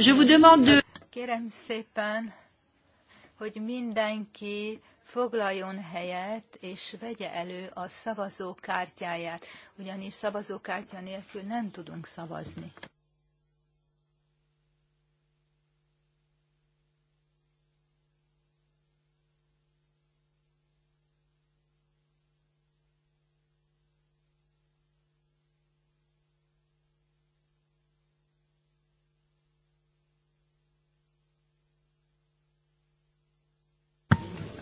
Je vous demande de... Kérem szépen, hogy mindenki foglaljon helyet, és vegye elő a szavazókártyáját, ugyanis szavazókártya nélkül nem tudunk szavazni.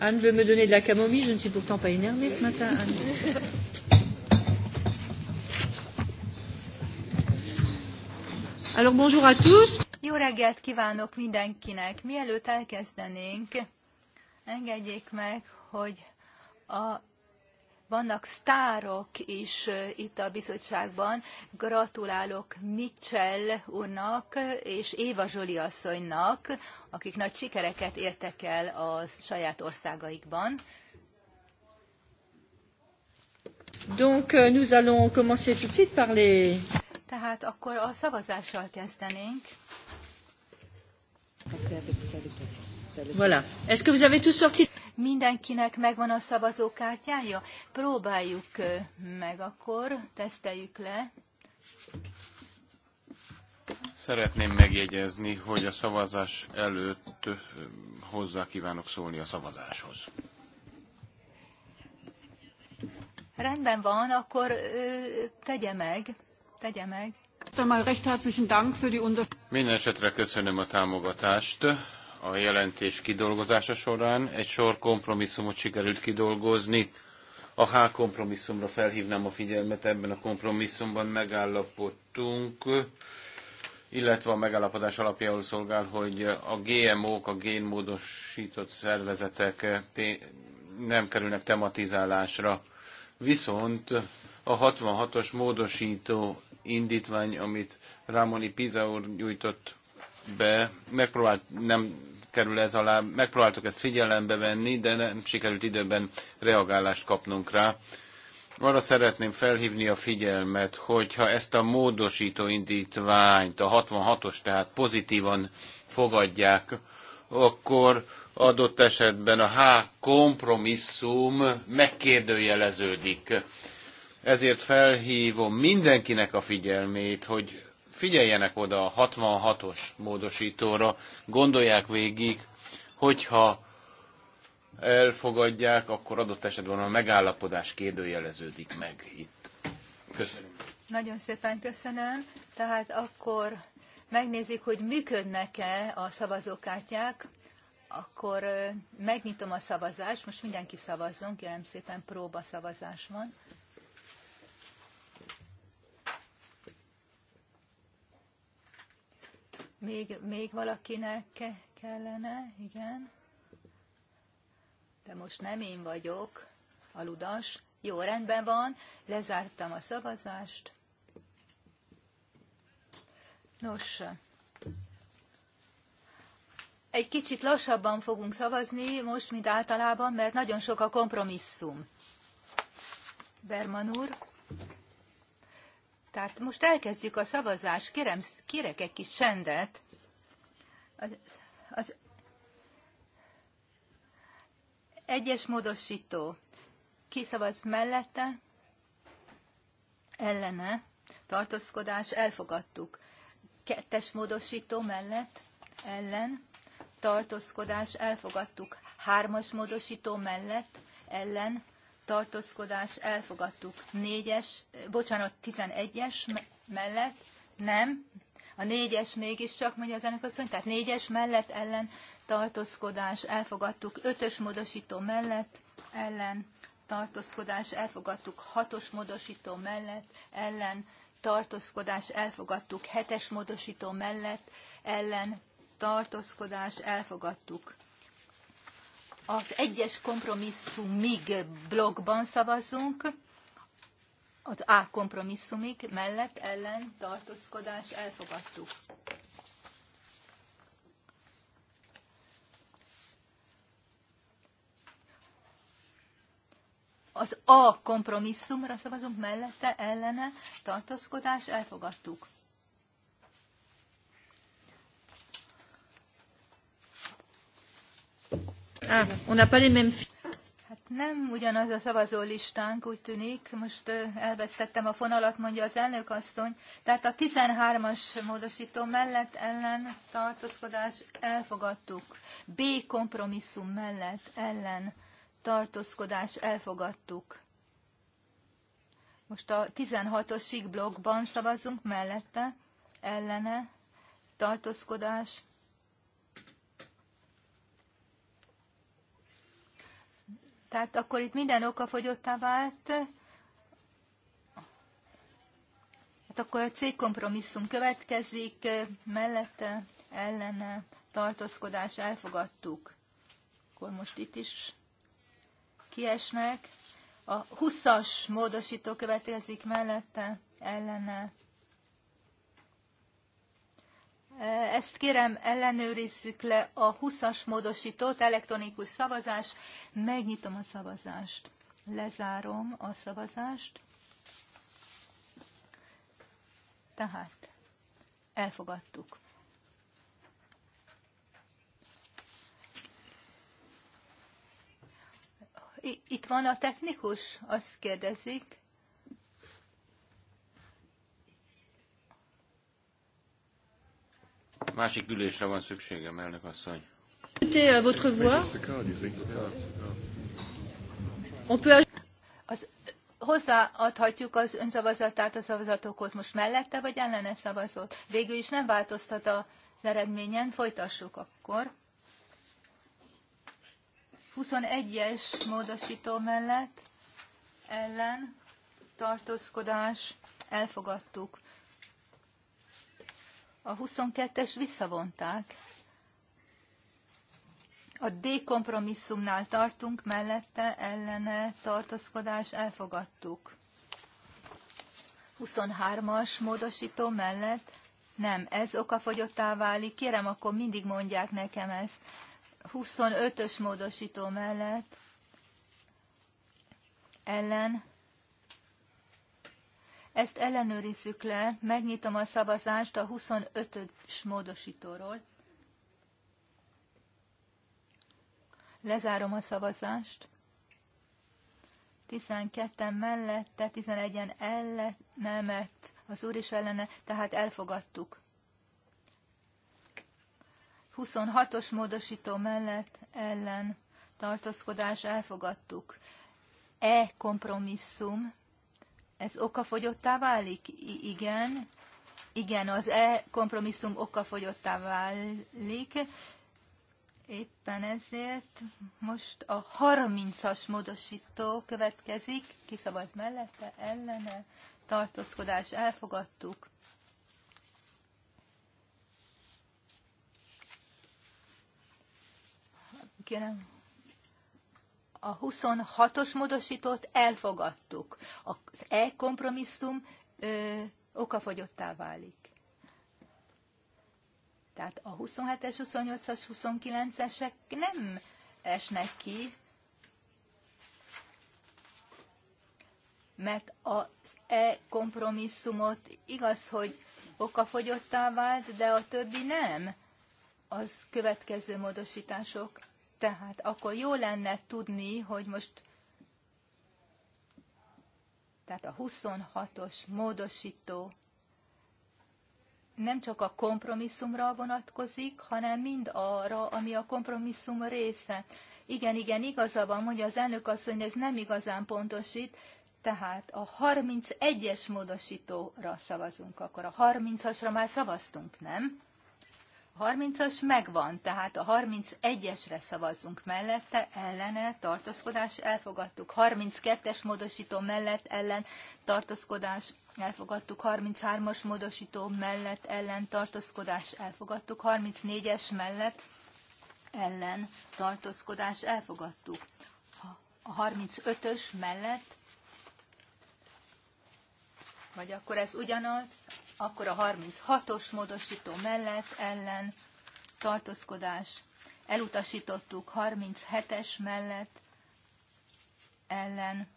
Anne veut me donner de la camomille, je ne suis pourtant pas énervée ce matin, Anne. Alors bonjour à tous. Jó reggelt kívánok mindenkinek! Mielőtt elkezdenénk, engedjék meg, hogy a vannak sztárok is itt a bizottságban. Gratulálok Mitchell úrnak és Éva Zsoli asszonynak, akik nagy sikereket értek el a saját országaikban. Donc euh, nous allons commencer tout de suite par les... Tehát akkor a szavazással kezdenénk. Voilà. Est-ce que vous avez tous sorti Mindenkinek megvan a szavazókártyája? Próbáljuk meg akkor, teszteljük le. Szeretném megjegyezni, hogy a szavazás előtt hozzá kívánok szólni a szavazáshoz. Rendben van, akkor ö, tegye meg, tegye meg. Minden esetre köszönöm a támogatást a jelentés kidolgozása során. Egy sor kompromisszumot sikerült kidolgozni. A H kompromisszumra felhívnám a figyelmet, ebben a kompromisszumban megállapodtunk, illetve a megállapodás alapjául szolgál, hogy a GMO-k, a génmódosított szervezetek nem kerülnek tematizálásra. Viszont a 66-os módosító indítvány, amit Rámoni Piza nyújtott be. Megpróbált, nem kerül ez alá, megpróbáltuk ezt figyelembe venni, de nem sikerült időben reagálást kapnunk rá. Arra szeretném felhívni a figyelmet, hogyha ezt a módosító indítványt, a 66-os, tehát pozitívan fogadják, akkor adott esetben a H kompromisszum megkérdőjeleződik. Ezért felhívom mindenkinek a figyelmét, hogy figyeljenek oda a 66-os módosítóra, gondolják végig, hogyha elfogadják, akkor adott esetben a megállapodás kérdőjeleződik meg itt. Köszönöm. Nagyon szépen köszönöm. Tehát akkor megnézzük, hogy működnek-e a szavazókártyák. Akkor megnyitom a szavazást. Most mindenki szavazzon, kérem szépen próba szavazás van. Még, még valakinek kellene, igen. De most nem én vagyok, aludas. Jó, rendben van, lezártam a szavazást. Nos, egy kicsit lassabban fogunk szavazni most, mint általában, mert nagyon sok a kompromisszum. Berman úr. Tehát most elkezdjük a szavazást. Kérem, kérek egy kis csendet. Az, az egyes módosító. Ki szavaz mellette? Ellene. Tartózkodás. Elfogadtuk. Kettes módosító mellett. Ellen. Tartózkodás. Elfogadtuk. Hármas módosító mellett. Ellen tartózkodás, elfogadtuk. Négyes, bocsánat, tizenegyes mellett, nem, a négyes mégiscsak, mondja az elnök asszony, tehát négyes mellett ellen tartózkodás, elfogadtuk. Ötös módosító mellett ellen tartózkodás, elfogadtuk. Hatos módosító mellett ellen tartózkodás, elfogadtuk. Hetes módosító mellett ellen tartózkodás, elfogadtuk az egyes kompromisszumig blogban szavazunk, az A kompromisszumig mellett ellen tartózkodás elfogadtuk. Az A kompromisszumra szavazunk mellette ellene tartózkodás elfogadtuk. Ah, hát nem ugyanaz a szavazó listánk, úgy tűnik. Most elvesztettem a fonalat, mondja az elnök asszony. Tehát a 13-as módosító mellett ellen tartózkodás elfogadtuk. B kompromisszum mellett ellen tartózkodás elfogadtuk. Most a 16 osig blokkban szavazunk mellette, ellene, tartózkodás, Tehát akkor itt minden oka fogyottá vált. Hát akkor a cégkompromisszum következik, mellette, ellene, tartózkodás, elfogadtuk. Akkor most itt is kiesnek. A 20-as módosító következik mellette, ellene, ezt kérem, ellenőrizzük le a 20-as módosítót, elektronikus szavazás. Megnyitom a szavazást. Lezárom a szavazást. Tehát elfogadtuk. Itt van a technikus, azt kérdezik. Másik ülésre van szükségem, elnök asszony. Az hozzáadhatjuk az önszavazatát a szavazatokhoz most mellette, vagy ellene szavazott. Végül is nem változtat az eredményen, folytassuk akkor. 21-es módosító mellett ellen tartózkodás elfogadtuk. A 22-es visszavonták. A D kompromisszumnál tartunk, mellette ellene tartózkodás elfogadtuk. 23-as módosító mellett nem, ez okafogyottá válik. Kérem, akkor mindig mondják nekem ezt. 25-ös módosító mellett ellen ezt ellenőrizzük le, megnyitom a szavazást a 25-ös módosítóról. Lezárom a szavazást. 12 mellette, 11-en ellenemet, az úr is ellene, tehát elfogadtuk. 26-os módosító mellett ellen tartózkodás elfogadtuk. E kompromisszum ez okafogyottá válik? I igen. Igen, az E kompromisszum okafogyottá válik. Éppen ezért most a 30-as módosító következik. Kiszabad mellette, ellene, tartózkodás, elfogadtuk. Kérem, a 26-os módosítót elfogadtuk. Az e-kompromisszum okafogyottá válik. Tehát a 27-es, 28-as, 29-esek nem esnek ki, mert az e-kompromisszumot igaz, hogy okafogyottá vált, de a többi nem. Az következő módosítások tehát akkor jó lenne tudni, hogy most tehát a 26-os módosító nem csak a kompromisszumra vonatkozik, hanem mind arra, ami a kompromisszum része. Igen, igen, igaza van, mondja az elnök asszony, hogy ez nem igazán pontosít, tehát a 31-es módosítóra szavazunk, akkor a 30-asra már szavaztunk, nem? A 30-as megvan, tehát a 31-esre szavazzunk mellette, ellene, tartózkodás, elfogadtuk. 32-es módosító mellett, ellen, tartózkodás, elfogadtuk. 33-as módosító mellett, ellen, tartózkodás, elfogadtuk. 34-es mellett, ellen, tartózkodás, elfogadtuk. A 35-ös mellett, vagy akkor ez ugyanaz, akkor a 36-os módosító mellett ellen tartózkodás. Elutasítottuk 37-es mellett ellen.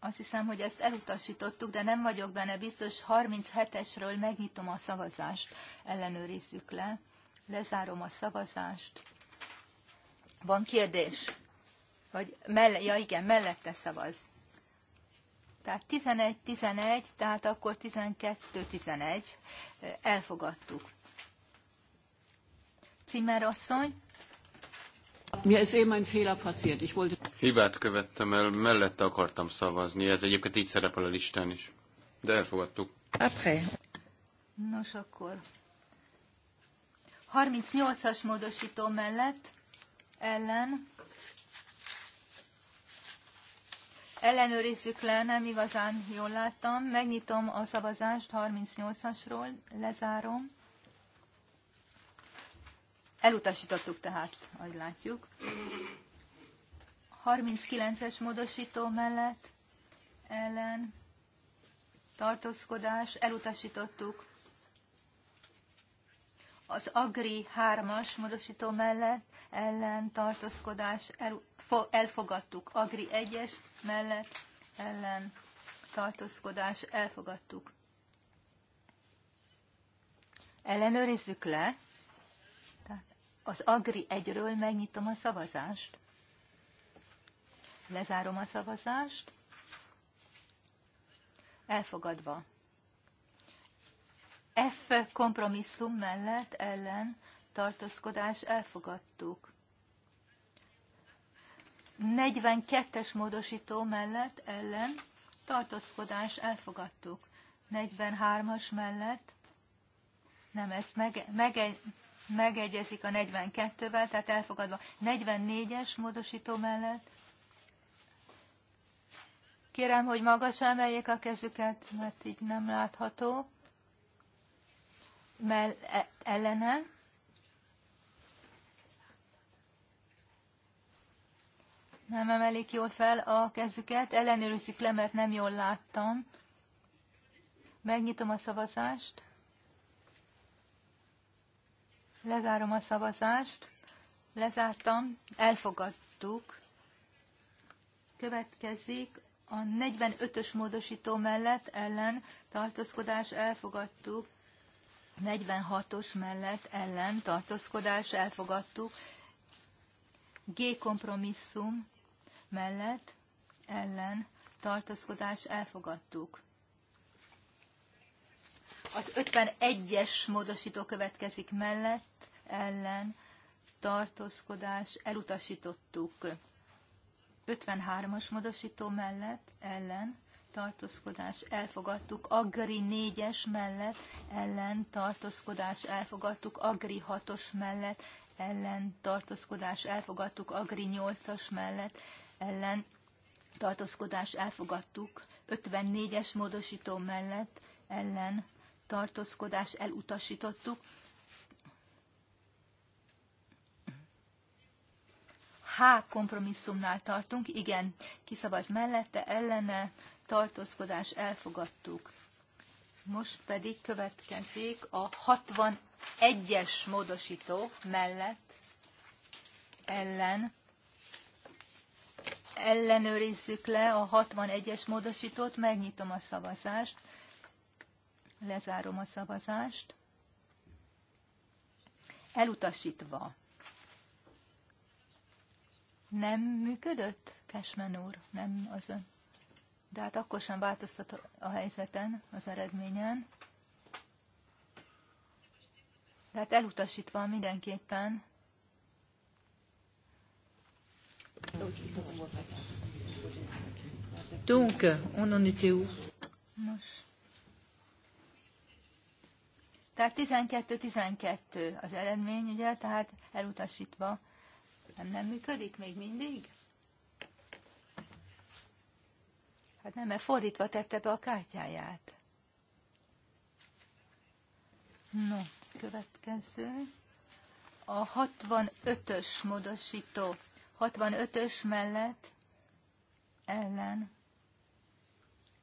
Azt hiszem, hogy ezt elutasítottuk, de nem vagyok benne biztos. 37-esről megnyitom a szavazást. Ellenőrizzük le. Lezárom a szavazást. Van kérdés? Vagy mell- ja igen, mellette szavaz. Tehát 11-11, tehát akkor 12-11 elfogadtuk. Cimmer asszony. Mir ist eben ein Fehler passiert. Ich wollte... Hibát követtem el, mellette akartam szavazni. Ez egyébként így szerepel a listán is. De elfogadtuk. Après. Nos, akkor 38-as módosító mellett ellen Ellenőrizzük le, nem igazán jól láttam. Megnyitom a szavazást 38-asról, lezárom. Elutasítottuk tehát, ahogy látjuk. 39-es módosító mellett ellen tartózkodás, elutasítottuk az Agri 3-as módosító mellett ellen tartózkodás elfogadtuk. Agri 1-es mellett ellen tartózkodás elfogadtuk. Ellenőrizzük le. Tehát az Agri 1-ről megnyitom a szavazást. Lezárom a szavazást. Elfogadva. F kompromisszum mellett ellen tartózkodás elfogadtuk. 42-es módosító mellett ellen tartózkodás elfogadtuk. 43-as mellett nem, ez meg, mege, megegyezik a 42-vel, tehát elfogadva. 44-es módosító mellett. Kérem, hogy magas emeljék a kezüket, mert így nem látható mell- e-, ellene. Nem emelik jól fel a kezüket, ellenőrizik le, mert nem jól láttam. Megnyitom a szavazást. Lezárom a szavazást. Lezártam, elfogadtuk. Következik a 45-ös módosító mellett ellen tartózkodás elfogadtuk. 46-os mellett ellen tartózkodás elfogadtuk. G kompromisszum mellett ellen tartózkodás elfogadtuk. Az 51-es módosító következik mellett ellen tartózkodás elutasítottuk. 53-as módosító mellett ellen tartózkodás elfogadtuk, Agri 4-es mellett ellen tartózkodás elfogadtuk, Agri 6-os mellett ellen tartózkodás elfogadtuk, Agri 8-as mellett ellen tartózkodás elfogadtuk, 54-es módosító mellett ellen tartózkodás elutasítottuk. H kompromisszumnál tartunk, igen, kiszavaz mellette, ellene, tartózkodás elfogadtuk. Most pedig következik a 61-es módosító mellett ellen. Ellenőrizzük le a 61-es módosítót, megnyitom a szavazást, lezárom a szavazást. Elutasítva. Nem működött, Kesmen úr, nem az ön de hát akkor sem változtat a helyzeten, az eredményen. hát elutasítva mindenképpen. Donc, on en était où Nos. Tehát 12-12 az eredmény, ugye, tehát elutasítva nem, nem működik még mindig? Hát nem, mert fordítva tette be a kártyáját. No, következő. A 65-ös módosító. 65-ös mellett ellen.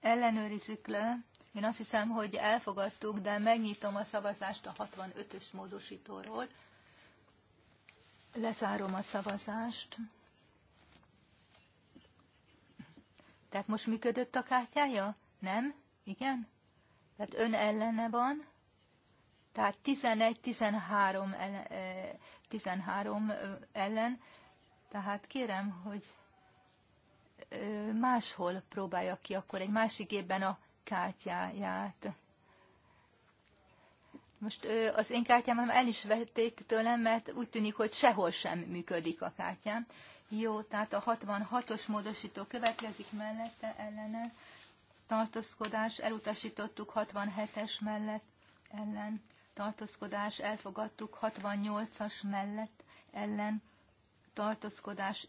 Ellenőrizzük le. Én azt hiszem, hogy elfogadtuk, de megnyitom a szavazást a 65-ös módosítóról. Lezárom a szavazást. Tehát most működött a kártyája? Nem? Igen? Tehát ön ellene van? Tehát 11-13 ellen, 13 ellen. Tehát kérem, hogy máshol próbálja ki akkor egy másik évben a kártyáját. Most az én kártyám el is vették tőlem, mert úgy tűnik, hogy sehol sem működik a kártyám. Jó, tehát a 66-os módosító következik mellette, ellene tartózkodás, elutasítottuk 67-es mellett, ellen tartózkodás, elfogadtuk 68-as mellett, ellen tartózkodás,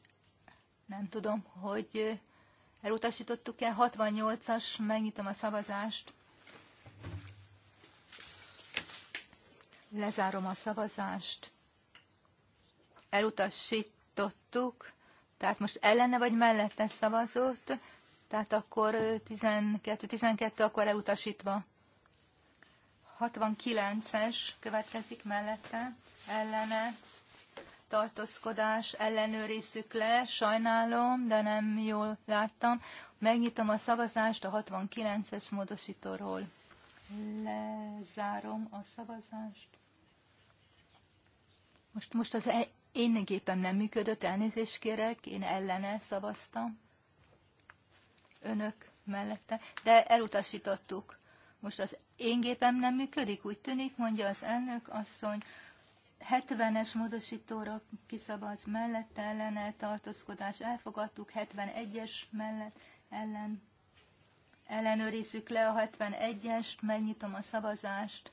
nem tudom, hogy elutasítottuk-e, 68-as, megnyitom a szavazást, lezárom a szavazást, elutasít, elutasítottuk, tehát most ellene vagy mellette szavazott, tehát akkor 12-12, akkor elutasítva. 69-es következik mellette, ellene, tartózkodás, ellenőrizzük le, sajnálom, de nem jól láttam. Megnyitom a szavazást a 69-es módosítóról. Lezárom a szavazást. Most, most az e- én gépem nem működött, elnézést kérek, én ellene szavaztam. Önök mellette, de elutasítottuk. Most az én gépem nem működik, úgy tűnik, mondja az elnök asszony. 70-es módosítóra kiszavaz mellette, ellene tartózkodás elfogadtuk, 71-es mellett ellen. Ellenőrizzük le a 71-est, megnyitom a szavazást.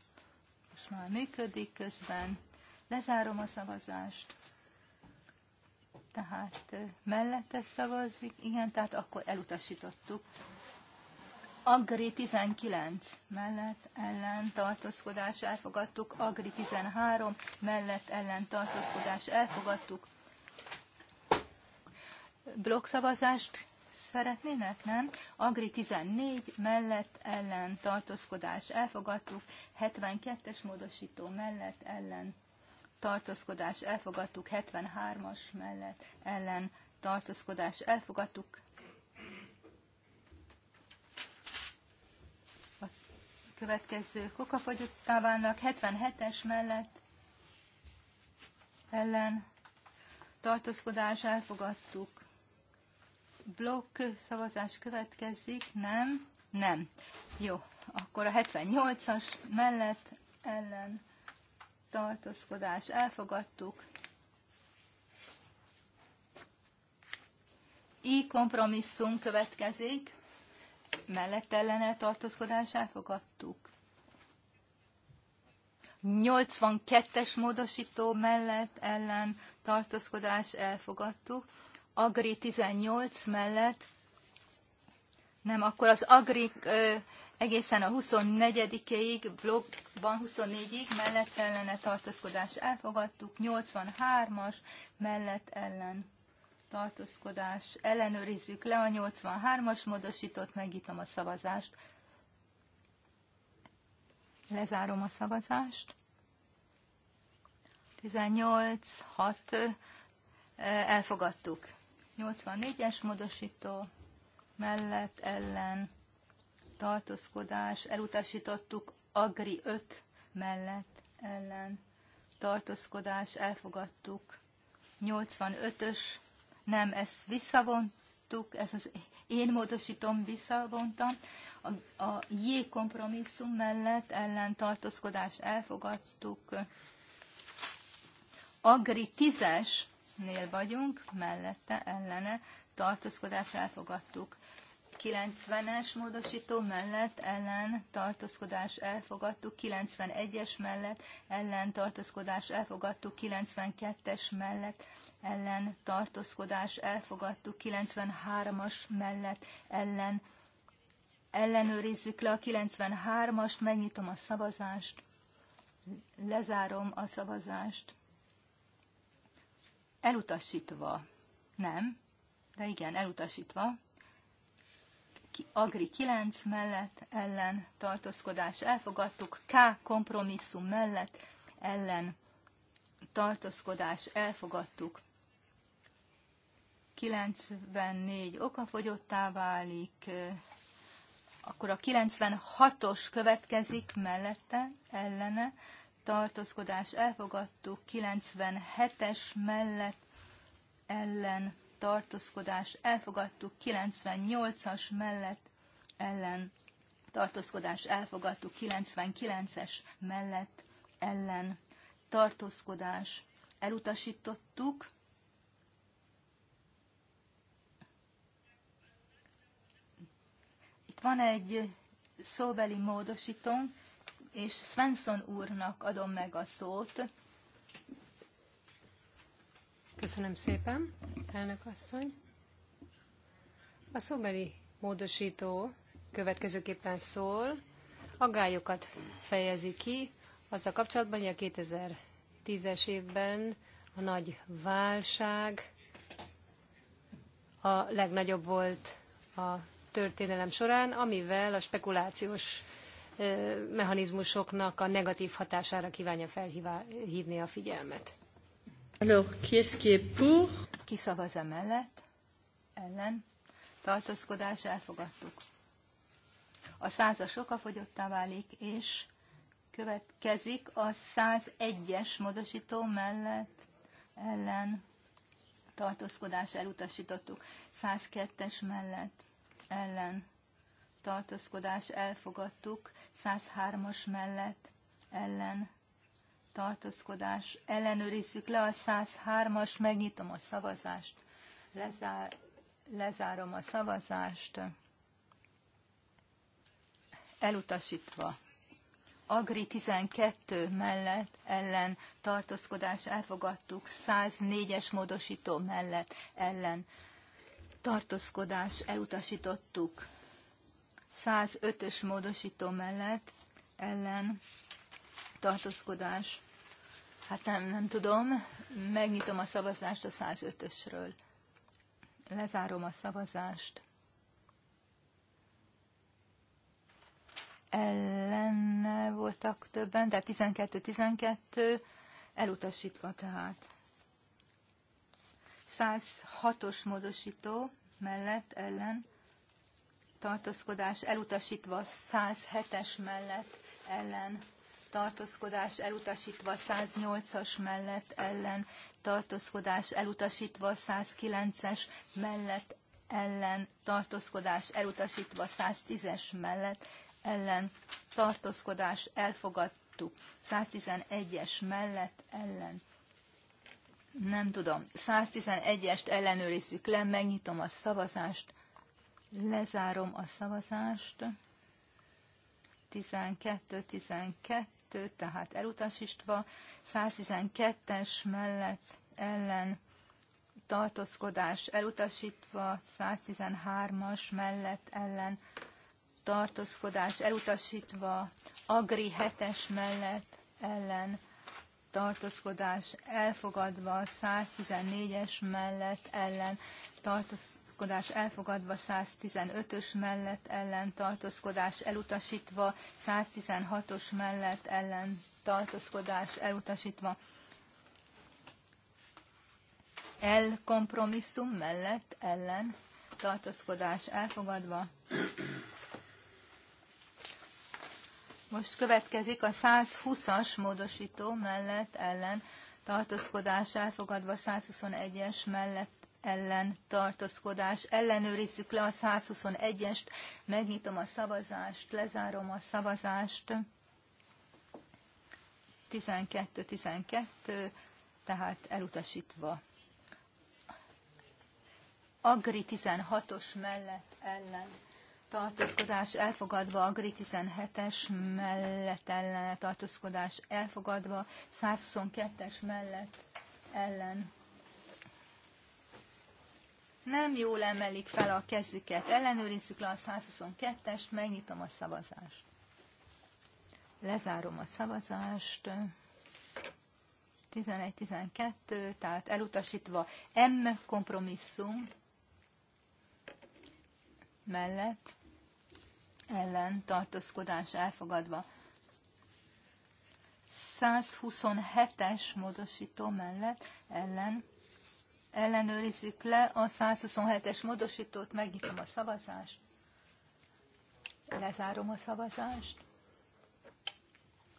Most már működik közben. Lezárom a szavazást tehát mellette szavazik, igen, tehát akkor elutasítottuk. Agri 19 mellett ellen tartózkodás elfogadtuk, Agri 13 mellett ellen tartózkodás elfogadtuk. Blokkszavazást szeretnének, nem? Agri 14 mellett ellen tartózkodás elfogadtuk, 72-es módosító mellett ellen tartózkodás elfogadtuk, 73-as mellett ellen tartózkodás elfogadtuk. A következő kokafogyottávának 77-es mellett ellen tartózkodás elfogadtuk. Blokk szavazás következik, nem? Nem. Jó, akkor a 78-as mellett ellen tartózkodás elfogadtuk. I kompromisszum következik, mellett ellene tartózkodás elfogadtuk. 82-es módosító mellett ellen tartózkodás elfogadtuk. Agri 18 mellett, nem, akkor az Agri egészen a 24-ig, blogban 24-ig mellett ellene tartózkodás elfogadtuk, 83-as mellett ellen tartózkodás, ellenőrizzük le a 83-as módosított, megítom a szavazást. Lezárom a szavazást. 18-6 elfogadtuk. 84-es módosító mellett ellen tartózkodás, elutasítottuk Agri 5 mellett ellen tartózkodás, elfogadtuk 85-ös, nem, ezt visszavontuk, ez az én módosítom, visszavontam, a, a J kompromisszum mellett ellen tartózkodás elfogadtuk, Agri 10-esnél vagyunk, mellette, ellene tartózkodás elfogadtuk. 90-es módosító mellett ellen tartózkodás elfogadtuk, 91-es mellett ellen tartózkodás elfogadtuk, 92-es mellett ellen tartózkodás elfogadtuk, 93-as mellett ellen ellenőrizzük le a 93-ast, megnyitom a szavazást, lezárom a szavazást. Elutasítva. Nem, de igen, elutasítva. Agri 9 mellett ellen tartózkodás elfogadtuk, K kompromisszum mellett ellen tartózkodás elfogadtuk. 94 okafogyottá válik, akkor a 96-os következik mellette, ellene, tartózkodás elfogadtuk, 97-es mellett ellen tartózkodás elfogadtuk, 98-as mellett ellen tartózkodás elfogadtuk, 99-es mellett ellen tartózkodás elutasítottuk, Itt van egy szóbeli módosítónk, és Svensson úrnak adom meg a szót. Köszönöm szépen, elnök asszony. A szóbeli módosító következőképpen szól, aggályokat fejezi ki azzal kapcsolatban, hogy a 2010-es évben a nagy válság a legnagyobb volt a történelem során, amivel a spekulációs mechanizmusoknak a negatív hatására kívánja felhívni a figyelmet. Alors, qui est-ce qui est pour? Ki szavaz emellett? Ellen? Tartózkodás elfogadtuk. A a fogyottá válik, és következik a 101-es módosító mellett ellen tartózkodás elutasítottuk. 102-es mellett ellen tartózkodás elfogadtuk. 103-as mellett ellen tartózkodás, ellenőrizzük le a 103-as, megnyitom a szavazást, lezár, lezárom a szavazást, elutasítva. Agri 12 mellett ellen tartózkodás elfogadtuk, 104-es módosító mellett ellen tartózkodás elutasítottuk, 105-ös módosító mellett ellen tartózkodás Hát nem, nem tudom. Megnyitom a szavazást a 105-ösről. Lezárom a szavazást. Ellenne voltak többen, tehát 12-12 elutasítva tehát. 106-os módosító mellett ellen tartózkodás elutasítva 107-es mellett ellen tartózkodás elutasítva 108-as mellett ellen tartózkodás elutasítva 109-es mellett ellen tartózkodás elutasítva 110-es mellett ellen tartózkodás elfogadtuk 111-es mellett ellen nem tudom. 111-est ellenőrizzük le, megnyitom a szavazást, lezárom a szavazást. 12-12 2, tehát elutasítva, 112-es mellett ellen tartózkodás elutasítva, 113-as mellett ellen tartózkodás elutasítva, Agri 7-es mellett ellen tartózkodás elfogadva, 114-es mellett ellen tartózkodás tartózkodás elfogadva, 115-ös mellett ellen tartózkodás elutasítva, 116-os mellett ellen tartózkodás elutasítva. El kompromisszum mellett ellen tartózkodás elfogadva. Most következik a 120-as módosító mellett ellen tartózkodás elfogadva 121-es mellett ellen tartózkodás. Ellenőrizzük le a 121-est, megnyitom a szavazást, lezárom a szavazást. 12-12, tehát elutasítva. Agri 16-os mellett ellen tartózkodás elfogadva, Agri 17-es mellett ellen tartózkodás elfogadva, 122-es mellett ellen nem jól emelik fel a kezüket. Ellenőrizzük le a 122-est, megnyitom a szavazást. Lezárom a szavazást. 11-12, tehát elutasítva M kompromisszum mellett ellen tartózkodás elfogadva. 127-es módosító mellett ellen ellenőrizzük le a 127-es módosítót, megnyitom a szavazást, lezárom a szavazást,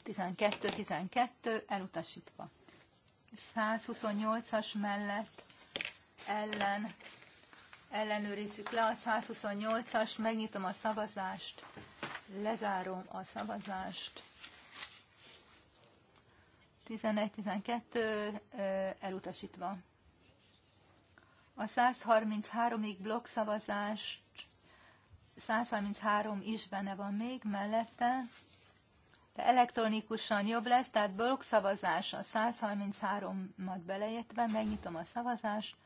12-12 elutasítva. 128-as mellett ellen ellenőrizzük le a 128-as, megnyitom a szavazást, lezárom a szavazást. 11-12 elutasítva. A 133-ig blokkszavazást 133 is benne van még mellette, de elektronikusan jobb lesz, tehát blokkszavazás a 133 mat belejétve, megnyitom a szavazást,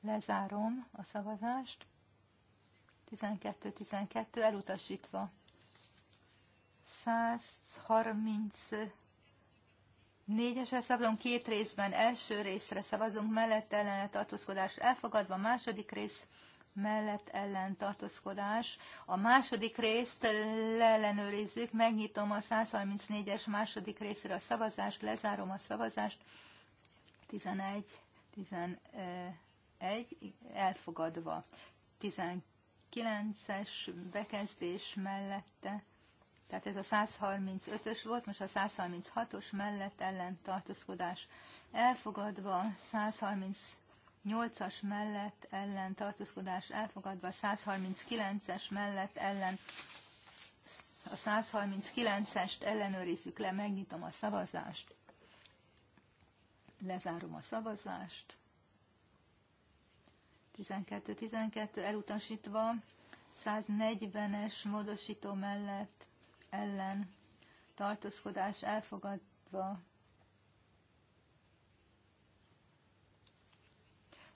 lezárom a szavazást, 12-12 elutasítva. 130 Négyesre szavazunk két részben, első részre szavazunk, mellett ellen tartózkodás elfogadva, második rész mellett ellen tartózkodás. A második részt leellenőrizzük, megnyitom a 134-es második részre a szavazást, lezárom a szavazást. 11, 11, elfogadva. 19-es bekezdés mellette tehát ez a 135-ös volt, most a 136-os mellett ellen tartózkodás elfogadva, 138-as mellett ellen tartózkodás elfogadva, 139-es mellett ellen a 139-est ellenőrizzük le, megnyitom a szavazást, lezárom a szavazást, 12-12 elutasítva, 140-es módosító mellett ellen tartózkodás elfogadva.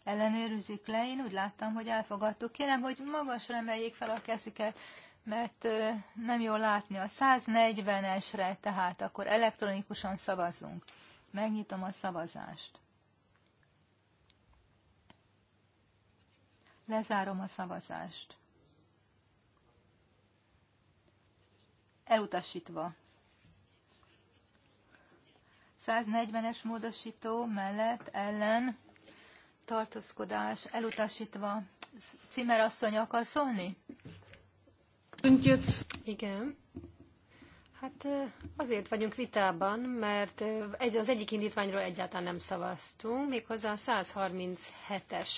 Ellenőrizik le, én úgy láttam, hogy elfogadtuk. Kérem, hogy magasra emeljék fel a kezüket, mert nem jól látni a 140-esre, tehát akkor elektronikusan szavazunk. Megnyitom a szavazást. Lezárom a szavazást. elutasítva. 140-es módosító mellett ellen tartózkodás elutasítva. asszony akar szólni? Igen. Hát azért vagyunk vitában, mert az egyik indítványról egyáltalán nem szavaztunk, méghozzá a 137-es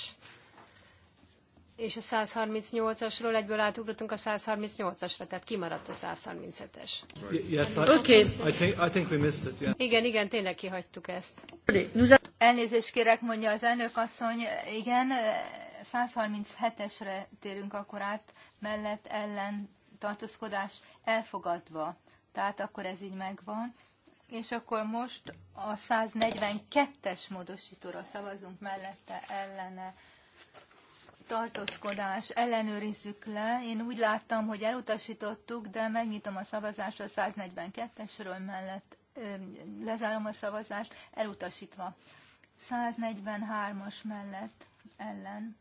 és a 138-asról egyből átugrottunk a 138-asra, tehát kimaradt a 137-es. Igen, igen, tényleg kihagytuk ezt. Elnézést kérek, mondja az elnök asszony, igen, 137-esre térünk akkor át, mellett ellen tartózkodás elfogadva. Tehát akkor ez így megvan. És akkor most a 142-es módosítóra szavazunk mellette ellene tartózkodás, ellenőrizzük le. Én úgy láttam, hogy elutasítottuk, de megnyitom a szavazást a 142-esről mellett. Lezárom a szavazást, elutasítva. 143-as mellett ellen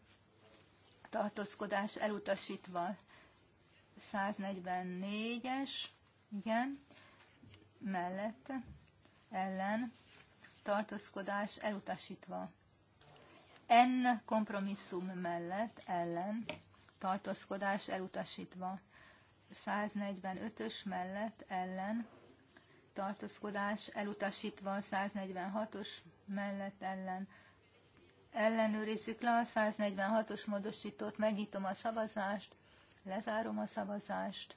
tartózkodás elutasítva. 144-es, igen, mellett ellen tartózkodás elutasítva. N kompromisszum mellett ellen tartózkodás elutasítva. 145-ös mellett ellen tartózkodás elutasítva, 146-os mellett ellen ellenőrizzük le a 146-os módosítót, megnyitom a szavazást, lezárom a szavazást,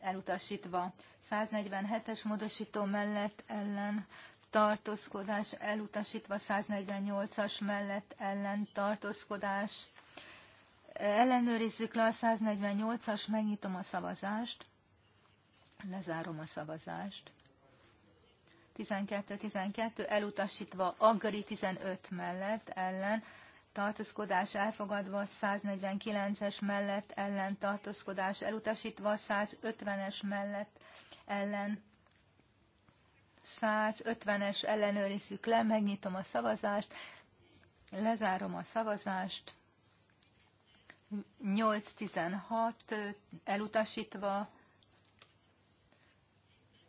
elutasítva. 147-es módosító mellett ellen tartózkodás elutasítva 148-as mellett ellen tartózkodás. Ellenőrizzük le a 148-as, megnyitom a szavazást, lezárom a szavazást. 12-12 elutasítva Agri 15 mellett ellen tartózkodás elfogadva 149-es mellett ellen tartózkodás elutasítva 150-es mellett ellen 150-es ellenőrizzük le, megnyitom a szavazást, lezárom a szavazást, 8-16 elutasítva,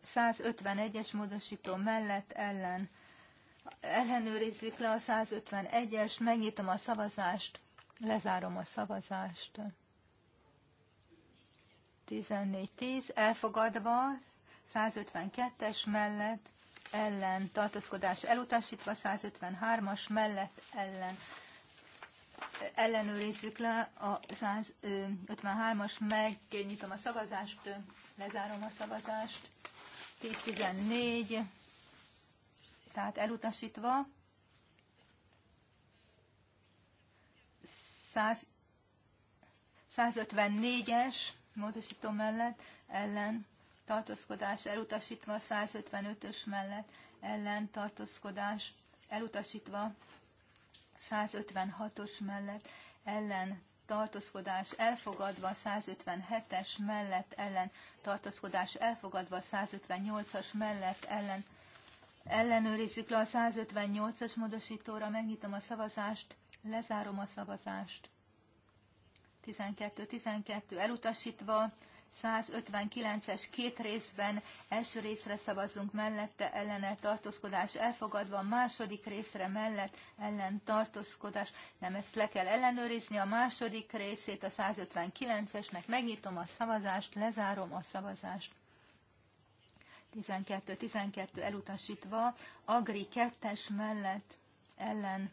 151-es módosító mellett ellen. Ellenőrizzük le a 151-es, megnyitom a szavazást, lezárom a szavazást. 14-10, elfogadva, 152-es mellett ellen tartózkodás elutasítva, 153-as mellett ellen ellenőrizzük le a 153-as, megnyitom a szavazást, lezárom a szavazást, 10-14, tehát elutasítva, 154-es módosító mellett ellen tartózkodás elutasítva, 155-ös mellett ellen tartózkodás elutasítva, 156-os mellett ellen tartózkodás elfogadva, 157-es mellett ellen tartózkodás elfogadva, 158-as mellett ellen ellenőrizzük le a 158-as módosítóra, megnyitom a szavazást, lezárom a szavazást. 12-12 elutasítva, 159-es két részben első részre szavazunk mellette ellene tartózkodás elfogadva, második részre mellett ellen tartózkodás. Nem, ezt le kell ellenőrizni a második részét a 159-esnek. Megnyitom a szavazást, lezárom a szavazást. 12-12 elutasítva, Agri 2-es mellett ellen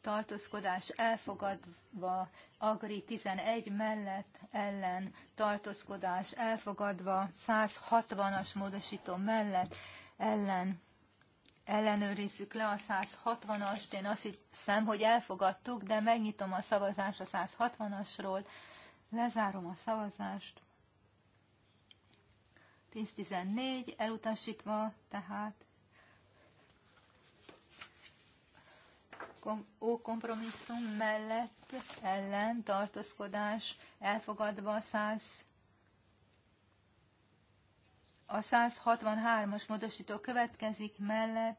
tartózkodás elfogadva, Agri 11 mellett ellen tartózkodás elfogadva, 160-as módosító mellett ellen ellenőrizzük le a 160-ast. Én azt hiszem, hogy elfogadtuk, de megnyitom a szavazást a 160-asról, lezárom a szavazást. 10-14 elutasítva, tehát ó kompromisszum mellett ellen tartózkodás elfogadva a 100 a 163-as módosító következik mellett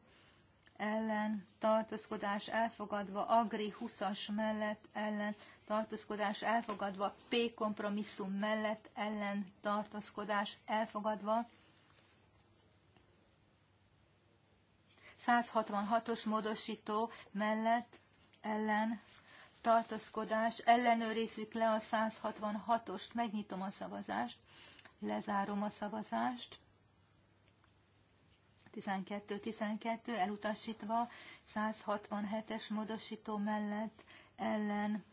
ellen tartózkodás elfogadva, Agri 20-as mellett ellen tartózkodás elfogadva, P kompromisszum mellett ellen tartózkodás elfogadva, 166-os módosító mellett ellen tartózkodás, ellenőrizzük le a 166-ost, megnyitom a szavazást, lezárom a szavazást, 12-12 elutasítva, 167-es módosító mellett ellen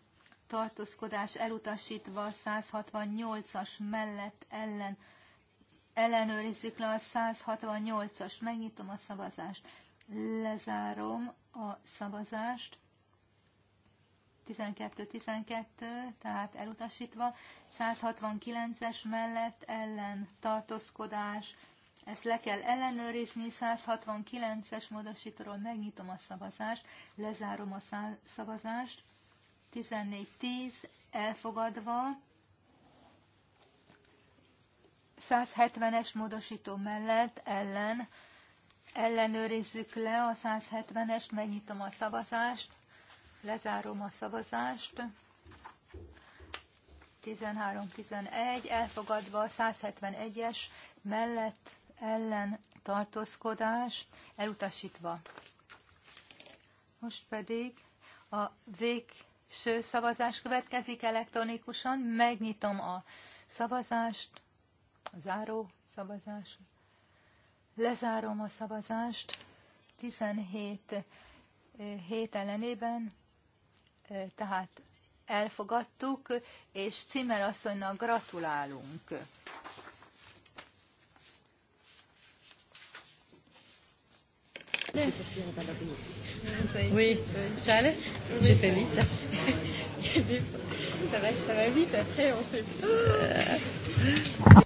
tartózkodás elutasítva, 168-as mellett ellen ellenőrizzük le a 168-as, megnyitom a szavazást, Lezárom a szavazást. 12-12, tehát elutasítva. 169-es mellett ellen tartózkodás. Ezt le kell ellenőrizni. 169-es módosítóról megnyitom a szavazást. Lezárom a szavazást. 14-10 elfogadva. 170-es módosító mellett ellen ellenőrizzük le a 170-est, megnyitom a szavazást, lezárom a szavazást. 13-11, elfogadva a 171-es mellett ellen tartózkodás, elutasítva. Most pedig a végső szavazás következik elektronikusan, megnyitom a szavazást, a záró szavazást. Lezárom a szavazást. 17 hét ellenében, tehát elfogadtuk, és Cimer asszonynak gratulálunk. Oui, ça allait J'ai fait vite. ça, va, ça va vite, après on sait plus. Euh.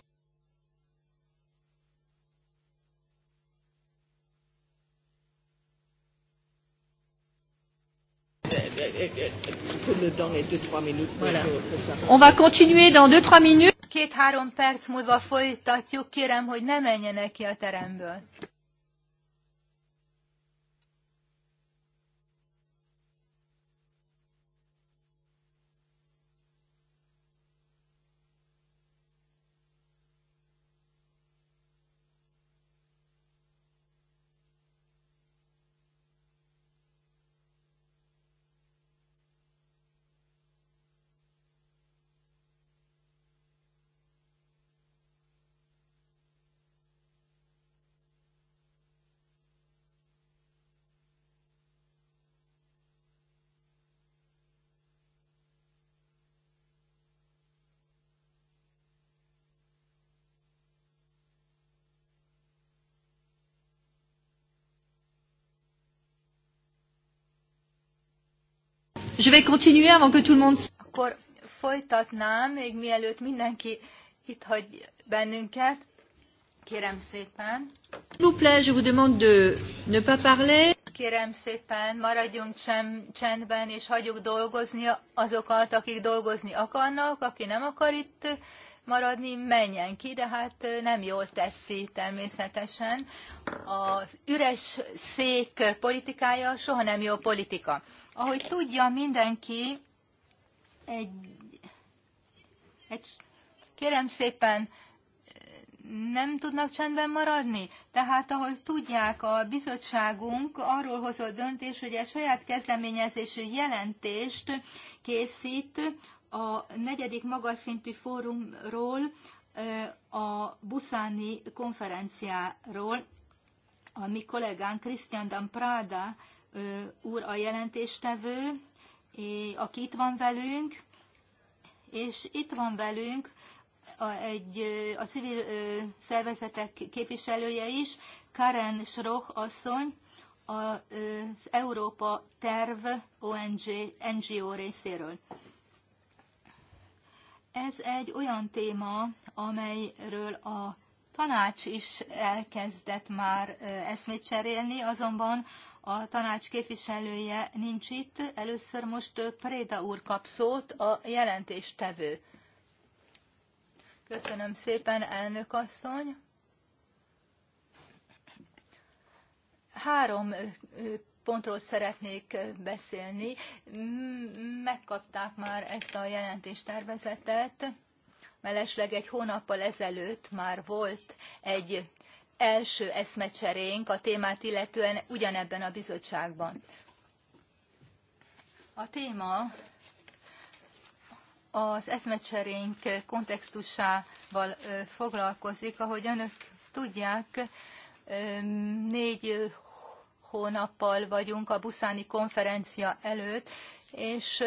Euh, On va continuer dans 2-3 minutes. Két-három perc múlva folytatjuk, kérem, hogy ne menjenek ki a teremből. Je vais continuer avant que tout le monde... Akkor folytatnám, még mielőtt mindenki itt hagy bennünket. Kérem szépen. S'il vous plaît, je vous demande de ne pas parler. Kérem szépen, maradjunk sem, csendben, és hagyjuk dolgozni azokat, akik dolgozni akarnak, aki nem akar itt maradni, menjen ki, de hát nem jól teszi természetesen. Az üres szék politikája soha nem jó politika. Ahogy tudja mindenki, egy, egy kérem szépen, nem tudnak csendben maradni? Tehát, ahogy tudják, a bizottságunk arról hozott döntés, hogy egy saját kezdeményezésű jelentést készít a negyedik magas szintű fórumról, a buszáni konferenciáról. A mi kollégánk Christian Dan Prada úr a jelentéstevő, aki itt van velünk, és itt van velünk a, egy, a civil szervezetek képviselője is, Karen Schroch asszony, az Európa Terv ONG, NGO részéről. Ez egy olyan téma, amelyről a tanács is elkezdett már eszmét cserélni, azonban a tanács képviselője nincs itt. Először most Préda úr kap szót, a jelentéstevő. Köszönöm szépen, elnök asszony. Három pontról szeretnék beszélni. Megkapták már ezt a jelentéstervezetet. Mellesleg egy hónappal ezelőtt már volt egy első eszmecserénk a témát illetően ugyanebben a bizottságban. A téma az eszmecserénk kontextusával foglalkozik. Ahogy önök tudják, négy hónappal vagyunk a buszáni konferencia előtt, és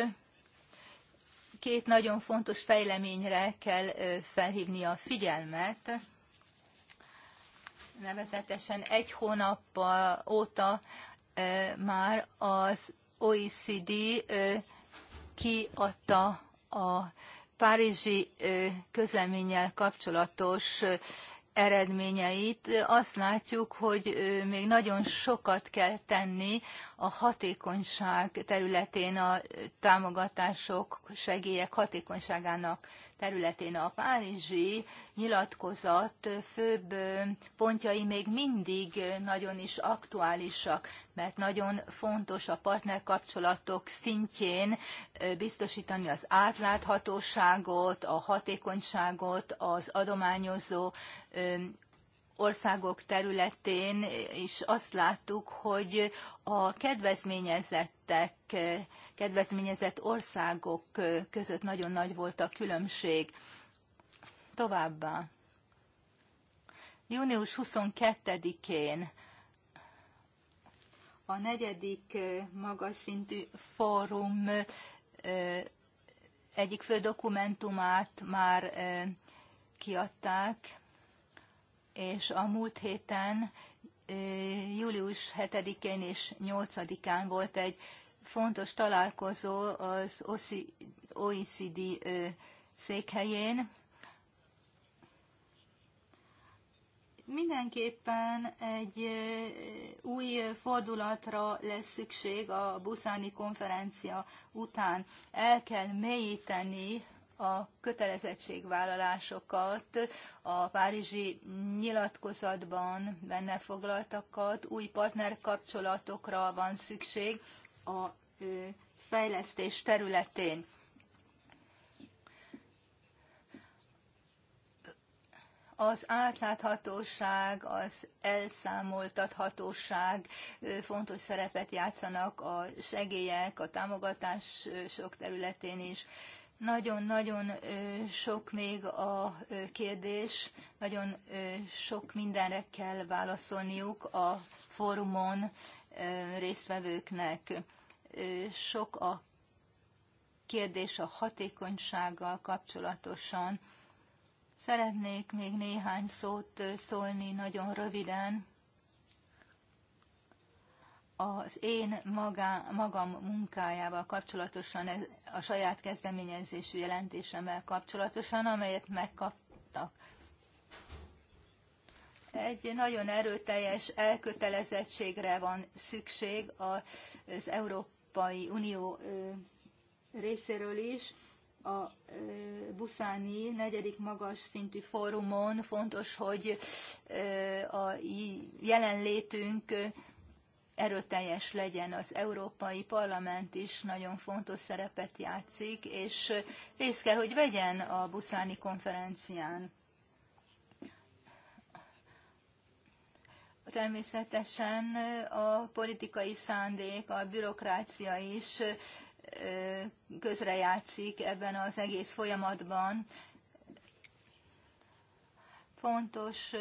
két nagyon fontos fejleményre kell felhívni a figyelmet nevezetesen egy hónappal óta már az OECD kiadta a párizsi közleménnyel kapcsolatos eredményeit. Azt látjuk, hogy még nagyon sokat kell tenni a hatékonyság területén a támogatások, segélyek hatékonyságának területén. A Párizsi nyilatkozat főbb pontjai még mindig nagyon is aktuálisak, mert nagyon fontos a partnerkapcsolatok szintjén biztosítani az átláthatóságot, a hatékonyságot, az adományozó országok területén és azt láttuk, hogy a kedvezményezettek kedvezményezett országok között nagyon nagy volt a különbség. Továbbá. Június 22-én a negyedik magas szintű fórum egyik fő dokumentumát már kiadták, és a múlt héten, július 7-én és 8-án volt egy fontos találkozó az OECD székhelyén. Mindenképpen egy új fordulatra lesz szükség a buszáni konferencia után. El kell mélyíteni a kötelezettségvállalásokat, a Párizsi nyilatkozatban benne foglaltakat, új partnerkapcsolatokra van szükség a fejlesztés területén. Az átláthatóság, az elszámoltathatóság fontos szerepet játszanak a segélyek, a támogatások területén is. Nagyon-nagyon sok még a kérdés, nagyon sok mindenre kell válaszolniuk a fórumon résztvevőknek. Sok a kérdés a hatékonysággal kapcsolatosan. Szeretnék még néhány szót szólni nagyon röviden az én magá, magam munkájával kapcsolatosan, a saját kezdeményezésű jelentésemmel kapcsolatosan, amelyet megkaptak egy nagyon erőteljes elkötelezettségre van szükség az Európai Unió részéről is. A Buszáni negyedik magas szintű fórumon fontos, hogy a jelenlétünk erőteljes legyen. Az Európai Parlament is nagyon fontos szerepet játszik, és részt kell, hogy vegyen a buszáni konferencián. Természetesen a politikai szándék, a bürokrácia is közrejátszik ebben az egész folyamatban. Fontos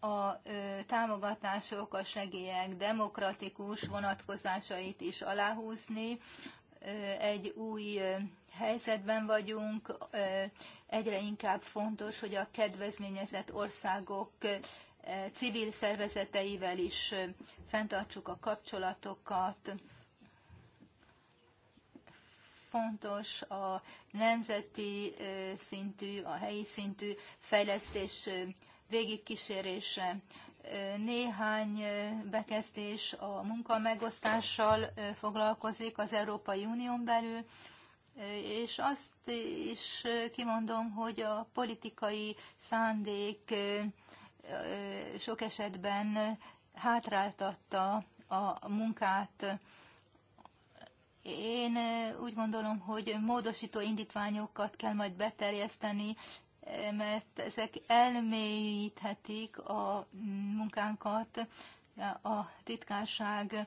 a támogatások, a segélyek demokratikus vonatkozásait is aláhúzni. Egy új helyzetben vagyunk, egyre inkább fontos, hogy a kedvezményezett országok civil szervezeteivel is fenntartsuk a kapcsolatokat. Fontos a nemzeti szintű, a helyi szintű fejlesztés végigkísérése. Néhány bekezdés a munkamegosztással foglalkozik az Európai Unión belül és azt is kimondom, hogy a politikai szándék sok esetben hátráltatta a munkát. Én úgy gondolom, hogy módosító indítványokat kell majd beterjeszteni, mert ezek elmélyíthetik a munkánkat. A titkárság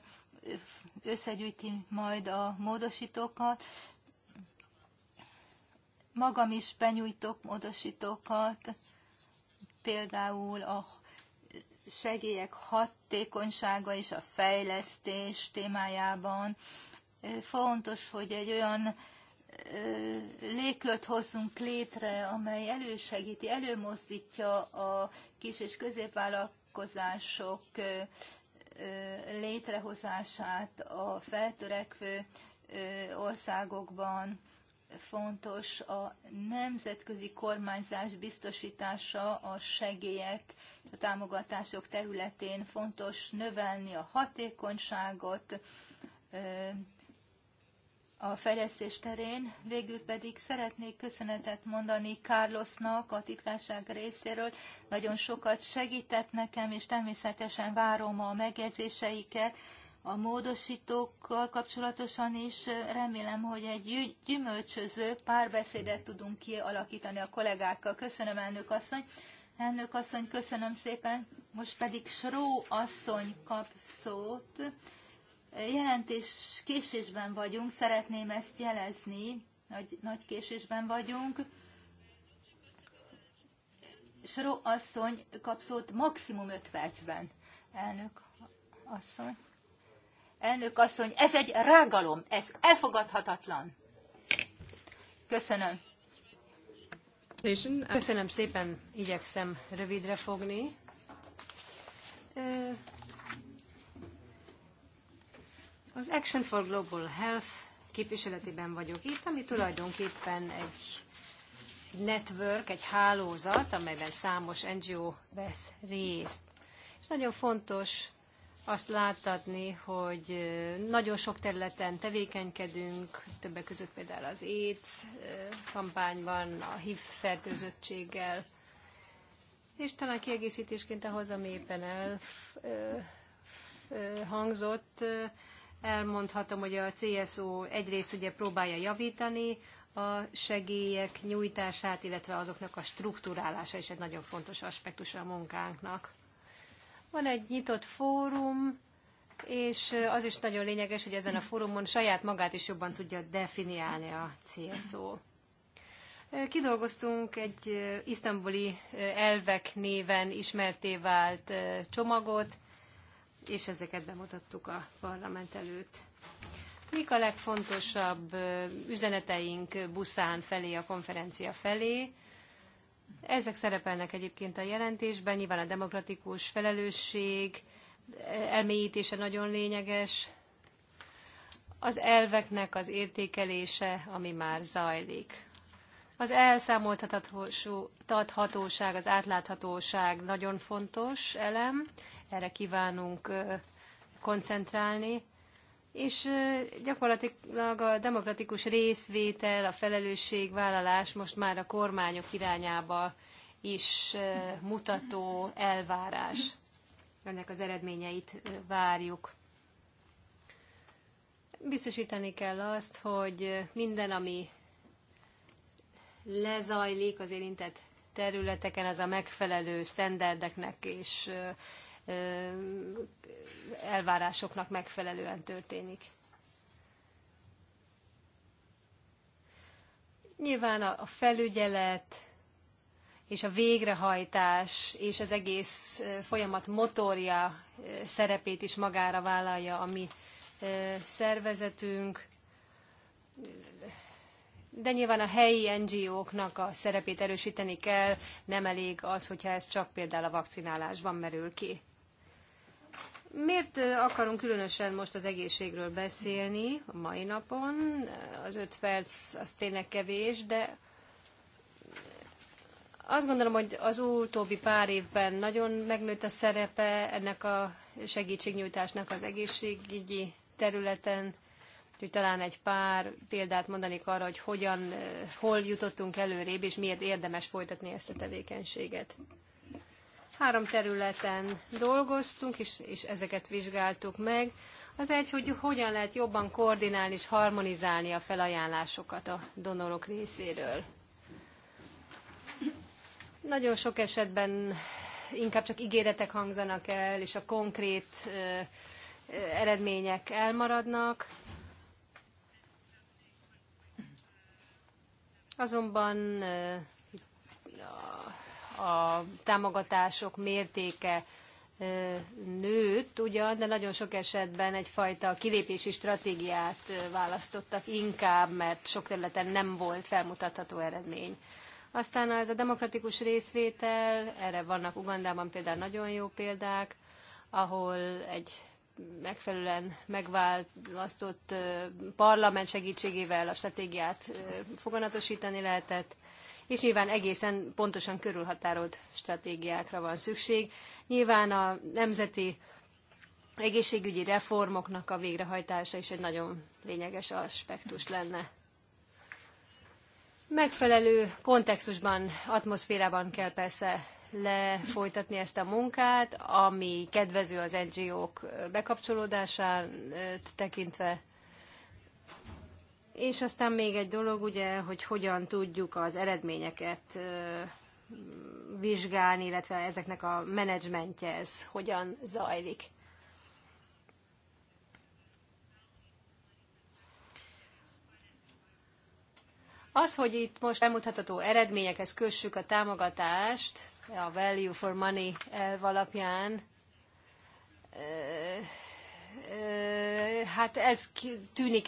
összegyűjti majd a módosítókat, magam is benyújtok módosítókat, például a segélyek hatékonysága és a fejlesztés témájában. Fontos, hogy egy olyan légkört hozzunk létre, amely elősegíti, előmozdítja a kis és középvállalkozások létrehozását a feltörekvő országokban fontos a nemzetközi kormányzás biztosítása a segélyek, a támogatások területén, fontos növelni a hatékonyságot a fejlesztés terén. Végül pedig szeretnék köszönetet mondani Carlosnak a titkárság részéről. Nagyon sokat segített nekem, és természetesen várom a megjegyzéseiket a módosítókkal kapcsolatosan is remélem, hogy egy gyümölcsöző párbeszédet tudunk kialakítani a kollégákkal. Köszönöm, elnök asszony. Elnök asszony, köszönöm szépen. Most pedig Sró asszony kap szót. Jelentés késésben vagyunk, szeretném ezt jelezni, nagy, nagy késésben vagyunk. Sró asszony kap szót maximum 5 percben. Elnök asszony. Elnök asszony, ez egy rágalom, ez elfogadhatatlan. Köszönöm. Köszönöm szépen, igyekszem rövidre fogni. Az Action for Global Health képviseletében vagyok itt, ami tulajdonképpen egy network, egy hálózat, amelyben számos NGO vesz részt. És nagyon fontos azt láttatni, hogy nagyon sok területen tevékenykedünk, többek között például az AIDS kampányban, a HIV fertőzöttséggel, és talán kiegészítésként ahhoz, ami éppen elhangzott, elmondhatom, hogy a CSO egyrészt ugye próbálja javítani a segélyek nyújtását, illetve azoknak a struktúrálása is egy nagyon fontos aspektus a munkánknak. Van egy nyitott fórum, és az is nagyon lényeges, hogy ezen a fórumon saját magát is jobban tudja definiálni a CSO. Kidolgoztunk egy isztambuli elvek néven ismerté vált csomagot, és ezeket bemutattuk a parlament előtt. Mik a legfontosabb üzeneteink Buszán felé, a konferencia felé? Ezek szerepelnek egyébként a jelentésben, nyilván a demokratikus felelősség elmélyítése nagyon lényeges, az elveknek az értékelése, ami már zajlik. Az elszámoltathatóság, az átláthatóság nagyon fontos elem, erre kívánunk koncentrálni, és gyakorlatilag a demokratikus részvétel, a felelősségvállalás most már a kormányok irányába is mutató elvárás. Ennek az eredményeit várjuk. Biztosítani kell azt, hogy minden, ami lezajlik az érintett területeken, az a megfelelő sztenderdeknek és elvárásoknak megfelelően történik. Nyilván a felügyelet és a végrehajtás és az egész folyamat motorja szerepét is magára vállalja a mi szervezetünk, de nyilván a helyi NGO-knak a szerepét erősíteni kell, nem elég az, hogyha ez csak például a vakcinálásban merül ki. Miért akarunk különösen most az egészségről beszélni a mai napon? Az öt perc az tényleg kevés, de azt gondolom, hogy az utóbbi pár évben nagyon megnőtt a szerepe ennek a segítségnyújtásnak az egészségügyi területen, úgyhogy talán egy pár példát mondanék arra, hogy hogyan, hol jutottunk előrébb, és miért érdemes folytatni ezt a tevékenységet. Három területen dolgoztunk, és, és ezeket vizsgáltuk meg. Az egy, hogy hogyan lehet jobban koordinálni és harmonizálni a felajánlásokat a donorok részéről. Nagyon sok esetben inkább csak ígéretek hangzanak el, és a konkrét eredmények elmaradnak. Azonban a támogatások mértéke nőtt ugyan, de nagyon sok esetben egyfajta kilépési stratégiát választottak inkább, mert sok területen nem volt felmutatható eredmény. Aztán ez a demokratikus részvétel, erre vannak Ugandában például nagyon jó példák, ahol egy megfelelően megválasztott parlament segítségével a stratégiát foganatosítani lehetett és nyilván egészen pontosan körülhatárolt stratégiákra van szükség. Nyilván a nemzeti egészségügyi reformoknak a végrehajtása is egy nagyon lényeges aspektus lenne. Megfelelő kontextusban, atmoszférában kell persze lefolytatni ezt a munkát, ami kedvező az NGO-k bekapcsolódását tekintve, és aztán még egy dolog, ugye, hogy hogyan tudjuk az eredményeket vizsgálni, illetve ezeknek a menedzsmentje, ez hogyan zajlik. Az, hogy itt most elmutatható eredményekhez kössük a támogatást, a value for money elv alapján, hát ez tűnik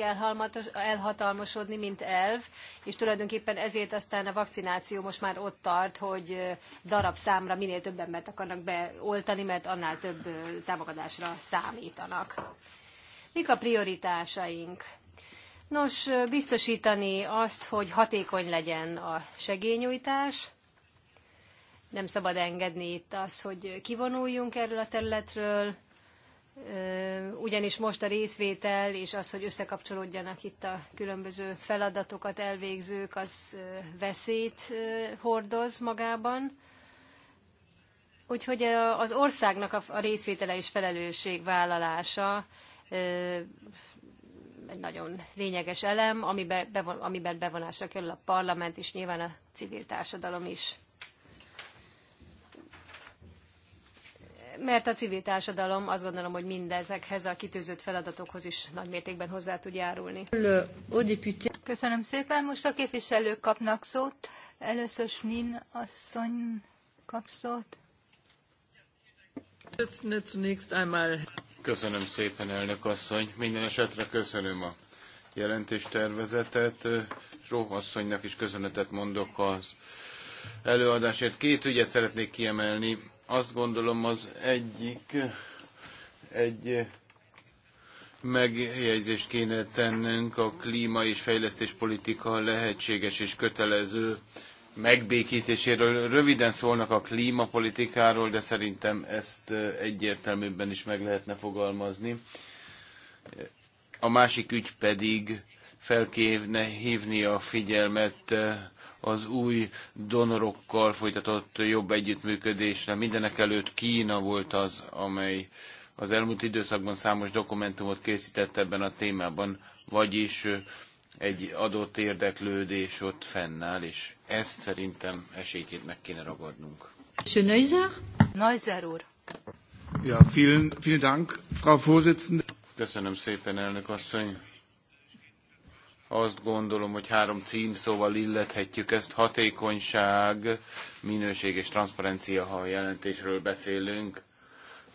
elhatalmasodni, mint elv, és tulajdonképpen ezért aztán a vakcináció most már ott tart, hogy darab számra minél több embert akarnak beoltani, mert annál több támogatásra számítanak. Mik a prioritásaink? Nos, biztosítani azt, hogy hatékony legyen a segélynyújtás, nem szabad engedni itt azt, hogy kivonuljunk erről a területről, ugyanis most a részvétel és az, hogy összekapcsolódjanak itt a különböző feladatokat elvégzők, az veszélyt hordoz magában. Úgyhogy az országnak a részvétele és vállalása egy nagyon lényeges elem, amiben bevonásra kerül a parlament és nyilván a civil társadalom is. mert a civil társadalom azt gondolom, hogy mindezekhez a kitűzött feladatokhoz is nagy mértékben hozzá tud járulni. Köszönöm szépen. Most a képviselők kapnak szót. Először Smin asszony kap szót. Köszönöm szépen, elnök asszony. Minden esetre köszönöm a jelentéstervezetet. Zsóf asszonynak is köszönetet mondok az előadásért. Két ügyet szeretnék kiemelni azt gondolom az egyik egy megjegyzést kéne tennünk a klíma és fejlesztéspolitika lehetséges és kötelező megbékítéséről. Röviden szólnak a klímapolitikáról, de szerintem ezt egyértelműbben is meg lehetne fogalmazni. A másik ügy pedig fel kéne hívni a figyelmet eh, az új donorokkal folytatott jobb együttműködésre. Mindenek előtt Kína volt az, amely az elmúlt időszakban számos dokumentumot készített ebben a témában, vagyis eh, egy adott érdeklődés ott fennáll, és ezt szerintem esélyként meg kéne ragadnunk. Neuser? Neuser úr. Ja, vielen, vielen Dank, Frau Vorsitzende. Köszönöm szépen, elnök asszony. Azt gondolom, hogy három cím szóval illethetjük ezt. Hatékonyság, minőség és transzparencia, ha a jelentésről beszélünk.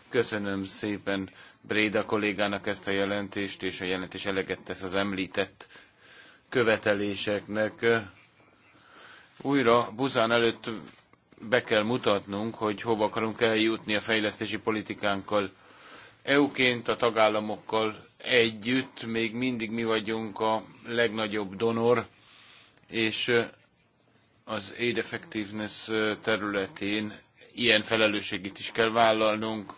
Köszönöm szépen Bréda kollégának ezt a jelentést, és a jelentés eleget tesz az említett követeléseknek. Újra Buzán előtt be kell mutatnunk, hogy hova akarunk eljutni a fejlesztési politikánkkal. EU-ként a tagállamokkal együtt még mindig mi vagyunk a legnagyobb donor, és az aid effectiveness területén ilyen felelősségét is kell vállalnunk.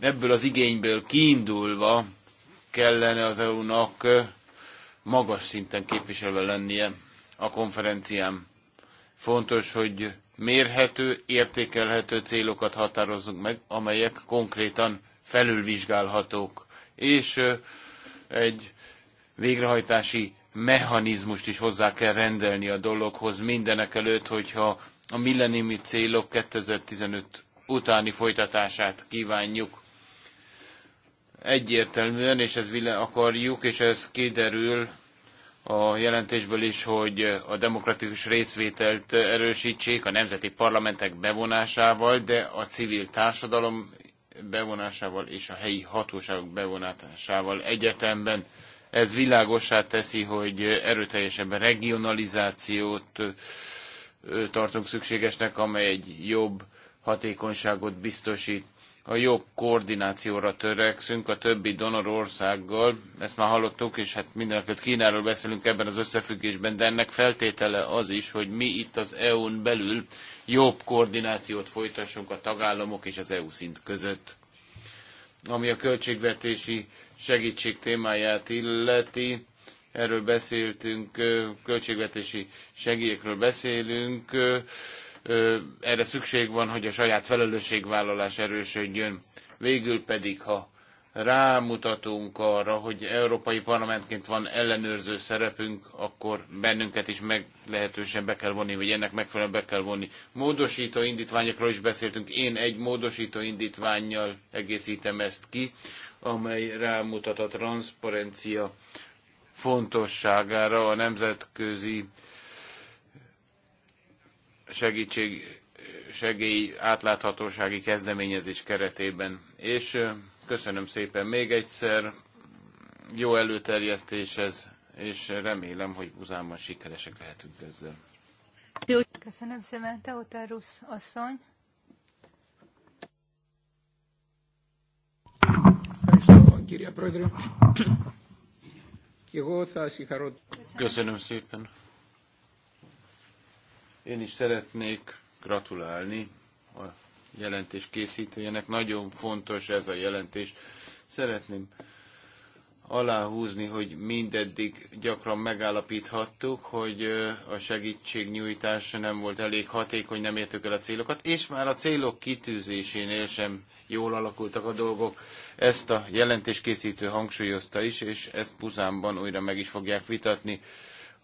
Ebből az igényből kiindulva kellene az EU-nak magas szinten képviselve lennie a konferencián. Fontos, hogy mérhető, értékelhető célokat határozzunk meg, amelyek konkrétan felülvizsgálhatók és egy végrehajtási mechanizmust is hozzá kell rendelni a dologhoz mindenek előtt, hogyha a milleniumi célok 2015 utáni folytatását kívánjuk. Egyértelműen, és ez akarjuk, és ez kiderül a jelentésből is, hogy a demokratikus részvételt erősítsék a nemzeti parlamentek bevonásával, de a civil társadalom bevonásával és a helyi hatóságok bevonásával egyetemben. Ez világosá teszi, hogy erőteljesebb regionalizációt tartunk szükségesnek, amely egy jobb hatékonyságot biztosít a jobb koordinációra törekszünk a többi donor országgal. Ezt már hallottuk, és hát mindenekült Kínáról beszélünk ebben az összefüggésben, de ennek feltétele az is, hogy mi itt az EU-n belül jobb koordinációt folytassunk a tagállamok és az EU szint között. Ami a költségvetési segítség témáját illeti, erről beszéltünk, költségvetési segélyekről beszélünk, erre szükség van, hogy a saját felelősségvállalás erősödjön. Végül pedig, ha rámutatunk arra, hogy európai parlamentként van ellenőrző szerepünk, akkor bennünket is meglehetősen be kell vonni, vagy ennek megfelelően be kell vonni. Módosító indítványokról is beszéltünk. Én egy módosító indítványjal egészítem ezt ki, amely rámutat a transzparencia fontosságára a nemzetközi segítség, segély átláthatósági kezdeményezés keretében. És köszönöm szépen még egyszer, jó előterjesztéshez, és remélem, hogy uzámban sikeresek lehetünk ezzel. Köszönöm szépen, Teotárusz asszony. Köszönöm szépen. Én is szeretnék gratulálni a jelentés készítőjének. Nagyon fontos ez a jelentés. Szeretném aláhúzni, hogy mindeddig gyakran megállapíthattuk, hogy a segítségnyújtás nem volt elég hatékony, nem értük el a célokat, és már a célok kitűzésénél sem jól alakultak a dolgok. Ezt a jelentéskészítő hangsúlyozta is, és ezt Puzánban újra meg is fogják vitatni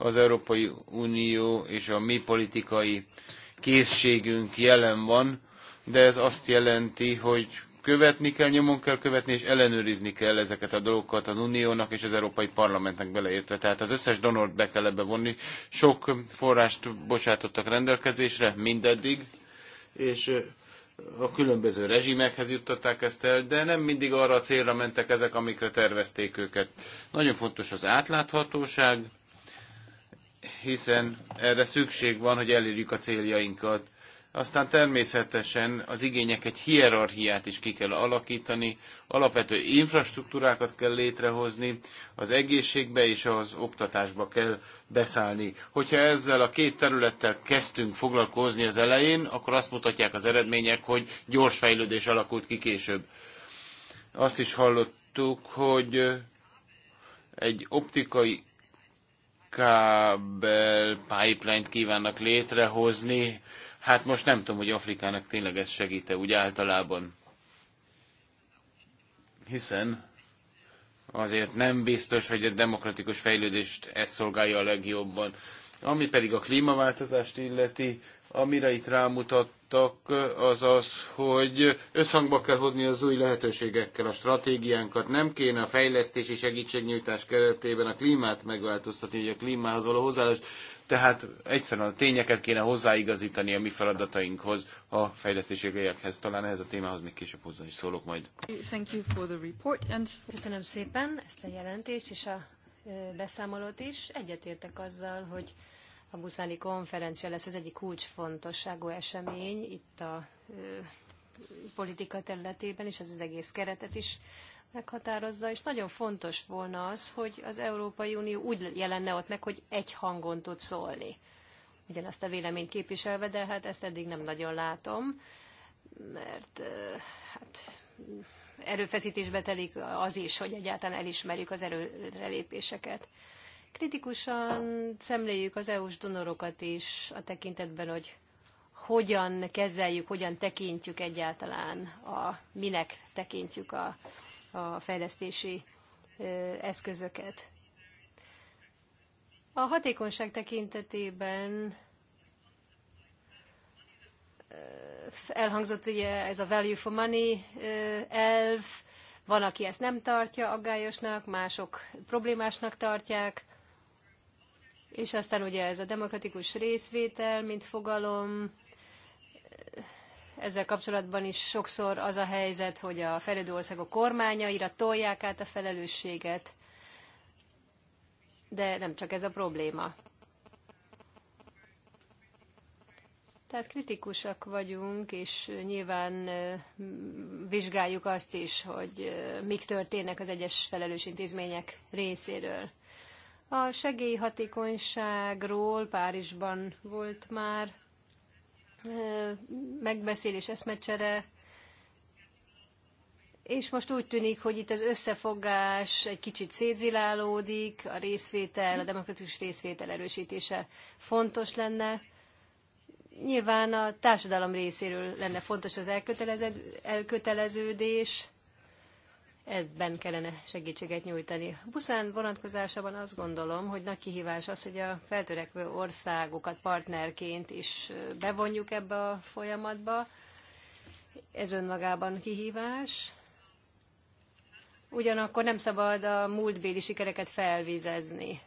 az Európai Unió és a mi politikai készségünk jelen van, de ez azt jelenti, hogy követni kell, nyomon kell követni, és ellenőrizni kell ezeket a dolgokat az Uniónak és az Európai Parlamentnek beleértve. Tehát az összes donort be kell ebbe vonni. Sok forrást bocsátottak rendelkezésre mindeddig, és a különböző rezsimekhez juttatták ezt el, de nem mindig arra a célra mentek ezek, amikre tervezték őket. Nagyon fontos az átláthatóság, hiszen erre szükség van, hogy elérjük a céljainkat. Aztán természetesen az igények egy hierarchiát is ki kell alakítani, alapvető infrastruktúrákat kell létrehozni, az egészségbe és az oktatásba kell beszállni. Hogyha ezzel a két területtel kezdtünk foglalkozni az elején, akkor azt mutatják az eredmények, hogy gyors fejlődés alakult ki később. Azt is hallottuk, hogy egy optikai kábel pipeline-t kívánnak létrehozni. Hát most nem tudom, hogy Afrikának tényleg ez segíte úgy általában. Hiszen azért nem biztos, hogy a demokratikus fejlődést ez szolgálja a legjobban. Ami pedig a klímaváltozást illeti, Amire itt rámutattak, az az, hogy összhangba kell hozni az új lehetőségekkel a stratégiánkat. Nem kéne a fejlesztési segítségnyújtás keretében a klímát megváltoztatni, hogy a klímához való hozzáállás. Tehát egyszerűen a tényeket kéne hozzáigazítani a mi feladatainkhoz, a fejlesztési fejlesztéségekhez. Talán ehhez a témához még később hozzá is szólok majd. Thank you for the report and... Köszönöm szépen ezt a jelentést és a beszámolót is. Egyetértek azzal, hogy a buszáni konferencia lesz az egyik kulcsfontosságú esemény itt a ö, politika területében, és ez az egész keretet is meghatározza, és nagyon fontos volna az, hogy az Európai Unió úgy jelenne ott meg, hogy egy hangon tud szólni. Ugyanazt a véleményt képviselve, de hát ezt eddig nem nagyon látom, mert hát erőfeszítésbe telik az is, hogy egyáltalán elismerjük az erőrelépéseket. Kritikusan szemléljük az EU-s donorokat is a tekintetben, hogy hogyan kezeljük, hogyan tekintjük egyáltalán, a, minek tekintjük a, a fejlesztési eszközöket. A hatékonyság tekintetében elhangzott ugye ez a value for money elv, van, aki ezt nem tartja aggályosnak, mások problémásnak tartják. És aztán ugye ez a demokratikus részvétel, mint fogalom, ezzel kapcsolatban is sokszor az a helyzet, hogy a fejlődő országok kormányaira tolják át a felelősséget, de nem csak ez a probléma. Tehát kritikusak vagyunk, és nyilván vizsgáljuk azt is, hogy mik történnek az egyes felelős intézmények részéről. A segélyhatékonyságról Párizsban volt már megbeszélés, eszmecsere, és most úgy tűnik, hogy itt az összefogás egy kicsit szétzilálódik, a részvétel, a demokratikus részvétel erősítése fontos lenne. Nyilván a társadalom részéről lenne fontos az elköteleződés, ebben kellene segítséget nyújtani. Buszán vonatkozásában azt gondolom, hogy nagy kihívás az, hogy a feltörekvő országokat partnerként is bevonjuk ebbe a folyamatba. Ez önmagában kihívás. Ugyanakkor nem szabad a múltbéli sikereket felvizezni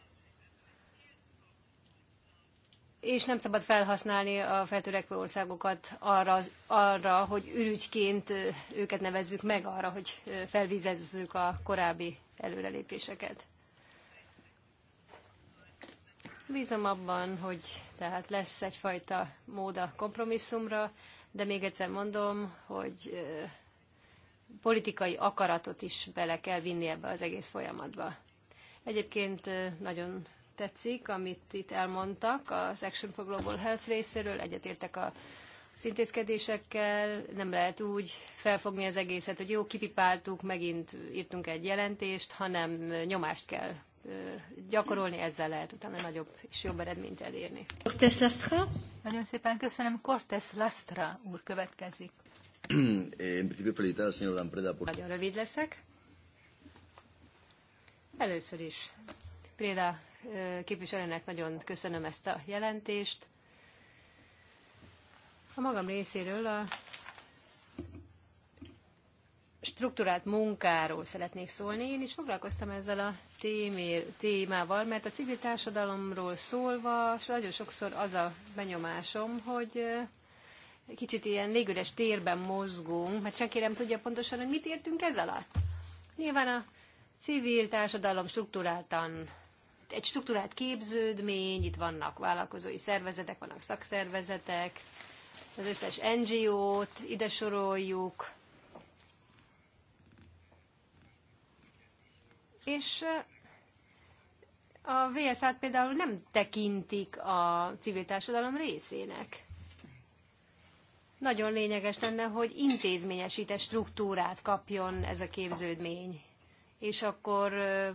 és nem szabad felhasználni a feltörekvő országokat arra, arra, hogy ürügyként őket nevezzük meg arra, hogy felvizezzük a korábbi előrelépéseket. Bízom abban, hogy tehát lesz egyfajta mód a kompromisszumra, de még egyszer mondom, hogy politikai akaratot is bele kell vinni ebbe az egész folyamatba. Egyébként nagyon tetszik, amit itt elmondtak az Action for Global Health részéről, egyetértek a az intézkedésekkel, nem lehet úgy felfogni az egészet, hogy jó, kipipáltuk, megint írtunk egy jelentést, hanem nyomást kell gyakorolni, ezzel lehet utána nagyobb és jobb eredményt elérni. Cortes Lastra. Nagyon szépen köszönöm. Cortes Lastra úr következik. Eh, Nagyon rövid leszek. Először is Préda képviselőnek nagyon köszönöm ezt a jelentést. A magam részéről a strukturált munkáról szeretnék szólni. Én is foglalkoztam ezzel a témával, mert a civil társadalomról szólva nagyon sokszor az a benyomásom, hogy kicsit ilyen légüres térben mozgunk, mert senki nem tudja pontosan, hogy mit értünk ez alatt. Nyilván a civil társadalom struktúráltan egy struktúrált képződmény, itt vannak vállalkozói szervezetek, vannak szakszervezetek, az összes NGO-t ide soroljuk, és eh, a VSZ-t például nem tekintik a civil társadalom részének. Nagyon lényeges lenne, hogy intézményesített struktúrát kapjon ez a képződmény, és akkor eh,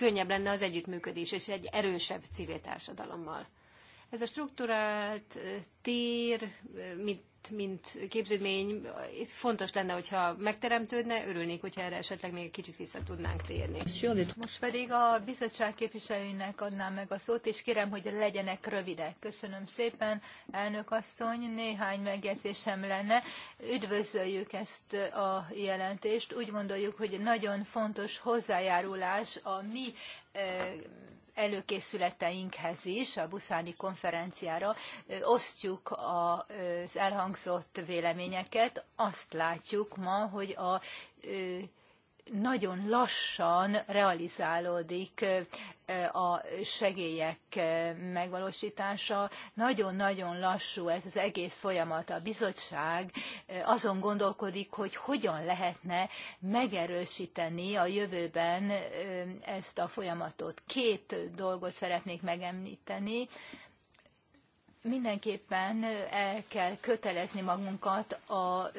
könnyebb lenne az együttműködés, és egy erősebb civil társadalommal. Ez a struktúrált eh, tér, eh, mint mint képződmény fontos lenne, hogyha megteremtődne, örülnék, hogyha erre esetleg még egy kicsit vissza tudnánk térni. Most pedig a bizottság képviselőinek adnám meg a szót, és kérem, hogy legyenek rövidek. Köszönöm szépen, elnök asszony, néhány megjegyzésem lenne. Üdvözöljük ezt a jelentést. Úgy gondoljuk, hogy nagyon fontos hozzájárulás a mi eh, előkészületeinkhez is, a buszáni konferenciára. Osztjuk az elhangzott véleményeket. Azt látjuk ma, hogy a nagyon lassan realizálódik a segélyek megvalósítása. Nagyon-nagyon lassú ez az egész folyamat. A bizottság azon gondolkodik, hogy hogyan lehetne megerősíteni a jövőben ezt a folyamatot. Két dolgot szeretnék megemlíteni mindenképpen el kell kötelezni magunkat a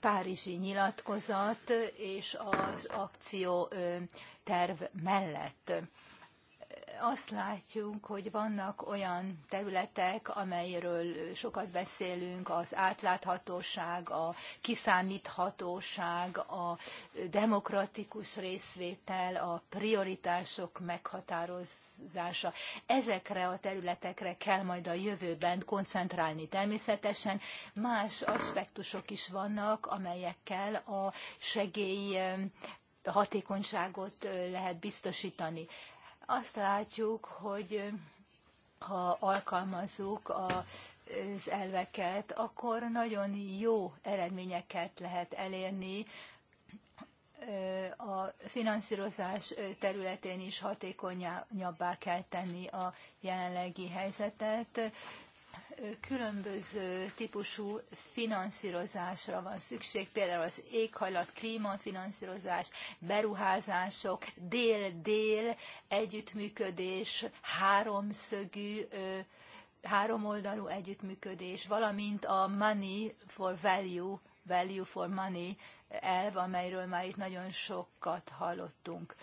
Párizsi nyilatkozat és az akcióterv mellett azt látjuk, hogy vannak olyan területek, amelyről sokat beszélünk, az átláthatóság, a kiszámíthatóság, a demokratikus részvétel, a prioritások meghatározása. Ezekre a területekre kell majd a jövőben koncentrálni. Természetesen más aspektusok is vannak, amelyekkel a segély eh, hatékonyságot eh, lehet biztosítani. Azt látjuk, hogy ha alkalmazzuk az elveket, akkor nagyon jó eredményeket lehet elérni a finanszírozás területén is hatékonyabbá kell tenni a jelenlegi helyzetet különböző típusú finanszírozásra van szükség, például az éghajlat, klímafinanszírozás, beruházások, dél-dél együttműködés, háromszögű, háromoldalú együttműködés, valamint a money for value, value for money elv, amelyről már itt nagyon sokat hallottunk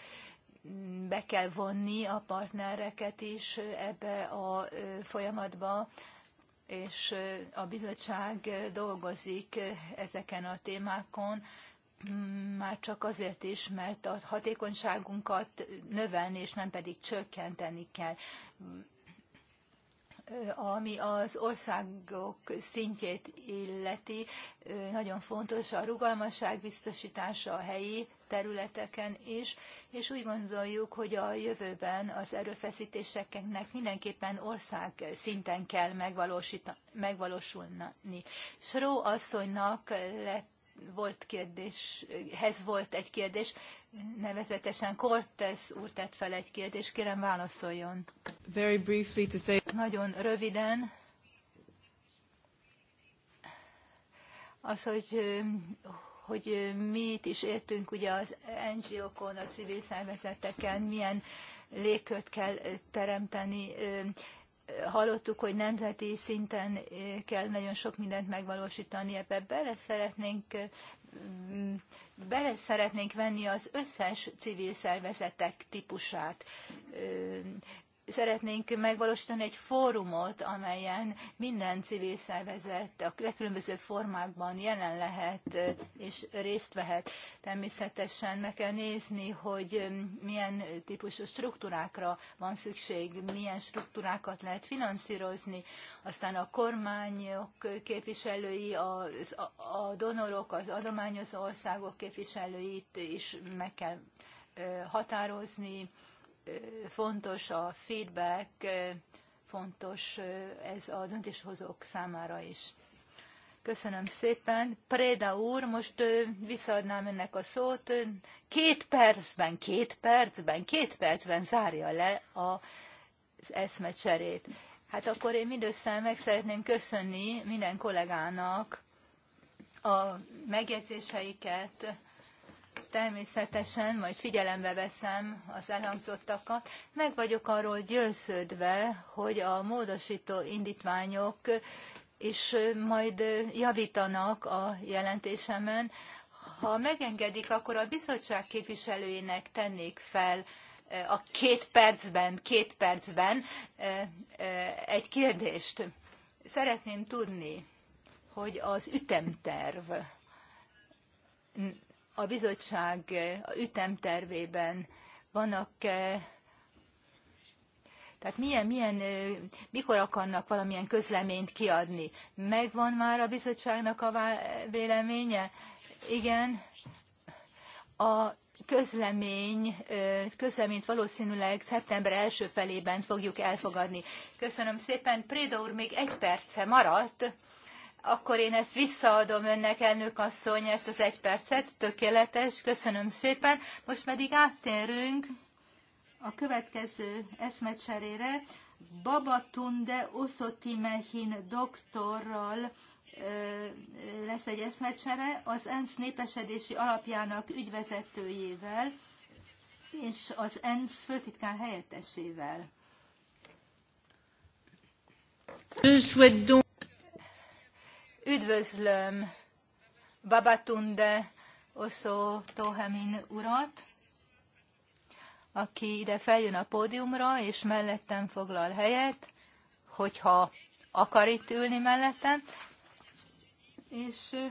be kell vonni a partnereket is ebbe a folyamatba, és a bizottság dolgozik ezeken a témákon, mm, már csak azért is, mert a hatékonyságunkat növelni, és nem pedig csökkenteni kell ami az országok szintjét illeti, nagyon fontos a rugalmasság biztosítása a helyi területeken is, és úgy gondoljuk, hogy a jövőben az erőfeszítéseknek mindenképpen ország szinten kell megvalósulni. Sró asszonynak lett volt kérdéshez volt egy kérdés, nevezetesen Cortez úr tett fel egy kérdést, kérem válaszoljon. Very briefly to say... Nagyon röviden. Az, hogy, hogy mit is értünk ugye az NGO-kon, a civil szervezeteken, milyen légkört kell teremteni hallottuk, hogy nemzeti szinten eh, kell nagyon sok mindent megvalósítani, ebbe bele szeretnénk mm, bele szeretnénk venni az összes civil szervezetek típusát, szeretnénk megvalósítani egy fórumot, amelyen minden civil szervezet a különböző formákban jelen lehet eh, és részt vehet. Természetesen meg kell nézni, hogy eh, milyen típusú struktúrákra van szükség, milyen struktúrákat lehet finanszírozni, aztán a kormányok képviselői, az, a donorok, az adományozó országok képviselőit is meg kell eh, határozni, fontos a feedback, fontos ez a döntéshozók számára is. Köszönöm szépen. Préda úr, most visszaadnám önnek a szót. Két percben, két percben, két percben zárja le az eszmecserét. Hát akkor én mindössze meg szeretném köszönni minden kollégának a megjegyzéseiket, természetesen majd figyelembe veszem az elhangzottakat. Meg vagyok arról győződve, hogy a módosító indítványok is majd javítanak a jelentésemen. Ha megengedik, akkor a bizottság képviselőinek tennék fel eh, a két percben, két percben eh, eh, egy kérdést. Szeretném tudni, hogy az ütemterv a bizottság ütemtervében? Vannak-e eh, tehát milyen, milyen, eh, mikor akarnak valamilyen közleményt kiadni? Megvan már a bizottságnak a véleménye? Igen, a közlemény, eh, közleményt valószínűleg szeptember első felében fogjuk elfogadni. Köszönöm szépen. Préda úr még egy perce maradt akkor én ezt visszaadom önnek, elnök asszony, ezt az egy percet, tökéletes, köszönöm szépen. Most pedig áttérünk a következő eszmecserére. Babatunde Oszotimehin doktorral lesz egy eszmecsere az ENSZ népesedési alapjának ügyvezetőjével és az ENSZ főtitkár helyettesével. Üdvözlöm Babatunde Oszó Tohemin urat, aki ide feljön a pódiumra, és mellettem foglal helyet, hogyha akar itt ülni mellettem. És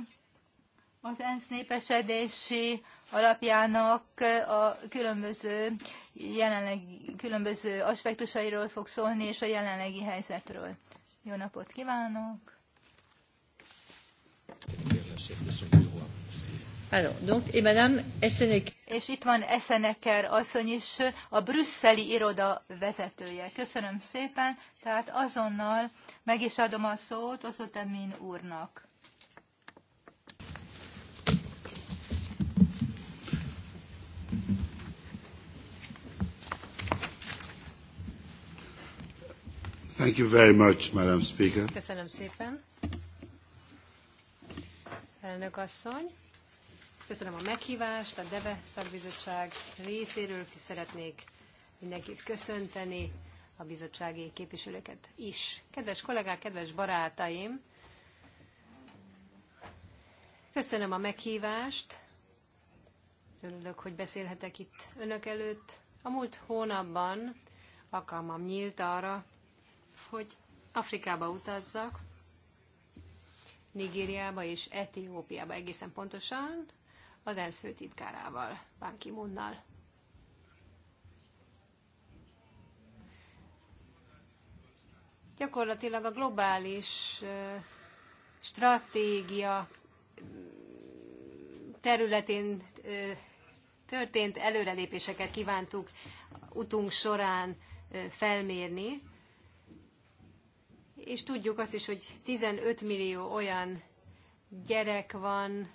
az ENSZ népesedési alapjának a különböző, jelenleg, különböző aspektusairól fog szólni, és a jelenlegi helyzetről. Jó napot kívánok! És itt van Esseneker asszony is, a brüsszeli iroda vezetője. Köszönöm szépen, tehát azonnal meg is adom a szót Oszotemin úrnak. Thank you very much, Madam Speaker. Köszönöm szépen elnök asszony. Köszönöm a meghívást, a DEVE szakbizottság részéről szeretnék mindenkit köszönteni, a bizottsági képviselőket is. Kedves kollégák, kedves barátaim, köszönöm a meghívást, örülök, hogy beszélhetek itt önök előtt. A múlt hónapban alkalmam nyílt arra, hogy Afrikába utazzak, Nigériába és Etiópiába egészen pontosan, az ENSZ főtitkárával, Ban ki Gyakorlatilag a globális stratégia területén történt előrelépéseket kívántuk utunk során felmérni, és tudjuk azt is, hogy 15 millió olyan gyerek van,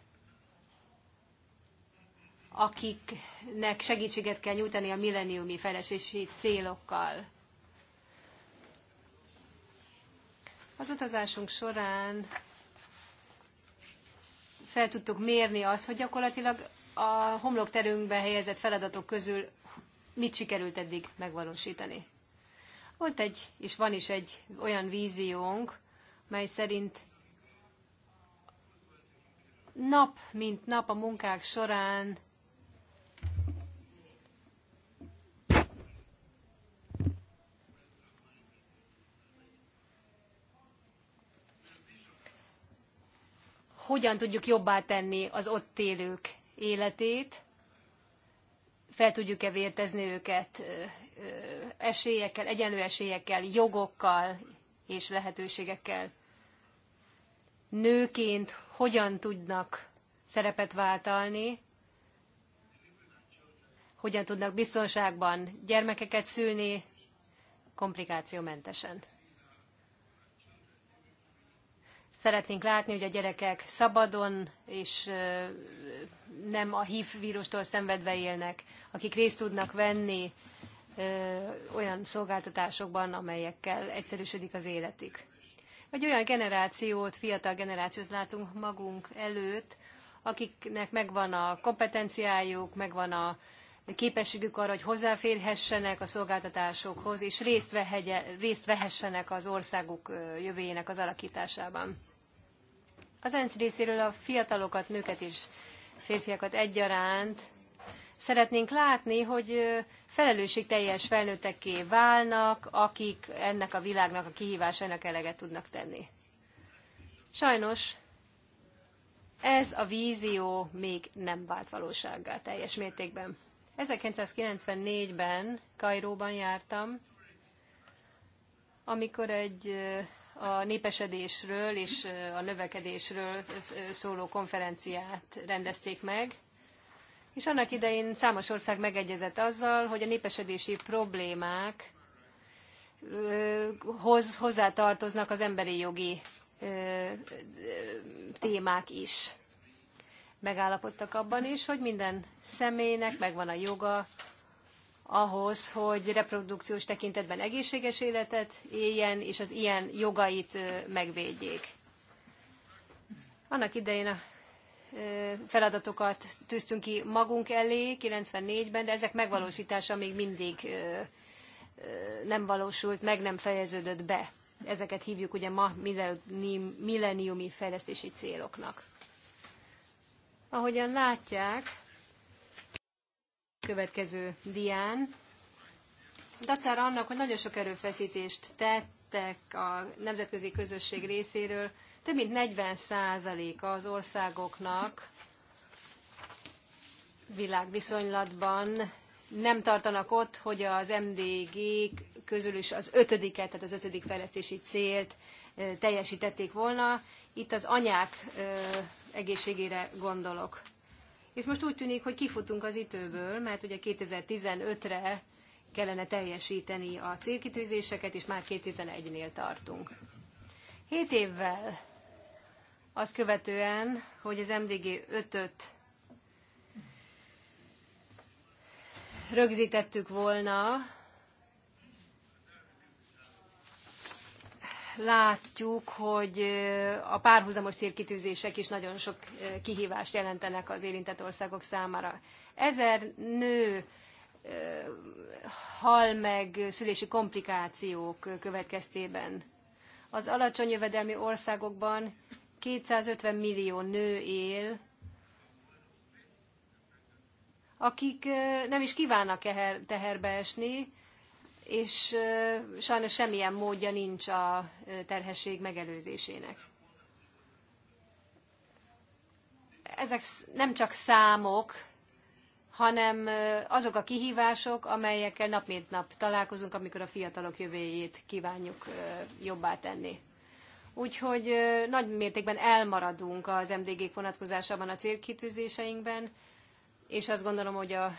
akiknek segítséget kell nyújtani a milleniumi felesési célokkal. Az utazásunk során fel tudtuk mérni azt, hogy gyakorlatilag a homlokterünkbe helyezett feladatok közül mit sikerült eddig megvalósítani. Volt egy, és van is egy olyan víziónk, mely szerint nap, mint nap a munkák során hogyan tudjuk jobbá tenni az ott élők életét, fel tudjuk-e vértezni őket esélyekkel, egyenlő esélyekkel, jogokkal és lehetőségekkel. Nőként hogyan tudnak szerepet váltalni, hogyan tudnak biztonságban gyermekeket szülni, komplikációmentesen. Szeretnénk látni, hogy a gyerekek szabadon és nem a HIV vírustól szenvedve élnek, akik részt tudnak venni olyan szolgáltatásokban, amelyekkel egyszerűsödik az életük. Egy olyan generációt, fiatal generációt látunk magunk előtt, akiknek megvan a kompetenciájuk, megvan a képességük arra, hogy hozzáférhessenek a szolgáltatásokhoz, és részt, vehegye, részt vehessenek az országuk jövőjének az alakításában. Az ENSZ részéről a fiatalokat, nőket és férfiakat egyaránt Szeretnénk látni, hogy felelősségteljes felnőtteké válnak, akik ennek a világnak a kihívásainak eleget tudnak tenni. Sajnos ez a vízió még nem vált valósággá teljes mértékben. 1994-ben Kairóban jártam, amikor egy a népesedésről és a növekedésről szóló konferenciát rendezték meg, és annak idején számos ország megegyezett azzal, hogy a népesedési problémák hoz, hozzátartoznak az emberi jogi témák is. Megállapodtak abban is, hogy minden személynek megvan a joga ahhoz, hogy reprodukciós tekintetben egészséges életet éljen, és az ilyen jogait megvédjék. Annak idején a feladatokat tűztünk ki magunk elé 94-ben, de ezek megvalósítása még mindig nem valósult, meg nem fejeződött be. Ezeket hívjuk ugye ma milleniumi fejlesztési céloknak. Ahogyan látják, következő dián, dacára annak, hogy nagyon sok erőfeszítést tettek a nemzetközi közösség részéről, több mint 40 százaléka az országoknak világviszonylatban nem tartanak ott, hogy az MDG közül is az ötödiket, tehát az ötödik fejlesztési célt teljesítették volna. Itt az anyák egészségére gondolok. És most úgy tűnik, hogy kifutunk az időből, mert ugye 2015-re kellene teljesíteni a célkitűzéseket, és már 2011 nél tartunk. Hét évvel azt követően, hogy az MDG 5-öt rögzítettük volna, látjuk, hogy a párhuzamos célkitűzések is nagyon sok kihívást jelentenek az érintett országok számára. Ezer nő hal meg szülési komplikációk következtében. Az alacsony jövedelmi országokban 250 millió nő él, akik nem is kívánnak teherbe esni, és sajnos semmilyen módja nincs a terhesség megelőzésének. Ezek nem csak számok, hanem azok a kihívások, amelyekkel nap mint nap találkozunk, amikor a fiatalok jövőjét kívánjuk jobbá tenni. Úgyhogy nagy mértékben elmaradunk az MDG vonatkozásában a célkitűzéseinkben, és azt gondolom, hogy a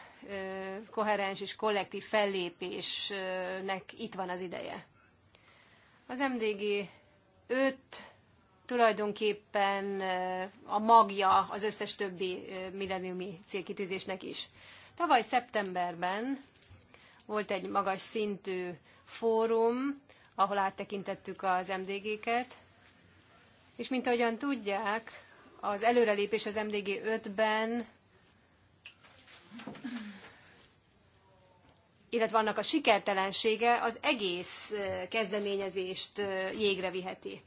koherens és kollektív fellépésnek itt van az ideje. Az MDG 5 tulajdonképpen a magja az összes többi milleniumi célkitűzésnek is. Tavaly szeptemberben volt egy magas szintű fórum, ahol áttekintettük az MDG-ket, és mint ahogyan tudják, az előrelépés az MDG 5-ben, illetve annak a sikertelensége az egész kezdeményezést jégre viheti.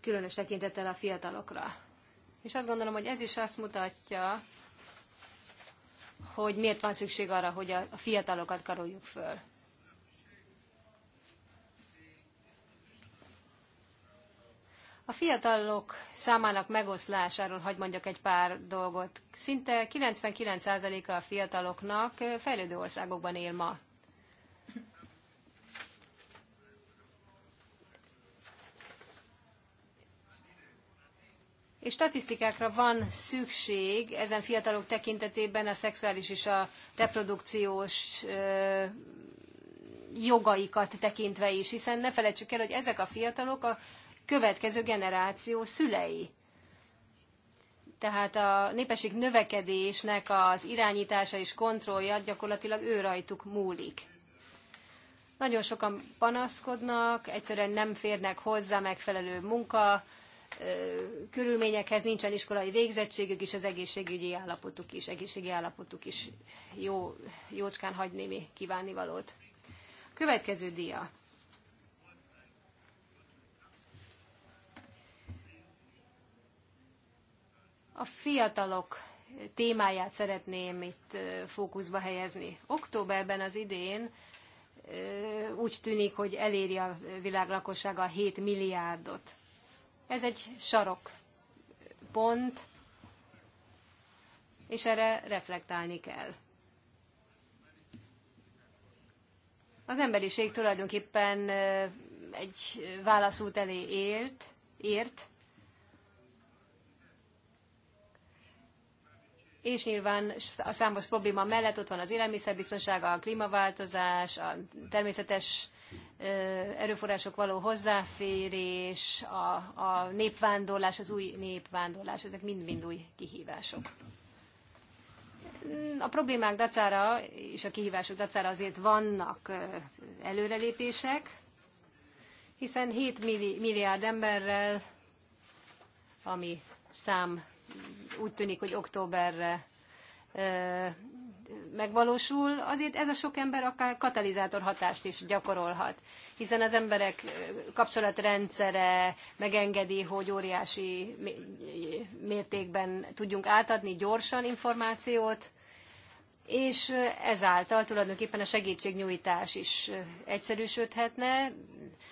Különös tekintettel a fiatalokra. És azt gondolom, hogy ez is azt mutatja, hogy miért van szükség arra, hogy a fiatalokat karoljuk föl. A fiatalok számának megoszlásáról hagy mondjak egy pár dolgot. Szinte 99%-a a fiataloknak fejlődő országokban él ma. és statisztikákra van szükség ezen fiatalok tekintetében a szexuális és a reprodukciós ö, jogaikat tekintve is, hiszen ne felejtsük el, hogy ezek a fiatalok a következő generáció szülei. Tehát a népesség növekedésnek az irányítása és kontrollja gyakorlatilag ő rajtuk múlik. Nagyon sokan panaszkodnak, egyszerűen nem férnek hozzá megfelelő munka, körülményekhez nincsen iskolai végzettségük, és az egészségügyi állapotuk is, egészségi állapotuk is jó, jócskán hagy némi kívánivalót. Következő dia. A fiatalok témáját szeretném itt fókuszba helyezni. Októberben az idén úgy tűnik, hogy eléri a világ lakossága a 7 milliárdot. Ez egy sarok pont, és erre reflektálni kell. Az emberiség tulajdonképpen egy válaszút elé élt, ért, és nyilván a számos probléma mellett ott van az élelmiszerbiztonság, a klímaváltozás, a természetes erőforrások való hozzáférés, a, a népvándorlás, az új népvándorlás, ezek mind-mind új kihívások. A problémák dacára és a kihívások dacára azért vannak előrelépések, hiszen 7 milliárd emberrel, ami szám úgy tűnik, hogy októberre megvalósul, azért ez a sok ember akár katalizátor hatást is gyakorolhat, hiszen az emberek kapcsolatrendszere megengedi, hogy óriási mértékben tudjunk átadni gyorsan információt, és ezáltal tulajdonképpen a segítségnyújtás is egyszerűsödhetne,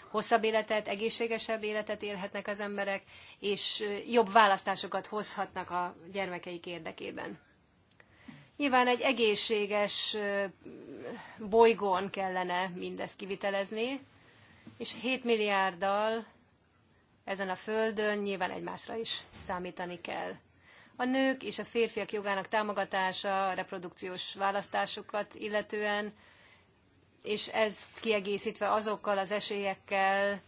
hosszabb életet, egészségesebb életet élhetnek az emberek, és jobb választásokat hozhatnak a gyermekeik érdekében. Nyilván egy egészséges bolygón kellene mindezt kivitelezni, és 7 milliárddal ezen a földön nyilván egymásra is számítani kell. A nők és a férfiak jogának támogatása, reprodukciós választásokat illetően, és ezt kiegészítve azokkal az esélyekkel,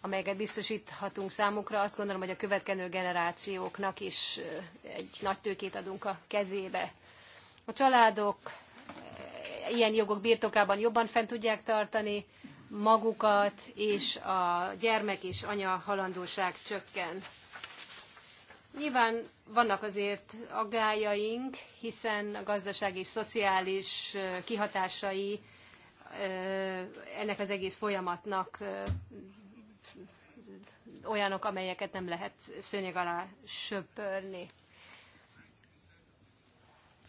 amelyeket biztosíthatunk számukra, azt gondolom, hogy a következő generációknak is egy nagy tőkét adunk a kezébe. A családok e, ilyen jogok birtokában jobban fent tudják tartani magukat, és a gyermek és anya halandóság csökken. Nyilván vannak azért aggájaink, hiszen a gazdasági és szociális kihatásai ennek az egész folyamatnak olyanok, amelyeket nem lehet szőnyeg alá söpörni.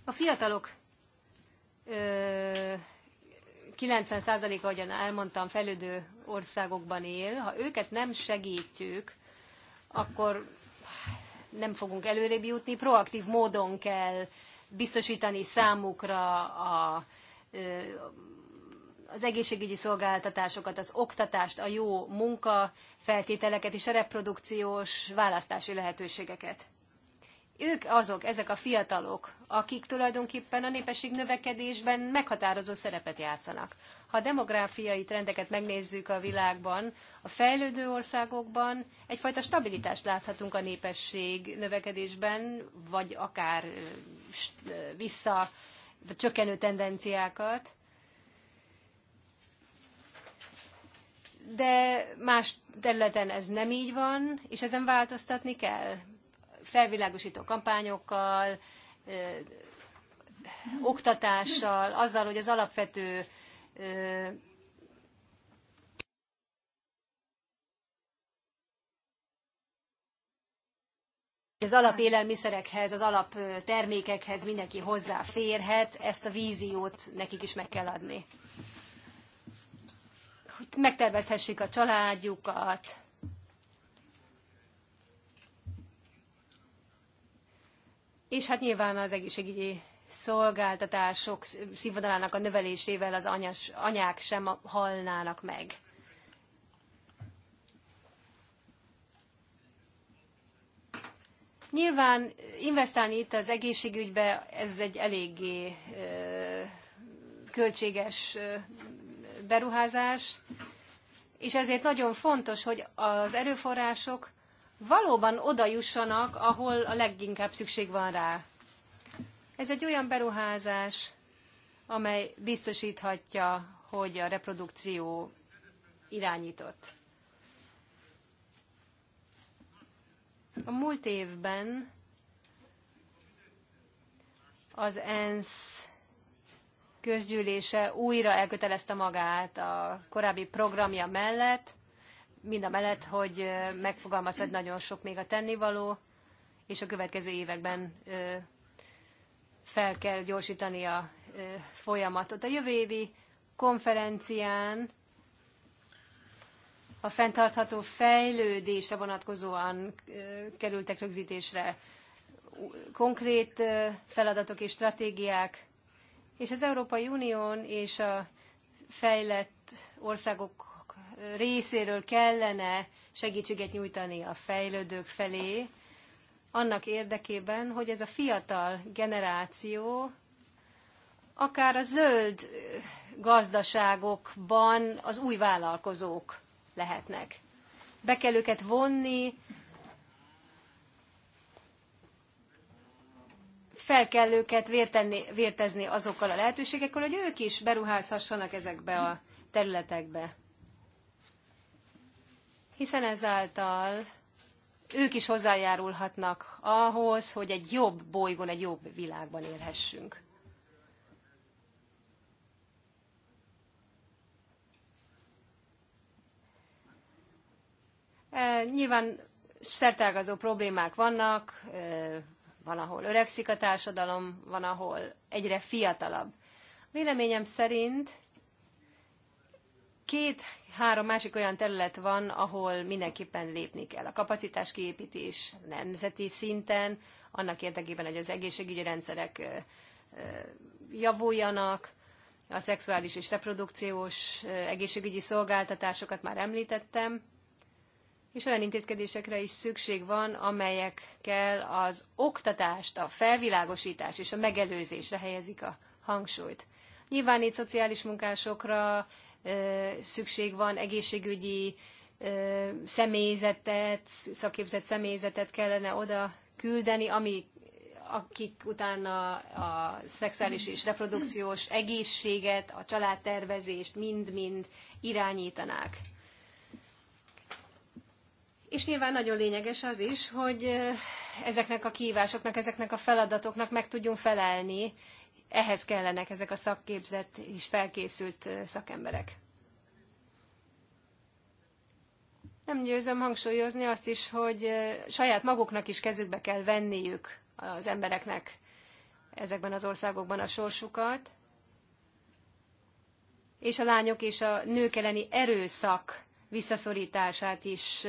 A fiatalok 90%-a, ahogyan elmondtam, fejlődő országokban él. Ha őket nem segítjük, akkor nem fogunk előrébb jutni, proaktív módon kell biztosítani számukra a, az egészségügyi szolgáltatásokat, az oktatást, a jó munka feltételeket és a reprodukciós választási lehetőségeket ők azok, ezek a fiatalok, akik tulajdonképpen a népesség növekedésben meghatározó szerepet játszanak. Ha a demográfiai trendeket megnézzük a világban, a fejlődő országokban egyfajta stabilitást láthatunk a népesség növekedésben, vagy akár vissza vagy csökkenő tendenciákat. de más területen ez nem így van, és ezen változtatni kell felvilágosító kampányokkal, oktatással, azzal, hogy az alapvető az alapélelmiszerekhez, az alaptermékekhez mindenki hozzáférhet, ezt a víziót nekik is meg kell adni. Hogy megtervezhessék a családjukat, és hát nyilván az egészségügyi szolgáltatások színvonalának a növelésével az anyas, anyák sem halnának meg. Nyilván investálni itt az egészségügybe, ez egy eléggé költséges beruházás, és ezért nagyon fontos, hogy az erőforrások valóban oda jussanak, ahol a leginkább szükség van rá. Ez egy olyan beruházás, amely biztosíthatja, hogy a reprodukció irányított. A múlt évben az ENSZ közgyűlése újra elkötelezte magát a korábbi programja mellett, mind a mellett, hogy megfogalmaz, nagyon sok még a tennivaló, és a következő években fel kell gyorsítani a folyamatot. A jövő évi konferencián a fenntartható fejlődésre vonatkozóan kerültek rögzítésre konkrét feladatok és stratégiák, és az Európai Unión és a fejlett országok részéről kellene segítséget nyújtani a fejlődők felé, annak érdekében, hogy ez a fiatal generáció akár a zöld gazdaságokban az új vállalkozók lehetnek. Be kell őket vonni, fel kell őket vértenni, vértezni azokkal a lehetőségekkel, hogy ők is beruházhassanak ezekbe a területekbe hiszen ezáltal ők is hozzájárulhatnak ahhoz, hogy egy jobb bolygón, egy jobb világban élhessünk. E, nyilván szertágazó problémák vannak, e, van, ahol öregszik a társadalom, van, ahol egyre fiatalabb. Véleményem szerint két-három másik olyan terület van, ahol mindenképpen lépni kell. A kapacitás kiépítés nemzeti szinten, annak érdekében, hogy az egészségügyi rendszerek javuljanak, a szexuális és reprodukciós egészségügyi szolgáltatásokat már említettem, és olyan intézkedésekre is szükség van, amelyekkel az oktatást, a felvilágosítás és a megelőzésre helyezik a hangsúlyt. Nyilván itt szociális munkásokra, szükség van, egészségügyi személyzetet, szakképzett személyzetet kellene oda küldeni, ami, akik utána a szexuális és reprodukciós egészséget, a családtervezést mind-mind irányítanák. És nyilván nagyon lényeges az is, hogy ezeknek a kívásoknak, ezeknek a feladatoknak meg tudjunk felelni, ehhez kellenek ezek a szakképzett és felkészült szakemberek. Nem győzöm hangsúlyozni azt is, hogy saját maguknak is kezükbe kell venniük az embereknek ezekben az országokban a sorsukat, és a lányok és a nők elleni erőszak visszaszorítását is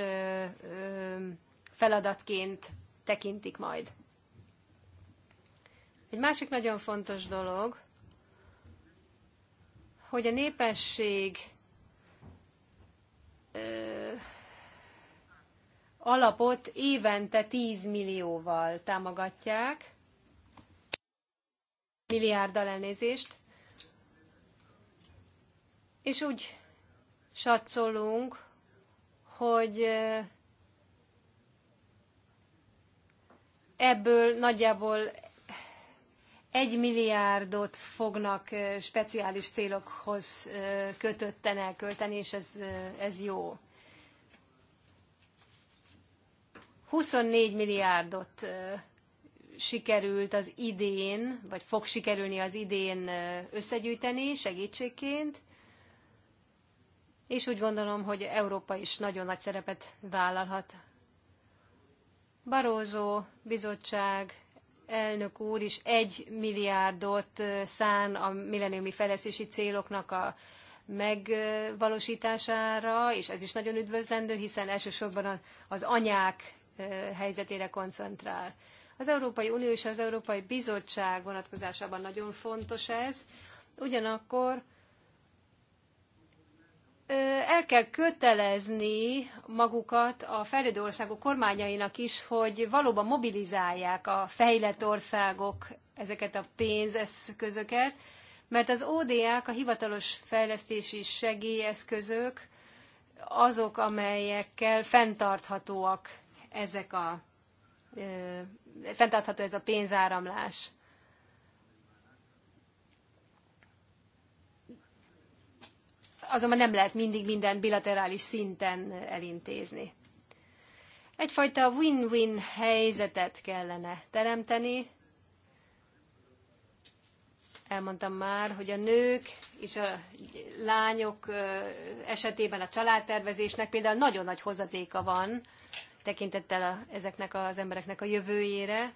feladatként tekintik majd. Egy másik nagyon fontos dolog, hogy a népesség ö, alapot évente 10 millióval támogatják, milliárddal elnézést, és úgy satszolunk, hogy ebből nagyjából egy milliárdot fognak speciális célokhoz kötötten elkölteni, és ez, ez jó. 24 milliárdot sikerült az idén, vagy fog sikerülni az idén összegyűjteni segítségként, és úgy gondolom, hogy Európa is nagyon nagy szerepet vállalhat. Barózó bizottság elnök úr is egy milliárdot szán a milleniumi fejlesztési céloknak a megvalósítására, és ez is nagyon üdvözlendő, hiszen elsősorban az anyák helyzetére koncentrál. Az Európai Unió és az Európai Bizottság vonatkozásában nagyon fontos ez, ugyanakkor el kell kötelezni magukat a fejlődő országok kormányainak is, hogy valóban mobilizálják a fejlett országok ezeket a pénzeszközöket, mert az ODA-k, a hivatalos fejlesztési segélyeszközök, azok, amelyekkel fenntarthatóak ezek a, ö, fenntartható ez a pénzáramlás. azonban nem lehet mindig mindent bilaterális szinten elintézni. Egyfajta win-win helyzetet kellene teremteni. Elmondtam már, hogy a nők és a lányok esetében a családtervezésnek például nagyon nagy hozadéka van tekintettel a, ezeknek az embereknek a jövőjére,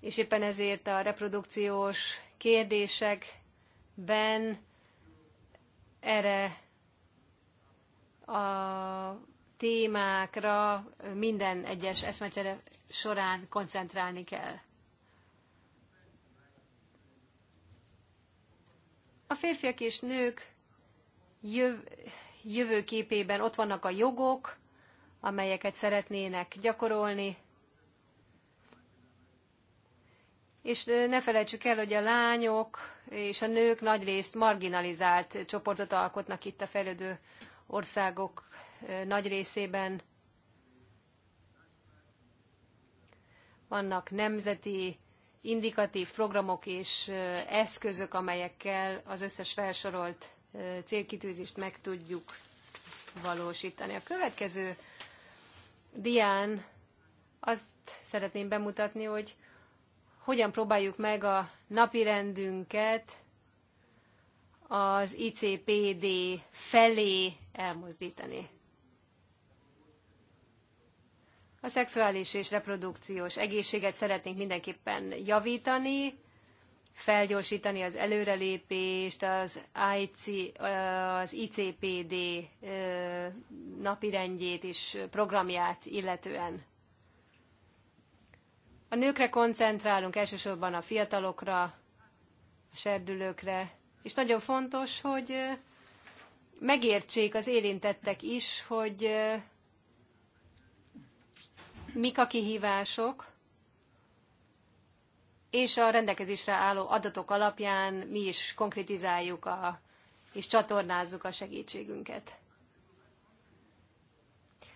és éppen ezért a reprodukciós kérdésekben erre a témákra minden egyes eszmecsere során koncentrálni kell. A férfiak és nők jöv- jövőképében ott vannak a jogok, amelyeket szeretnének gyakorolni, és ne felejtsük el, hogy a lányok és a nők nagy részt marginalizált csoportot alkotnak itt a fejlődő országok nagy részében. Vannak nemzeti indikatív programok és eszközök, amelyekkel az összes felsorolt célkitűzést meg tudjuk valósítani. A következő dián azt szeretném bemutatni, hogy hogyan próbáljuk meg a napirendünket az ICPD felé elmozdítani. A szexuális és reprodukciós egészséget szeretnénk mindenképpen javítani, felgyorsítani az előrelépést, az, IC, az ICPD napirendjét és programját illetően. A nőkre koncentrálunk, elsősorban a fiatalokra, a serdülőkre, és nagyon fontos, hogy megértsék az érintettek is, hogy mik a kihívások, és a rendelkezésre álló adatok alapján mi is konkrétizáljuk a, és csatornázzuk a segítségünket.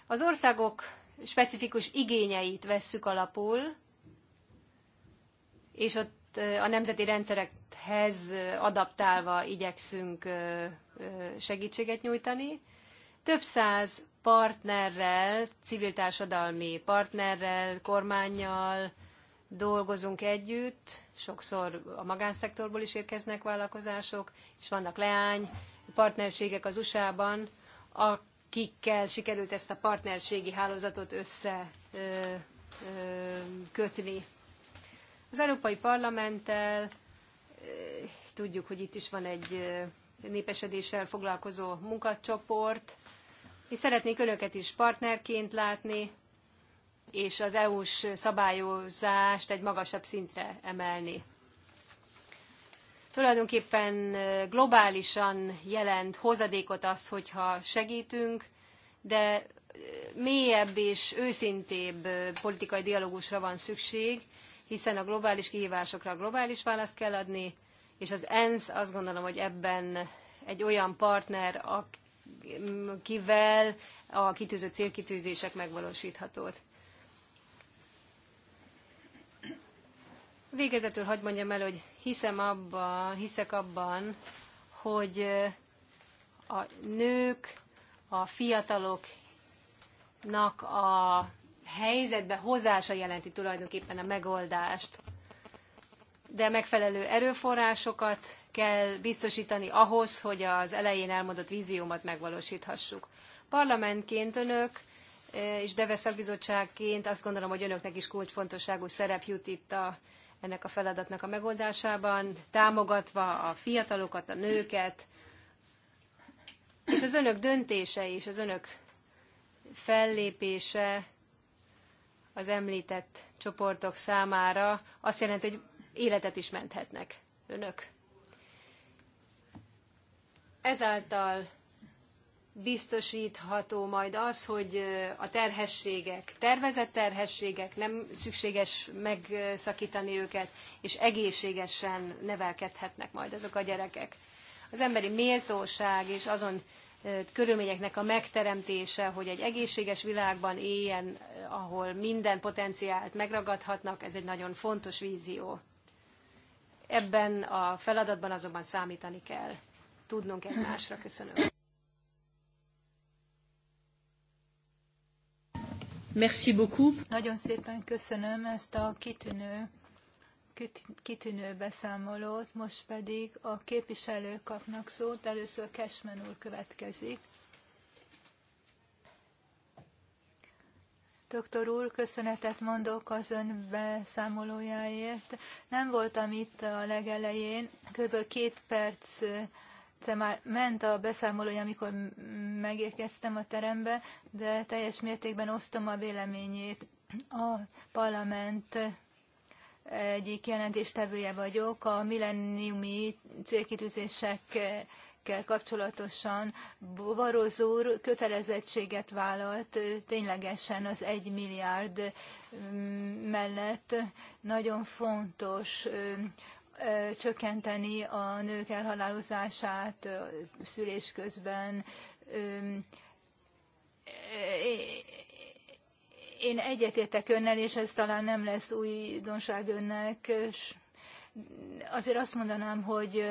Az országok specifikus igényeit vesszük alapul, és ott a nemzeti rendszerekhez adaptálva igyekszünk segítséget nyújtani. Több száz partnerrel, civil társadalmi partnerrel, kormányjal dolgozunk együtt, sokszor a magánszektorból is érkeznek vállalkozások, és vannak leány partnerségek az USA-ban, akikkel sikerült ezt a partnerségi hálózatot összekötni. Az Európai Parlamenttel eh, tudjuk, hogy itt is van egy eh, népesedéssel foglalkozó munkacsoport, és szeretnék önöket is partnerként látni, és az EU-s szabályozást egy magasabb szintre emelni. Tulajdonképpen eh, globálisan jelent hozadékot az, hogyha segítünk, de mélyebb és őszintébb politikai dialógusra van szükség, hiszen a globális kihívásokra globális választ kell adni, és az ENSZ azt gondolom, hogy ebben egy olyan partner, akivel a kitűzött célkitűzések megvalósíthatók. Végezetül hagyd mondjam el, hogy hiszem abban, hiszek abban, hogy a nők, a fiataloknak a helyzetbe hozása jelenti tulajdonképpen a megoldást. De megfelelő erőforrásokat kell biztosítani ahhoz, hogy az elején elmondott víziómat megvalósíthassuk. Parlamentként önök e, és Deves szakbizottságként azt gondolom, hogy önöknek is kulcsfontosságú szerep jut itt a, ennek a feladatnak a megoldásában, támogatva a fiatalokat, a nőket, és az önök döntése és az önök fellépése az említett csoportok számára azt jelenti, hogy életet is menthetnek önök. Ezáltal biztosítható majd az, hogy a terhességek, tervezett terhességek, nem szükséges megszakítani őket, és egészségesen nevelkedhetnek majd azok a gyerekek. Az emberi méltóság és azon körülményeknek a megteremtése, hogy egy egészséges világban éljen, ahol minden potenciált megragadhatnak, ez egy nagyon fontos vízió. Ebben a feladatban azonban számítani kell. Tudnunk egymásra. Köszönöm. Merci beaucoup. Nagyon szépen köszönöm ezt a kitűnő kitűnő beszámolót, most pedig a képviselők kapnak szót, először Kesmen úr következik. Doktor úr, köszönetet mondok az ön beszámolójáért. Nem voltam itt a legelején, kb. két perc már ment a beszámolója, amikor megérkeztem a terembe, de teljes mértékben osztom a véleményét. A parlament egyik jelentéstevője vagyok a milleniumi célkitűzésekkel kapcsolatosan. Barozó úr kötelezettséget vállalt ténylegesen az egy milliárd mm, mellett. Nagyon fontos csökkenteni a nők elhalálozását szülés közben én egyetértek önnel, és ez talán nem lesz újdonság önnek. És azért azt mondanám, hogy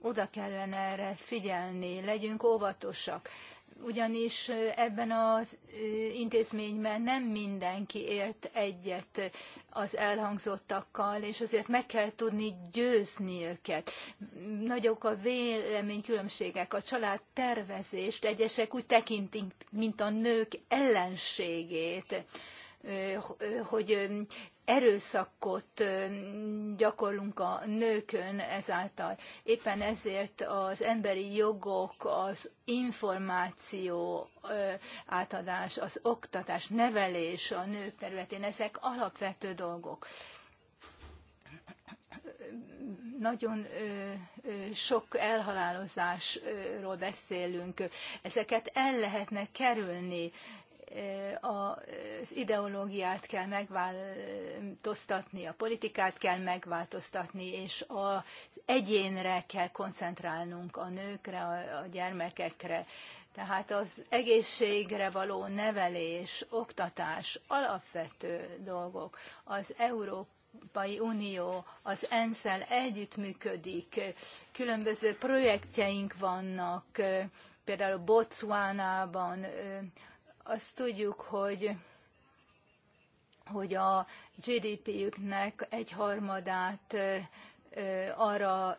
oda kellene erre figyelni, legyünk óvatosak ugyanis ebben az intézményben nem mindenki ért egyet az elhangzottakkal, és azért meg kell tudni győzni őket. Nagyok a véleménykülönbségek, a család tervezést egyesek úgy tekintik, mint a nők ellenségét hogy erőszakot gyakorlunk a nőkön ezáltal. Éppen ezért az emberi jogok, az információ átadás, az oktatás, nevelés a nők területén, ezek alapvető dolgok nagyon sok elhalálozásról beszélünk, ezeket el lehetne kerülni, az ideológiát kell megváltoztatni, a politikát kell megváltoztatni, és az egyénre kell koncentrálnunk, a nőkre, a gyermekekre. Tehát az egészségre való nevelés, oktatás alapvető dolgok. Az Európai Unió az ENSZ-el együttműködik, különböző projektjeink vannak, például Botswanában azt tudjuk, hogy hogy a GDP-jüknek egy harmadát arra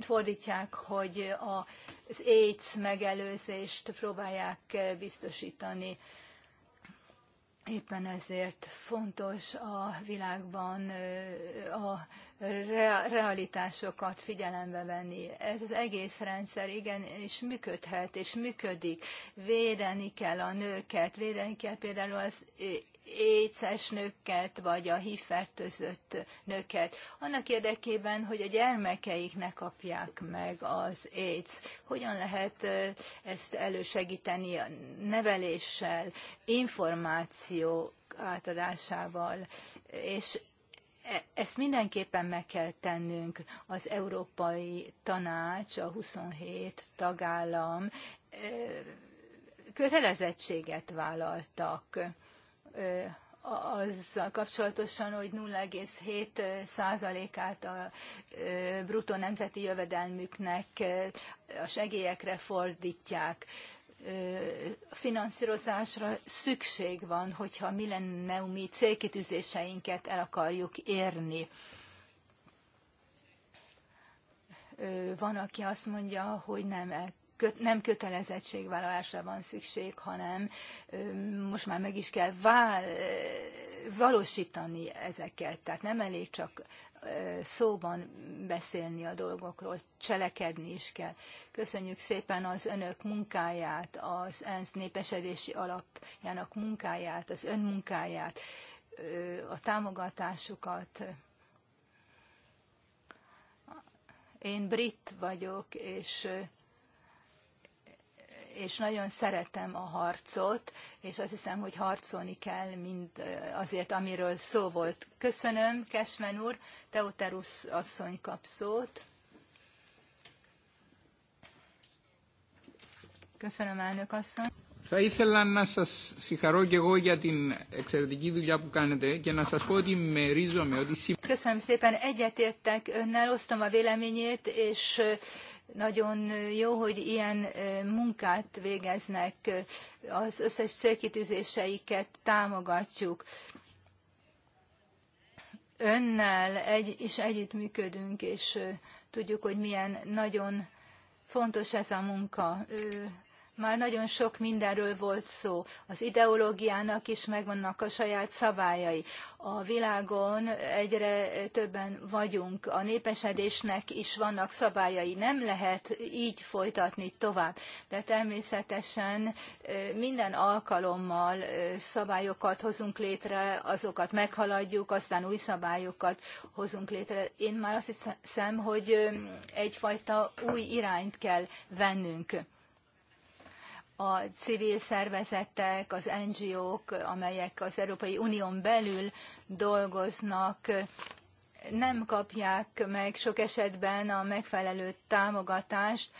fordítják, hogy az AIDS megelőzést próbálják biztosítani. Éppen ezért fontos a világban a realitásokat figyelembe venni. Ez az egész rendszer igen, és működhet, és működik. Védeni kell a nőket, védeni kell például az éces nőket, vagy a hívfertőzött nőket, annak érdekében, hogy a gyermekeik ne kapják meg az éc. Hogyan lehet ezt elősegíteni a neveléssel, információ átadásával, és e, ezt mindenképpen meg kell tennünk. Az Európai Tanács, a 27 tagállam kötelezettséget vállaltak azzal kapcsolatosan, hogy 07 százalékát a bruttó nemzeti jövedelmüknek a segélyekre fordítják. Finanszírozásra szükség van, hogyha mi célkitűzéseinket el akarjuk érni. Van, aki azt mondja, hogy nem köt, nem kötelezettségvállalásra van szükség, hanem most már meg is kell vál, valósítani ezeket. Tehát nem elég csak szóban beszélni a dolgokról, cselekedni is kell. Köszönjük szépen az önök munkáját, az ENSZ népesedési alapjának munkáját, az ön munkáját, a támogatásukat. Én brit vagyok, és és nagyon szeretem a harcot, és azt hiszem, hogy harcolni kell mind azért, amiről szó volt. Köszönöm, Kesmen úr, Teuterus asszony kap szót. Köszönöm, elnök asszony. Θα ήθελα να σας συγχαρώ και εγώ για την εξαιρετική δουλειά που κάνετε και να σας πω ότι ρίζομαι ότι σήμερα... Köszönöm szépen, egyetértek önnel, osztom a véleményét, és nagyon jó, hogy ilyen munkát végeznek, az összes célkitűzéseiket támogatjuk. Önnel egy, is együttműködünk, és tudjuk, hogy milyen nagyon fontos ez a munka már nagyon sok mindenről volt szó. Az ideológiának is megvannak a saját szabályai. A világon egyre többen vagyunk, a népesedésnek is vannak szabályai. Nem lehet így folytatni tovább. De természetesen minden alkalommal szabályokat hozunk létre, azokat meghaladjuk, aztán új szabályokat hozunk létre. Én már azt hiszem, hogy egyfajta új irányt kell vennünk a civil szervezetek, az NGO-k, amelyek az Európai Unión belül dolgoznak, nem kapják meg sok esetben a megfelelő támogatást,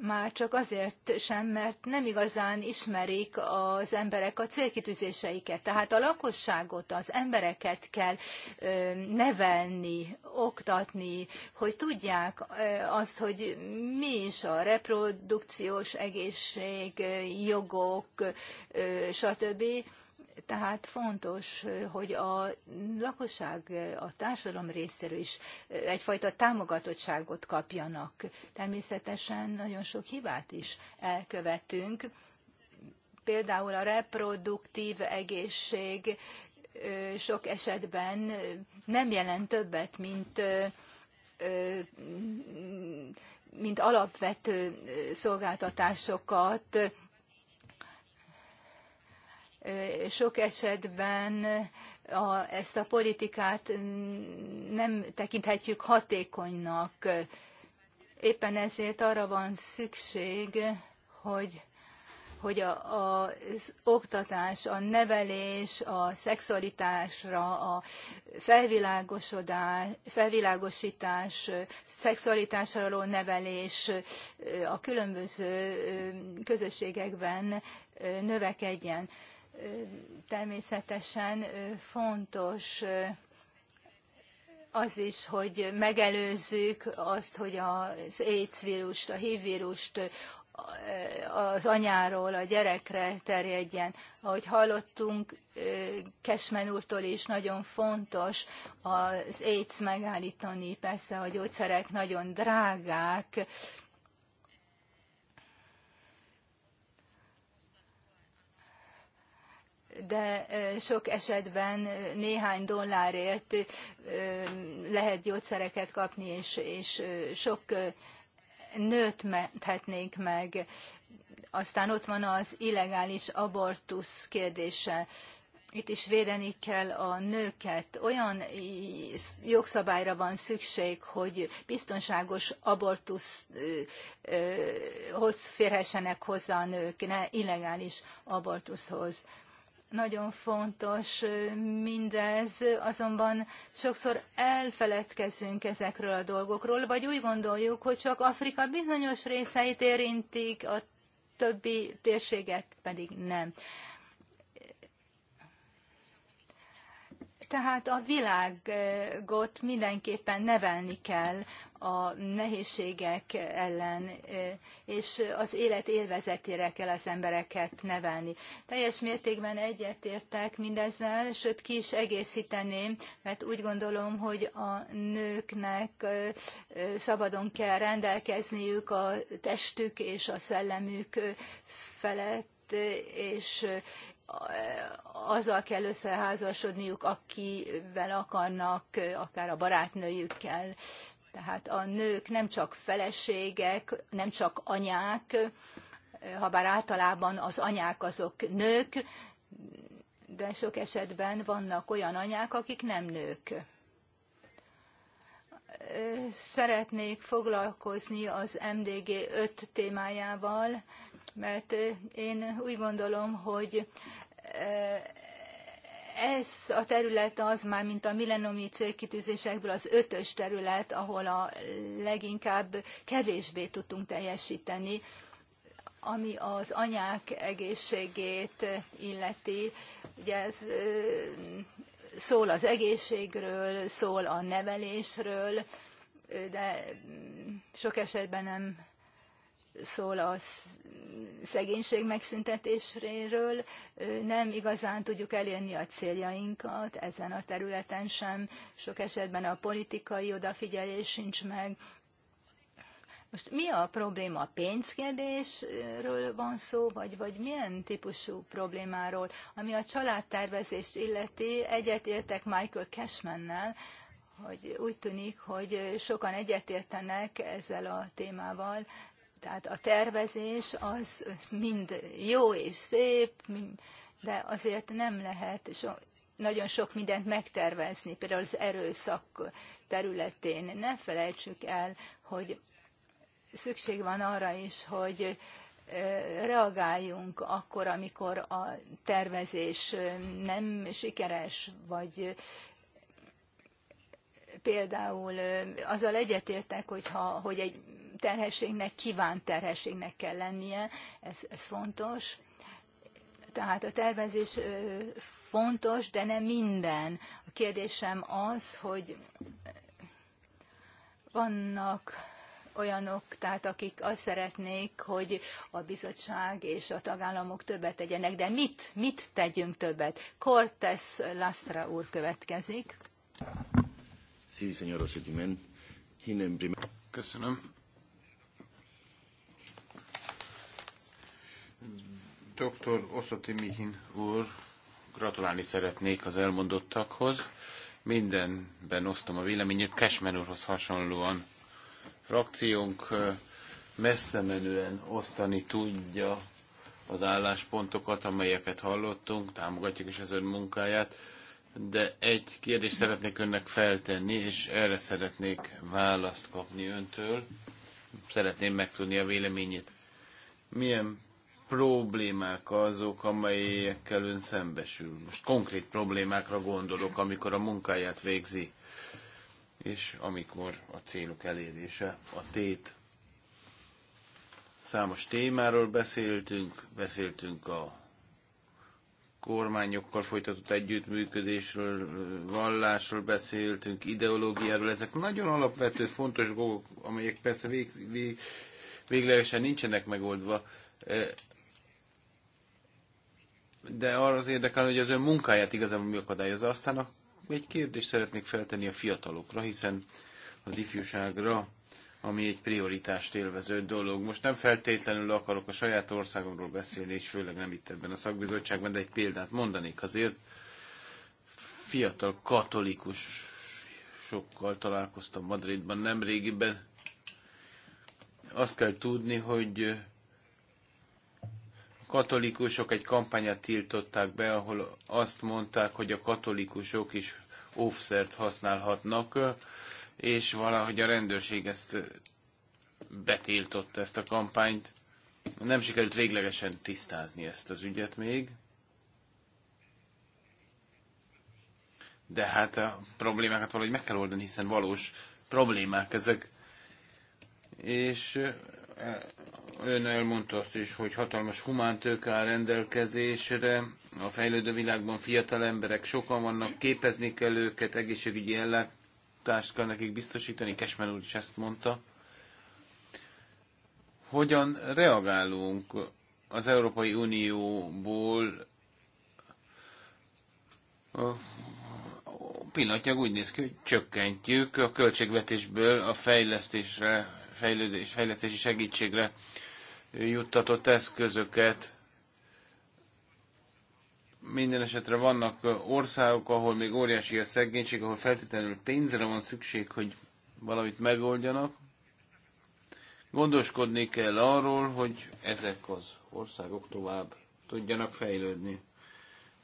már csak azért sem, mert nem igazán ismerik az emberek a célkitűzéseiket. Tehát a lakosságot, az embereket kell nevelni, oktatni, hogy tudják azt, hogy mi is a reprodukciós egészség, jogok, stb tehát fontos, hogy a lakosság, a társadalom részéről is egyfajta támogatottságot kapjanak. Természetesen nagyon sok hibát is elkövetünk. Például a reproduktív egészség sok esetben nem jelent többet, mint mint alapvető szolgáltatásokat sok esetben a, ezt a politikát nem tekinthetjük hatékonynak. Éppen ezért arra van szükség, hogy hogy a, a, az oktatás, a nevelés, a szexualitásra, a felvilágosodás, felvilágosítás, szexualitásra való nevelés a különböző közösségekben növekedjen természetesen fontos az is, hogy megelőzzük azt, hogy az AIDS vírust, a HIV vírust az anyáról a gyerekre terjedjen. Ahogy hallottunk Kesmen úrtól is, nagyon fontos az AIDS megállítani. Persze a gyógyszerek nagyon drágák, de sok esetben néhány dollárért lehet gyógyszereket kapni, és, és sok nőt menthetnénk meg. Aztán ott van az illegális abortusz kérdése. Itt is védeni kell a nőket. Olyan jogszabályra van szükség, hogy biztonságos abortuszhoz férhessenek hozzá a nők, ne illegális abortuszhoz nagyon fontos mindez, azonban sokszor elfeledkezünk ezekről a dolgokról, vagy úgy gondoljuk, hogy csak Afrika bizonyos részeit érintik, a többi térséget pedig nem. tehát a világot mindenképpen nevelni kell a nehézségek ellen, és az élet élvezetére kell az embereket nevelni. Teljes mértékben egyetértek mindezzel, sőt ki is egészíteném, mert úgy gondolom, hogy a nőknek szabadon kell rendelkezniük a testük és a szellemük felett, és azzal kell összeházasodniuk, akivel akarnak, akár a barátnőjükkel. Tehát a nők nem csak feleségek, nem csak anyák, bár általában az anyák azok nők, de sok esetben vannak olyan anyák, akik nem nők. Szeretnék foglalkozni az MDG 5 témájával, mert én úgy gondolom, hogy ez a terület az már, mint a millenomi célkitűzésekből az ötös terület, ahol a leginkább kevésbé tudtunk teljesíteni, ami az anyák egészségét illeti. Ugye ez szól az egészségről, szól a nevelésről, de mm, sok esetben nem szól az szegénység megszüntetéséről nem igazán tudjuk elérni a céljainkat, ezen a területen sem, sok esetben a politikai odafigyelés sincs meg. Most mi a probléma? Pénzkérdésről van szó, vagy, vagy milyen típusú problémáról? Ami a családtervezést illeti, egyetértek Michael Cashmannel, hogy úgy tűnik, hogy sokan egyetértenek ezzel a témával, tehát a tervezés az mind jó és szép, de azért nem lehet so, nagyon sok mindent megtervezni, például az erőszak területén. Ne felejtsük el, hogy szükség van arra is, hogy reagáljunk akkor, amikor a tervezés nem sikeres, vagy például azzal egyetértek, hogyha, hogy egy terhességnek kívánt terhességnek kell lennie, ez, ez fontos. Tehát a tervezés fontos, de nem minden. A kérdésem az, hogy vannak olyanok, tehát akik azt szeretnék, hogy a bizottság és a tagállamok többet tegyenek, de mit, mit tegyünk többet? Cortes Lastra úr következik. Köszönöm. Dr. Oszoti Mihin úr, gratulálni szeretnék az elmondottakhoz. Mindenben osztom a véleményét, Kesmen úrhoz hasonlóan frakciónk messze menően osztani tudja az álláspontokat, amelyeket hallottunk, támogatjuk is az ön munkáját, de egy kérdést szeretnék önnek feltenni, és erre szeretnék választ kapni öntől. Szeretném megtudni a véleményét. Milyen problémák azok, amelyekkel ön szembesül? Most konkrét problémákra gondolok, amikor a munkáját végzi, és amikor a célok elérése a tét. Számos témáról beszéltünk, beszéltünk a kormányokkal folytatott együttműködésről, vallásról beszéltünk, ideológiáról. Ezek nagyon alapvető, fontos dolgok, amelyek persze vég, vég, véglegesen nincsenek megoldva de arra az érdekel, hogy az ön munkáját igazából mi akadályozza. Aztán a, egy kérdést szeretnék feltenni a fiatalokra, hiszen az ifjúságra, ami egy prioritást élvező dolog. Most nem feltétlenül akarok a saját országomról beszélni, és főleg nem itt ebben a szakbizottságban, de egy példát mondanék azért. Fiatal katolikus sokkal találkoztam Madridban nemrégiben. Azt kell tudni, hogy katolikusok egy kampányát tiltották be, ahol azt mondták, hogy a katolikusok is óvszert használhatnak, és valahogy a rendőrség ezt betiltotta ezt a kampányt. Nem sikerült véglegesen tisztázni ezt az ügyet még. De hát a problémákat valahogy meg kell oldani, hiszen valós problémák ezek. És ön elmondta azt is, hogy hatalmas humántők áll rendelkezésre, a fejlődő világban fiatal emberek sokan vannak, képezni kell őket, egészségügyi ellátást kell nekik biztosítani, Kesmer úr is ezt mondta. Hogyan reagálunk az Európai Unióból pillanatnyilag úgy néz ki, hogy csökkentjük a költségvetésből a fejlesztésre fejlődés, fejlesztési segítségre juttatott eszközöket. Minden esetre vannak országok, ahol még óriási a szegénység, ahol feltétlenül pénzre van szükség, hogy valamit megoldjanak. Gondoskodni kell arról, hogy ezek az országok tovább tudjanak fejlődni.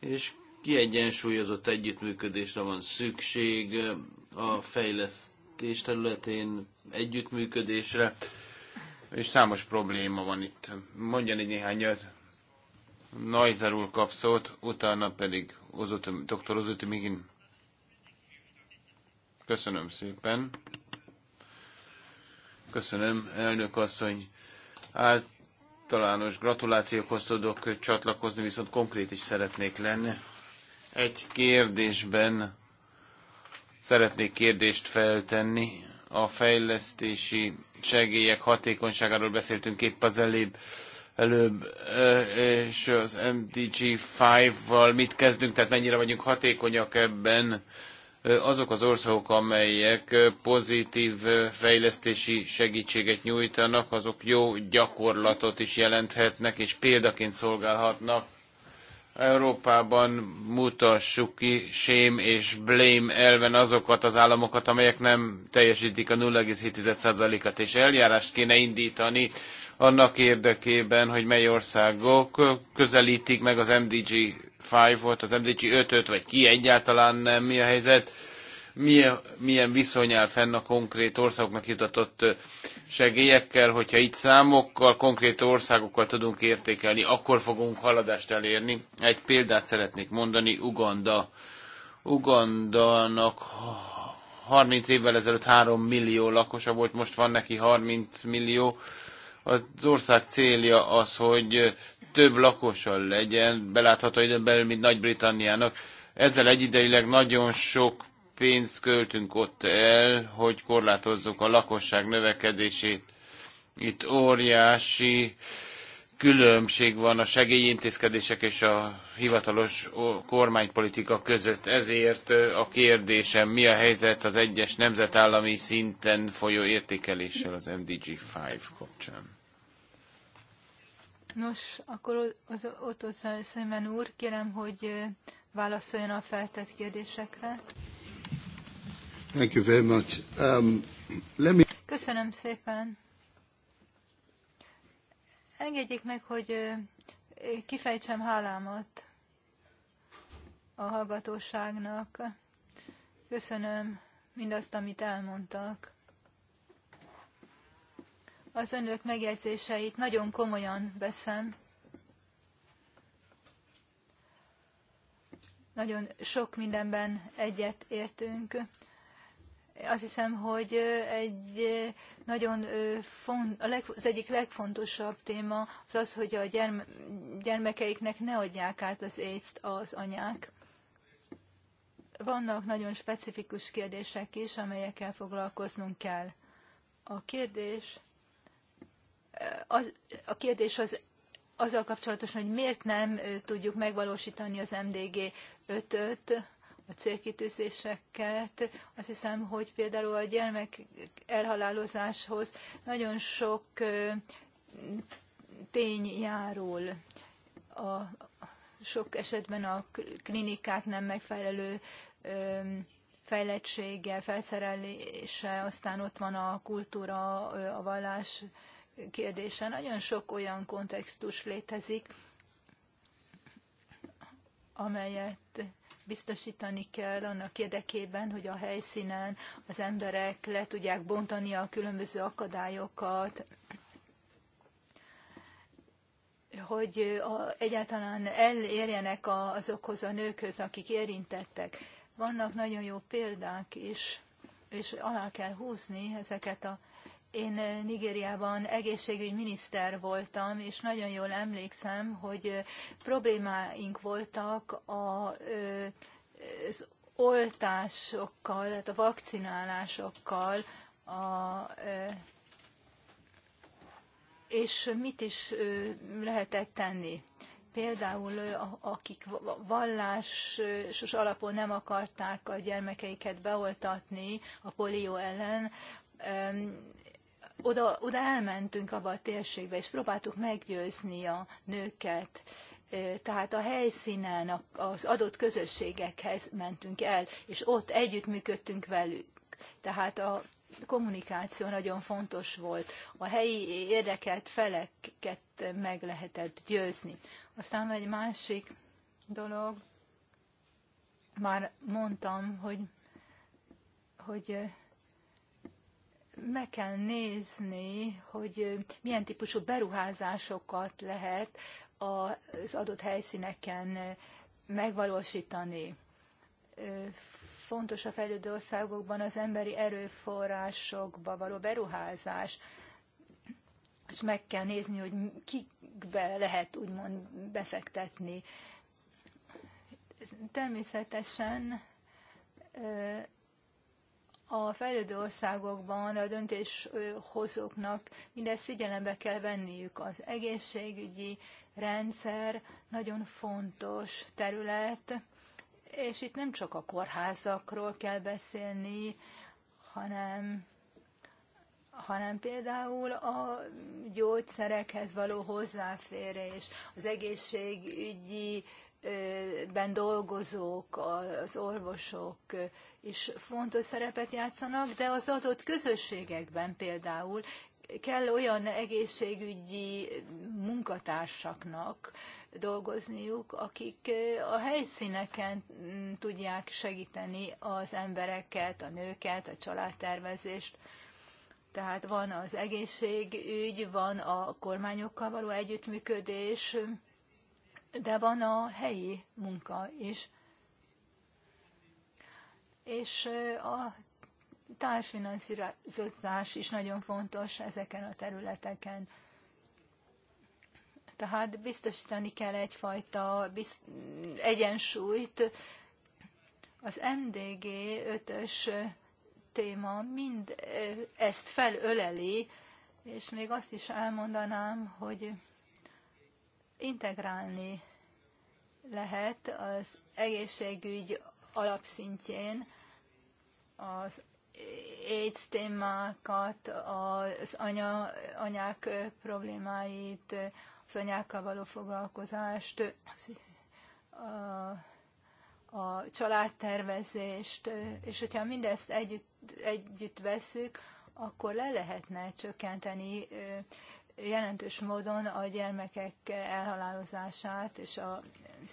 És kiegyensúlyozott együttműködésre van szükség a fejleszt fejlesztés területén együttműködésre, és számos probléma van itt. Mondjan egy néhányat. Najzer úr kap szót, utána pedig Ozuti, dr. Ozuti Migin. Köszönöm szépen. Köszönöm, elnök asszony. Általános gratulációkhoz tudok csatlakozni, viszont konkrét is szeretnék lenni. Egy kérdésben Szeretnék kérdést feltenni. A fejlesztési segélyek hatékonyságáról beszéltünk épp az előbb előbb, és az MDG 5-val mit kezdünk, tehát mennyire vagyunk hatékonyak ebben azok az országok, amelyek pozitív fejlesztési segítséget nyújtanak, azok jó gyakorlatot is jelenthetnek, és példaként szolgálhatnak Európában mutassuk ki sém és blame elven azokat az államokat, amelyek nem teljesítik a 0,7%-at, és eljárást kéne indítani annak érdekében, hogy mely országok közelítik meg az MDG 5-ot, az MDG 5-öt, vagy ki egyáltalán nem, mi a helyzet milyen, milyen viszony áll fenn a konkrét országoknak jutatott segélyekkel, hogyha itt számokkal, konkrét országokkal tudunk értékelni, akkor fogunk haladást elérni. Egy példát szeretnék mondani, Uganda. Ugandanak 30 évvel ezelőtt 3 millió lakosa volt, most van neki 30 millió. Az ország célja az, hogy több lakosa legyen, belátható időn belül, mint Nagy-Britanniának. Ezzel egyidejileg nagyon sok pénzt költünk ott el, hogy korlátozzuk a lakosság növekedését. Itt óriási különbség van a segélyintézkedések és a hivatalos kormánypolitika között. Ezért a kérdésem, mi a helyzet az egyes nemzetállami szinten folyó értékeléssel az MDG 5 kapcsán? Nos, akkor az Otto úr, kérem, hogy válaszoljon a feltett kérdésekre. Um, Köszönöm szépen. Engedjék meg, hogy kifejtsem hálámat a hallgatóságnak. Köszönöm mindazt, amit elmondtak. Az önök megjegyzéseit nagyon komolyan veszem. Nagyon sok mindenben egyet értünk. Azt hiszem, hogy egy nagyon font, az egyik legfontosabb téma az az, hogy a gyermekeiknek ne adják át az észt az anyák. Vannak nagyon specifikus kérdések is, amelyekkel foglalkoznunk kell. A kérdés az, a kérdés az azzal kapcsolatosan, hogy miért nem tudjuk megvalósítani az MDG 5-öt, a célkitűzéseket. Azt hiszem, hogy például a gyermek elhalálozáshoz nagyon sok tény járul. A, sok esetben a klinikák nem megfelelő fejlettséggel, felszerelése, aztán ott van a kultúra, a vallás kérdése. Nagyon sok olyan kontextus létezik, amelyet biztosítani kell annak érdekében, hogy a helyszínen az emberek le tudják bontani a különböző akadályokat, hogy a, egyáltalán elérjenek a, azokhoz a nőkhöz, akik érintettek. Vannak nagyon jó példák is, és alá kell húzni ezeket a én Nigériában egészségügyminiszter voltam, és nagyon jól emlékszem, hogy problémáink voltak a, az oltásokkal, tehát a vakcinálásokkal, a, és mit is lehetett tenni. Például akik vallásos alapon nem akarták a gyermekeiket beoltatni a polió ellen, oda, oda elmentünk abba a térségbe, és próbáltuk meggyőzni a nőket, tehát a helyszínen, az adott közösségekhez mentünk el, és ott együttműködtünk velük. Tehát a kommunikáció nagyon fontos volt. A helyi érdekelt feleket meg lehetett győzni. Aztán egy másik dolog, már mondtam, hogy, hogy meg kell nézni, hogy milyen típusú beruházásokat lehet az adott helyszíneken megvalósítani. Fontos a fejlődő országokban az emberi erőforrásokba való beruházás, és meg kell nézni, hogy kikbe lehet úgymond befektetni. Természetesen a fejlődő országokban a döntéshozóknak mindezt figyelembe kell venniük. Az egészségügyi rendszer nagyon fontos terület, és itt nem csak a kórházakról kell beszélni, hanem hanem például a gyógyszerekhez való hozzáférés, az egészségügyi ben dolgozók, az orvosok is fontos szerepet játszanak, de az adott közösségekben például kell olyan egészségügyi munkatársaknak dolgozniuk, akik a helyszíneken tudják segíteni az embereket, a nőket, a családtervezést. Tehát van az egészségügy, van a kormányokkal való együttműködés, de van a helyi munka is, és a társfinanszírozás is nagyon fontos ezeken a területeken. Tehát biztosítani kell egyfajta bizt, egyensúlyt. Az MDG 5-ös téma mind ezt felöleli, és még azt is elmondanám, hogy integrálni lehet az egészségügy alapszintjén az AIDS témákat, az anya, anyák problémáit, az anyákkal való foglalkozást, a, a családtervezést, és hogyha mindezt együtt, együtt veszük, akkor le lehetne csökkenteni jelentős módon a gyermekek elhalálozását és a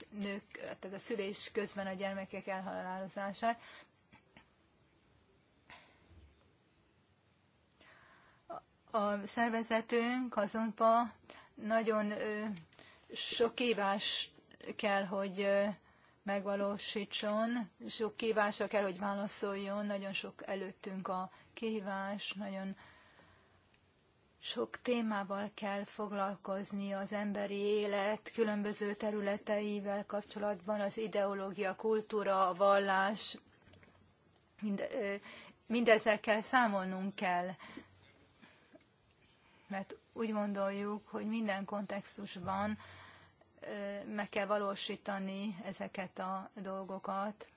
nők, tehát a szülés közben a gyermekek elhalálozását. A szervezetünk, az UNPA nagyon sok kívás kell, hogy megvalósítson, sok kívása kell, hogy válaszoljon, nagyon sok előttünk a kihívás, nagyon sok témával kell foglalkozni az emberi élet különböző területeivel kapcsolatban, az ideológia, kultúra, a vallás, mind, mindezekkel számolnunk kell, mert úgy gondoljuk, hogy minden kontextusban meg kell valósítani ezeket a dolgokat.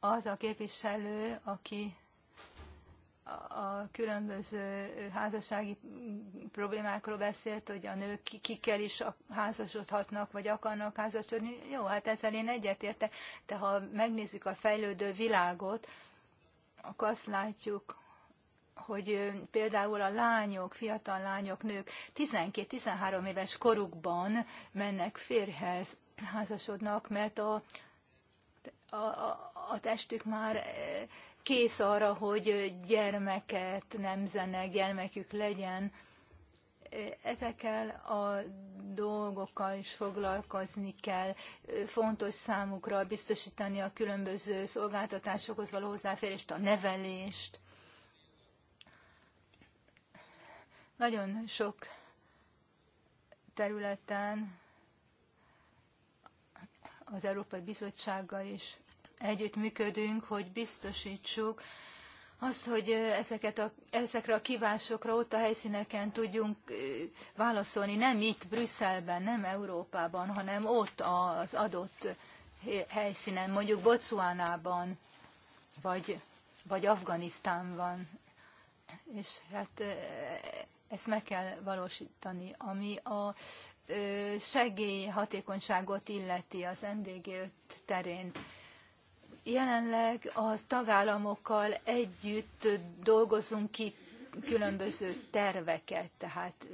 az a képviselő, aki a különböző házassági problémákról beszélt, hogy a nők kikkel is házasodhatnak, vagy akarnak házasodni. Jó, hát ezzel én egyetértek, de ha megnézzük a fejlődő világot, akkor azt látjuk, hogy például a lányok, fiatal lányok, nők 12-13 éves korukban mennek férhez, házasodnak, mert a a, a, testük már eh, kész arra, hogy gyermeket nemzenek, gyermekük legyen. Eh, ezekkel a dolgokkal is foglalkozni kell. Eh, fontos számukra biztosítani a különböző szolgáltatásokhoz való hozzáférést, a nevelést. Nagyon sok területen az Európai Bizottsággal is együttműködünk, hogy biztosítsuk azt, hogy ezeket a, ezekre a kívásokra ott a helyszíneken tudjunk válaszolni, nem itt Brüsszelben, nem Európában, hanem ott az adott helyszínen, mondjuk Bocuánában, vagy, vagy Afganisztánban. És hát ezt meg kell valósítani, ami a segély hatékonyságot illeti az NDG terén. Jelenleg a tagállamokkal együtt dolgozunk ki különböző terveket, tehát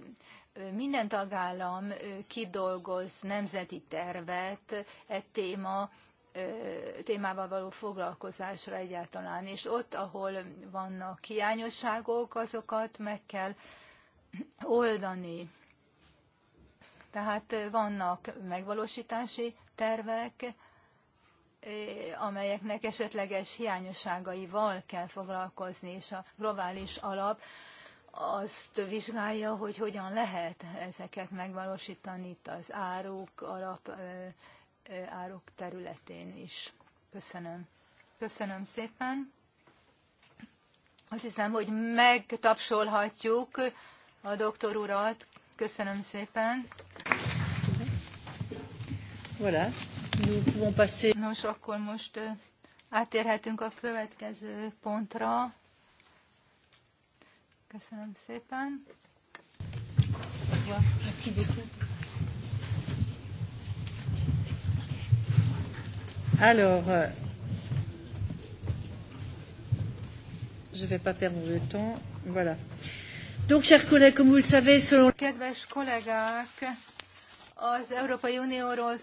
minden tagállam kidolgoz nemzeti tervet e téma, témával való foglalkozásra egyáltalán, és ott, ahol vannak hiányosságok, azokat meg kell oldani. Tehát vannak megvalósítási tervek, amelyeknek esetleges hiányosságaival kell foglalkozni, és a globális alap azt vizsgálja, hogy hogyan lehet ezeket megvalósítani itt az áruk, alap áruk területén is. Köszönöm. Köszönöm szépen. Azt hiszem, hogy megtapsolhatjuk a doktor urat. Köszönöm szépen. Voilà. Nous pouvons passer... Nos, akkor most átérhetünk a következő pontra. Köszönöm szépen. Ja, Alors, euh, je ne vais pas perdre de temps. Voilà. Donc, chers collègues, comme vous le savez, selon... Kedves kollégák, az Európai Unióról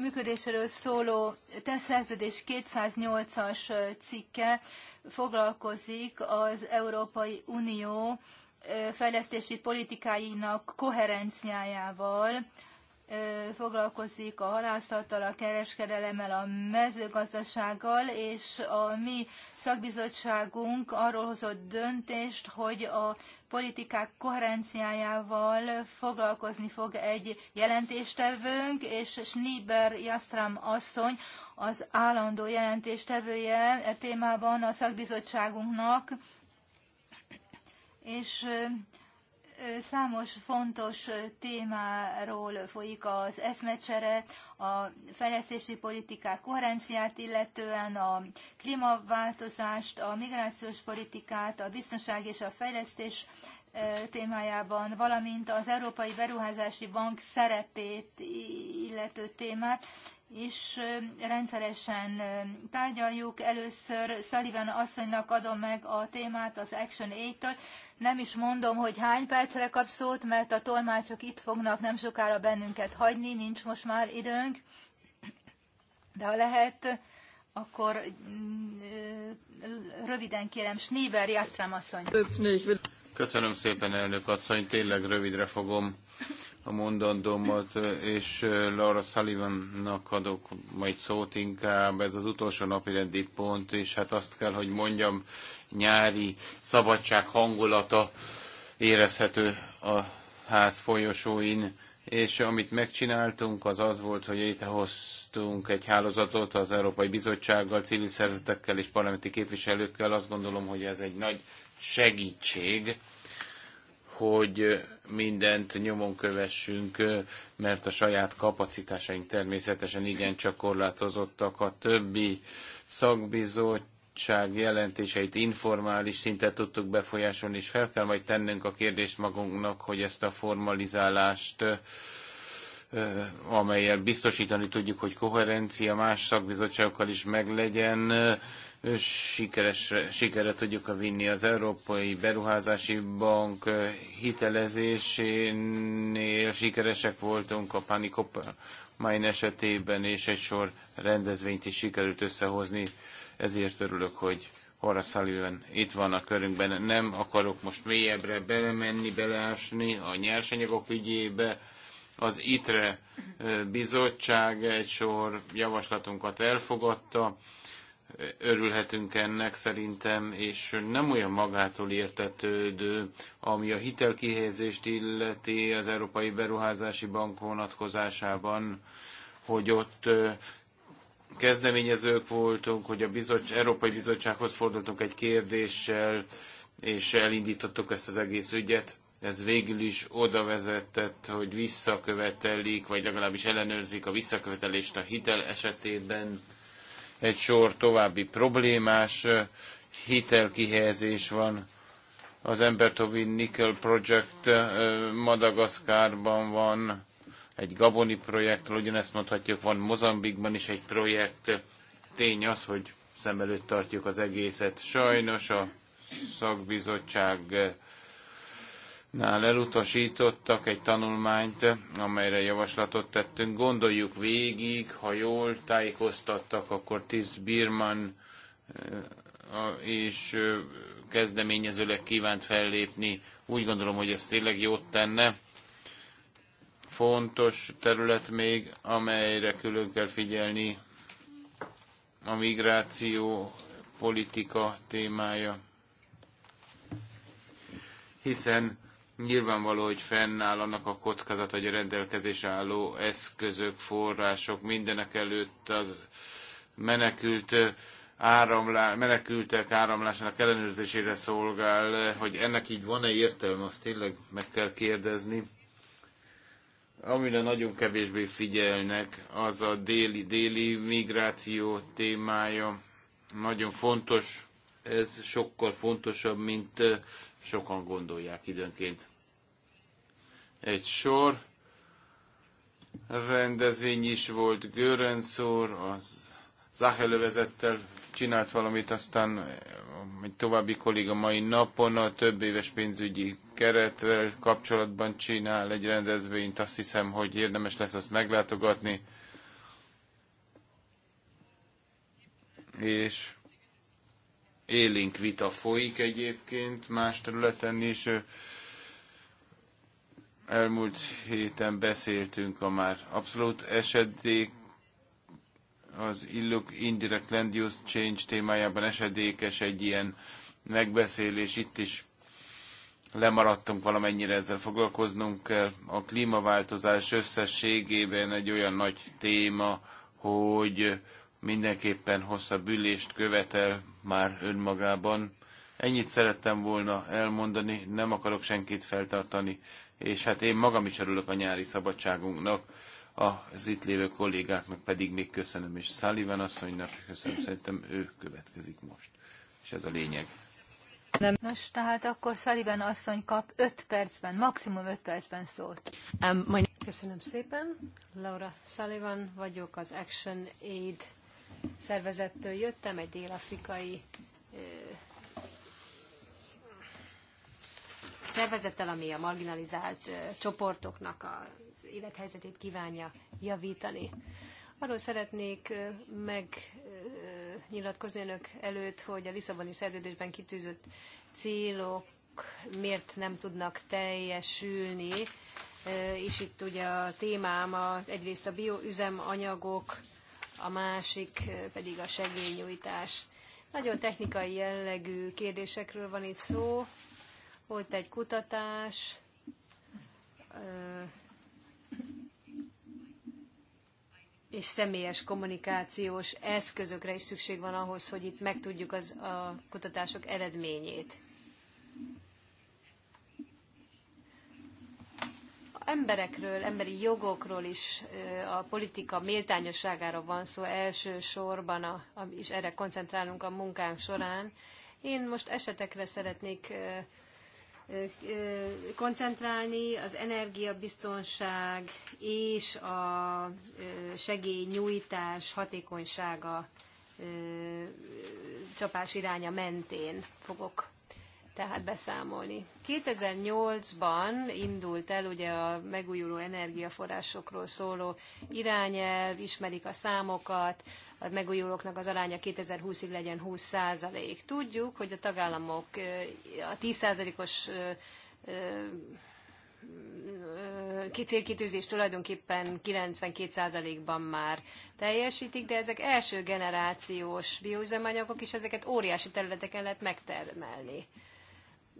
működéséről szóló szerződés 208-as cikke foglalkozik az Európai Unió fejlesztési politikáinak koherenciájával, foglalkozik a halászattal, a kereskedelemmel, a mezőgazdasággal, és a mi szakbizottságunk arról hozott döntést, hogy a politikák koherenciájával foglalkozni fog egy jelentéstevőnk, és Schnieber Jastram asszony az állandó jelentéstevője e témában a szakbizottságunknak, és számos fontos témáról folyik az eszmecsere, a fejlesztési politikák koherenciát illetően, a klímaváltozást, a migrációs politikát, a biztonság és a fejlesztés témájában, valamint az Európai Beruházási Bank szerepét illető témát is rendszeresen tárgyaljuk. Először Sullivan asszonynak adom meg a témát az Action 8-től. Nem is mondom, hogy hány percre kap szót, mert a tolmácsok itt fognak nem sokára bennünket hagyni, nincs most már időnk. De ha lehet, akkor mm, röviden kérem, Schneeber Jastram asszony. Köszönöm szépen, elnök asszony, tényleg rövidre fogom a mondandómat, és Laura Sullivannak adok majd szót inkább, ez az utolsó napi rendi pont, és hát azt kell, hogy mondjam, nyári szabadság hangulata érezhető a ház folyosóin, és amit megcsináltunk, az az volt, hogy létrehoztunk egy hálózatot az Európai Bizottsággal, civil szervezetekkel és parlamenti képviselőkkel. Azt gondolom, hogy ez egy nagy segítség, hogy mindent nyomon kövessünk, mert a saját kapacitásaink természetesen igencsak korlátozottak. A többi szakbizottság jelentéseit informális szinten tudtuk befolyásolni, és fel kell majd tennünk a kérdést magunknak, hogy ezt a formalizálást amelyel biztosítani tudjuk, hogy koherencia más szakbizottságokkal is meglegyen, sikeres, sikerre tudjuk vinni az Európai Beruházási Bank hitelezésénél sikeresek voltunk a Panic Mine esetében, és egy sor rendezvényt is sikerült összehozni, ezért örülök, hogy Horace Sullivan itt van a körünkben. Nem akarok most mélyebbre belemenni, beleásni a nyersanyagok ügyébe, az ITRE bizottság egy sor javaslatunkat elfogadta, örülhetünk ennek szerintem, és nem olyan magától értetődő, ami a hitelkihelyezést illeti az Európai Beruházási Bank vonatkozásában, hogy ott kezdeményezők voltunk, hogy a bizottság, Európai Bizottsághoz fordultunk egy kérdéssel, és elindítottuk ezt az egész ügyet. Ez végül is oda vezetett, hogy visszakövetelik, vagy legalábbis ellenőrzik a visszakövetelést a hitel esetében egy sor további problémás hitelkihelyezés van. Az Embertovi Nickel Project Madagaszkárban van, egy Gaboni projektről, ugyanezt mondhatjuk, van Mozambikban is egy projekt. Tény az, hogy szem előtt tartjuk az egészet. Sajnos a szakbizottság nál elutasítottak egy tanulmányt, amelyre javaslatot tettünk. Gondoljuk végig, ha jól tájékoztattak, akkor Tisz Birman eh, és eh, kezdeményezőleg kívánt fellépni. Úgy gondolom, hogy ez tényleg jót tenne. Fontos terület még, amelyre külön kell figyelni a migráció politika témája. Hiszen Nyilvánvaló, hogy fennáll annak a kockázat, hogy a rendelkezés álló eszközök, források mindenek előtt az menekült áramlá, menekültek áramlásának ellenőrzésére szolgál, hogy ennek így van-e értelme, azt tényleg meg kell kérdezni. Amire nagyon kevésbé figyelnek, az a déli, déli migráció témája. Nagyon fontos, ez sokkal fontosabb, mint sokan gondolják időnként. Egy sor rendezvény is volt, Görönszór, az Zahelövezettel csinált valamit, aztán egy további kolléga mai napon a több éves pénzügyi keretvel kapcsolatban csinál egy rendezvényt, azt hiszem, hogy érdemes lesz azt meglátogatni. És élénk vita folyik egyébként más területen is. Elmúlt héten beszéltünk a már abszolút esedék az Illuk Indirect Land Use Change témájában esedékes egy ilyen megbeszélés. Itt is lemaradtunk valamennyire ezzel foglalkoznunk kell. A klímaváltozás összességében egy olyan nagy téma, hogy mindenképpen hosszabb ülést követel már önmagában. Ennyit szerettem volna elmondani, nem akarok senkit feltartani, és hát én magam is örülök a nyári szabadságunknak, az itt lévő kollégáknak pedig még köszönöm, és Sullivan asszonynak köszönöm, szerintem ő következik most, és ez a lényeg. Nem. Nos, tehát akkor Sullivan asszony kap 5 percben, maximum 5 percben szót. Um, majd... Köszönöm szépen. Laura Sullivan vagyok az Action Aid szervezettől jöttem, egy dél-afrikai szervezettel, ami a marginalizált csoportoknak az élethelyzetét kívánja javítani. Arról szeretnék megnyilatkozni önök előtt, hogy a Lisszaboni szerződésben kitűzött célok miért nem tudnak teljesülni, és itt ugye a témám a, egyrészt a bioüzemanyagok, a másik eh, pedig a segélynyújtás. Nagyon technikai jellegű kérdésekről van itt szó. Volt egy kutatás, eh, és személyes kommunikációs eszközökre is szükség van ahhoz, hogy itt megtudjuk az, a kutatások eredményét. emberekről, emberi jogokról is a politika méltányosságára van szó elsősorban, és erre koncentrálunk a munkánk során. Én most esetekre szeretnék koncentrálni az energiabiztonság és a segélynyújtás hatékonysága csapás iránya mentén fogok tehát beszámolni. 2008-ban indult el ugye a megújuló energiaforrásokról szóló irányelv, ismerik a számokat, a megújulóknak az aránya 2020-ig legyen 20 százalék. Tudjuk, hogy a tagállamok a 10 százalékos célkitűzés tulajdonképpen 92%-ban már teljesítik, de ezek első generációs bioüzemanyagok, és ezeket óriási területeken lehet megtermelni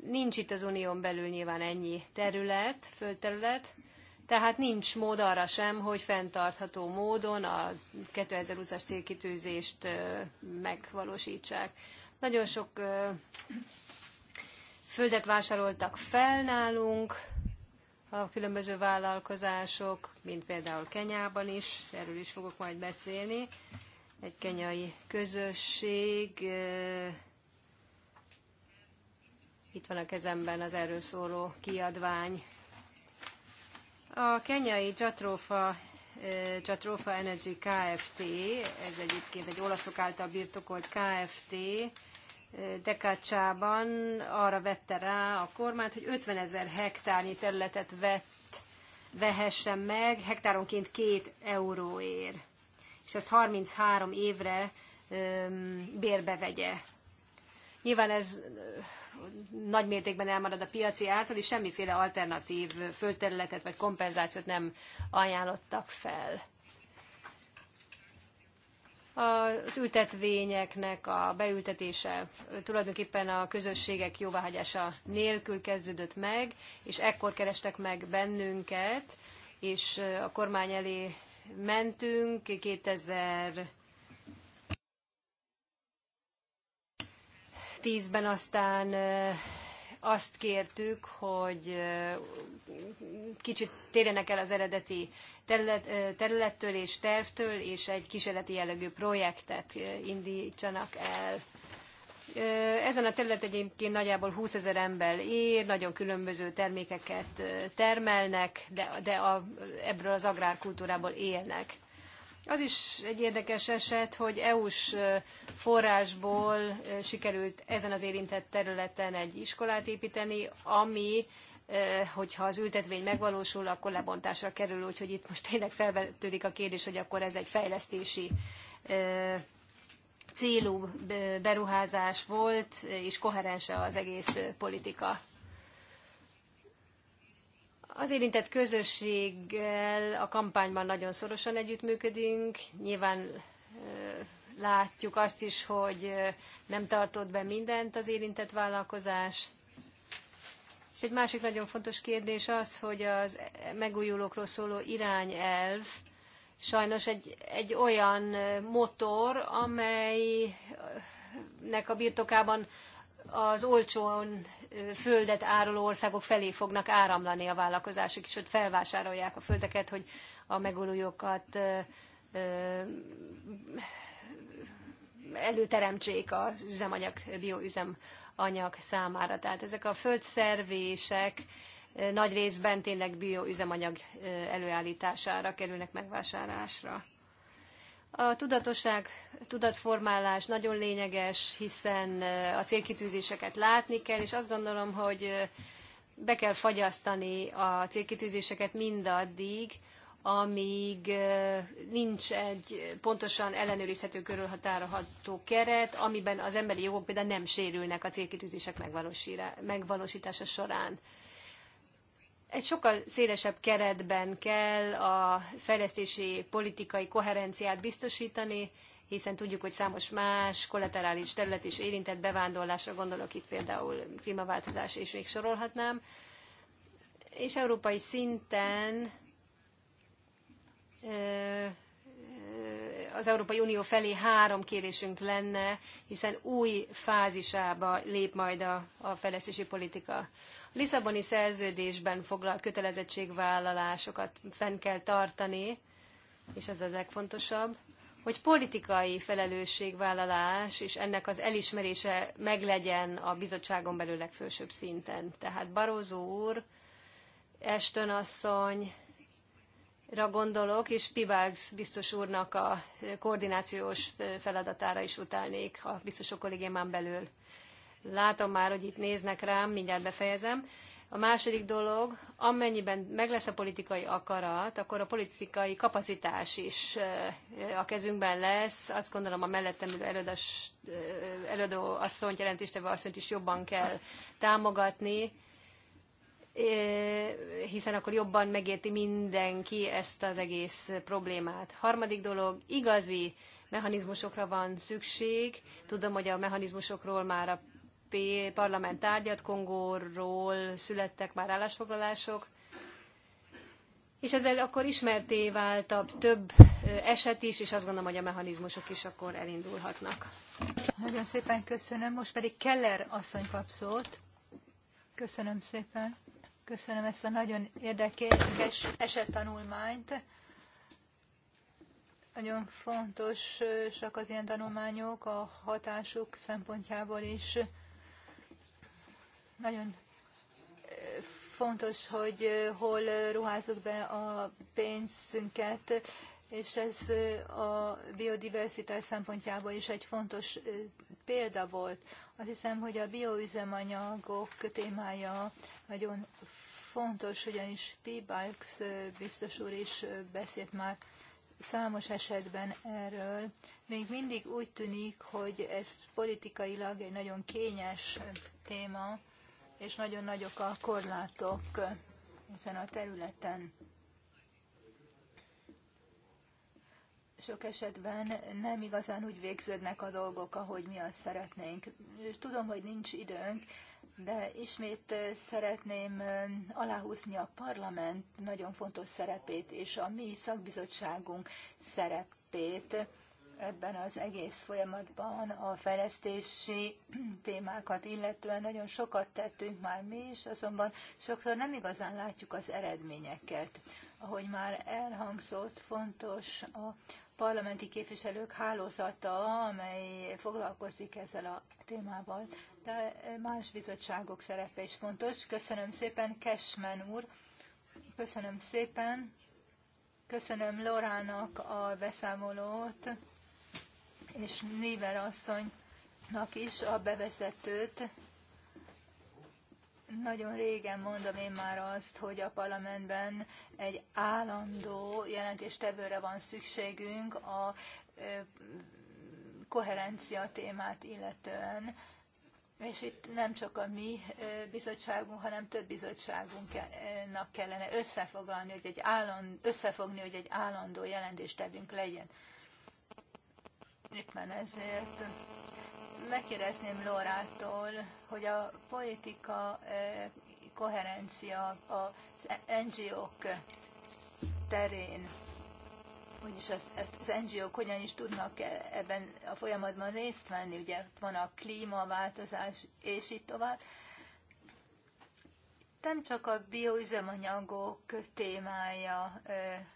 nincs itt az unión belül nyilván ennyi terület, földterület, tehát nincs mód arra sem, hogy fenntartható módon a 2020-as célkitűzést megvalósítsák. Nagyon sok földet vásároltak fel nálunk a különböző vállalkozások, mint például Kenyában is, erről is fogok majd beszélni. Egy kenyai közösség itt van a kezemben az erről szóló kiadvány. A kenyai Csatrófa Csatrófa Energy Kft. Ez egyébként egy olaszok által birtokolt Kft. Dekácsában arra vette rá a kormányt, hogy 50 ezer hektárnyi területet vett, vehessen meg, hektáronként két euróért. És ez 33 évre bérbe vegye. Nyilván ez nagy mértékben elmarad a piaci ártól, és semmiféle alternatív földterületet vagy kompenzációt nem ajánlottak fel. Az ültetvényeknek a beültetése tulajdonképpen a közösségek jóváhagyása nélkül kezdődött meg, és ekkor kerestek meg bennünket, és a kormány elé mentünk 2000 2010-ben aztán azt kértük, hogy kicsit térjenek el az eredeti terület, területtől és tervtől, és egy kísérleti jellegű projektet indítsanak el. Ezen a terület egyébként nagyjából 20 ezer ember él, nagyon különböző termékeket termelnek, de, de a, ebből az agrárkultúrából élnek. Az is egy érdekes eset, hogy EU-s forrásból sikerült ezen az érintett területen egy iskolát építeni, ami hogyha az ültetvény megvalósul, akkor lebontásra kerül, úgyhogy itt most tényleg felvetődik a kérdés, hogy akkor ez egy fejlesztési célú beruházás volt, és koherense az egész politika. Az érintett közösséggel a kampányban nagyon szorosan együttműködünk. Nyilván látjuk azt is, hogy nem tartott be mindent az érintett vállalkozás. És egy másik nagyon fontos kérdés az, hogy az megújulókról szóló irányelv sajnos egy, egy olyan motor, amelynek a birtokában az olcsón földet áruló országok felé fognak áramlani a vállalkozások, és ott felvásárolják a földeket, hogy a megújulókat előteremtsék az üzemanyag, bioüzemanyag számára. Tehát ezek a földszervések nagy részben tényleg bioüzemanyag előállítására kerülnek megvásárlásra. A tudatosság, tudatformálás nagyon lényeges, hiszen a célkitűzéseket látni kell, és azt gondolom, hogy be kell fagyasztani a célkitűzéseket mindaddig, amíg nincs egy pontosan ellenőrizhető körülhatárolható keret, amiben az emberi jogok például nem sérülnek a célkitűzések megvalósítása során egy sokkal szélesebb keretben kell a fejlesztési politikai koherenciát biztosítani, hiszen tudjuk, hogy számos más kollaterális terület is érintett bevándorlásra gondolok itt például klímaváltozás, és még sorolhatnám. És európai szinten az Európai Unió felé három kérésünk lenne, hiszen új fázisába lép majd a, a fejlesztési politika. A Lisszaboni szerződésben foglalt kötelezettségvállalásokat fenn kell tartani, és ez a legfontosabb, hogy politikai felelősségvállalás és ennek az elismerése meglegyen a bizottságon belül legfelsőbb szinten. Tehát Barózó úr, Ashton asszony, ra gondolok, és Pivágs biztos úrnak a koordinációs feladatára is utálnék a biztosok kollégiámán belül. Látom már, hogy itt néznek rám, mindjárt befejezem. A második dolog, amennyiben meg lesz a politikai akarat, akkor a politikai kapacitás is a kezünkben lesz. Azt gondolom a mellettem ülő előadó asszonyt, jelentéstevő asszonyt is jobban kell támogatni, hiszen akkor jobban megérti mindenki ezt az egész problémát. Harmadik dolog, igazi mechanizmusokra van szükség. Tudom, hogy a mechanizmusokról már a parlament tárgyat, Kongóról születtek már állásfoglalások, és ezzel akkor ismerté váltabb több eset is, és azt gondolom, hogy a mechanizmusok is akkor elindulhatnak. Nagyon szépen köszönöm. Most pedig Keller asszony kap szót. Köszönöm szépen. Köszönöm ezt a nagyon érdekes esettanulmányt. Nagyon fontos, csak az ilyen tanulmányok a hatásuk szempontjából is. Nagyon eh, fontos, hogy eh, hol ruházzuk be a pénzünket, és ez eh, a biodiversitás szempontjából is egy fontos példa volt. Azt hiszem, hogy a bioüzemanyagok témája nagyon fontos, ugyanis P. Balks biztos úr is beszélt már számos esetben erről. Még mindig úgy tűnik, hogy ez politikailag egy nagyon kényes téma, és nagyon nagyok a korlátok ezen a területen. sok esetben nem igazán úgy végződnek a dolgok, ahogy mi azt szeretnénk. Tudom, hogy nincs időnk, de ismét szeretném aláhúzni a parlament nagyon fontos szerepét és a mi szakbizottságunk szerepét ebben az egész folyamatban a fejlesztési témákat illetően nagyon sokat tettünk már mi is, azonban sokszor nem igazán látjuk az eredményeket. Ahogy már elhangzott, fontos a parlamenti képviselők hálózata, amely foglalkozik ezzel a témával, de más bizottságok szerepe is fontos. Köszönöm szépen, Kesmen úr, köszönöm szépen, köszönöm Lorának a beszámolót, és Niver asszonynak is a bevezetőt. Nagyon régen mondom én már azt, hogy a parlamentben egy állandó jelentéstevőre van szükségünk a koherencia témát illetően. És itt nem csak a mi bizottságunk, hanem több bizottságunknak kellene összefoglalni, hogy egy állandó, összefogni, hogy egy állandó jelentéstevünk legyen. Éppen ezért megkérdezném Lorától, hogy a politika e, koherencia az NGO-k terén, vagyis az, az NGO-k hogyan is tudnak e, ebben a folyamatban részt venni, ugye van a klímaváltozás és így tovább. Nem csak a bioüzemanyagok témája e,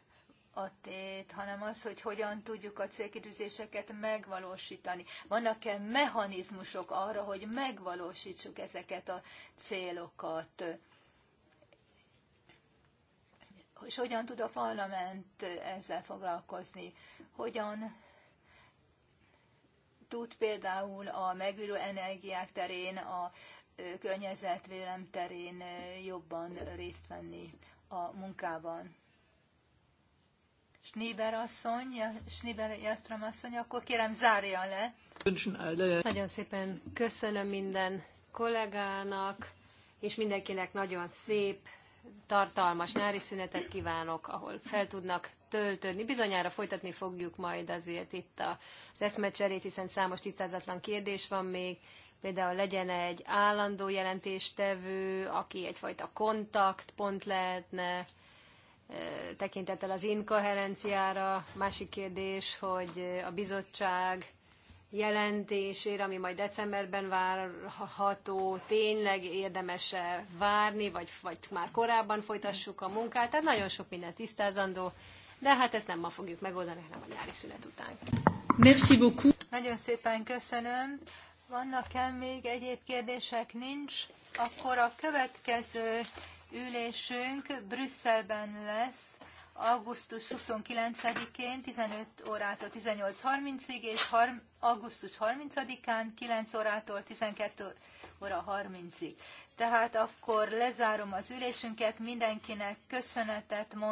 a tét, hanem az, hogy hogyan tudjuk a célkitűzéseket megvalósítani. Vannak-e mechanizmusok arra, hogy megvalósítsuk ezeket a célokat? És hogyan tud a parlament ezzel foglalkozni? Hogyan tud például a megülő energiák terén, a környezetvélem terén jobban részt venni a munkában? Schneeber asszony, Schneeber Jastram asszony, akkor kérem zárja le. Nagyon szépen köszönöm minden kollégának, és mindenkinek nagyon szép, tartalmas nyári szünetet kívánok, ahol fel tudnak töltődni. Bizonyára folytatni fogjuk majd azért itt az eszmecserét, hiszen számos tisztázatlan kérdés van még. Például legyen egy állandó jelentéstevő, aki egyfajta kontaktpont lehetne, tekintettel az inkoherenciára. Másik kérdés, hogy a bizottság jelentésére, ami majd decemberben várható, tényleg érdemes várni, vagy, vagy már korábban folytassuk a munkát. Tehát nagyon sok minden tisztázandó, de hát ezt nem ma fogjuk megoldani, hanem a nyári szünet után. Merci beaucoup. Nagyon szépen köszönöm. Vannak-e még egyéb kérdések? Nincs. Akkor a következő ülésünk Brüsszelben lesz augusztus 29-én 15 órától 18.30-ig, és augusztus 30-án 9 órától 12 óra 30-ig. Tehát akkor lezárom az ülésünket, mindenkinek köszönetet mondom.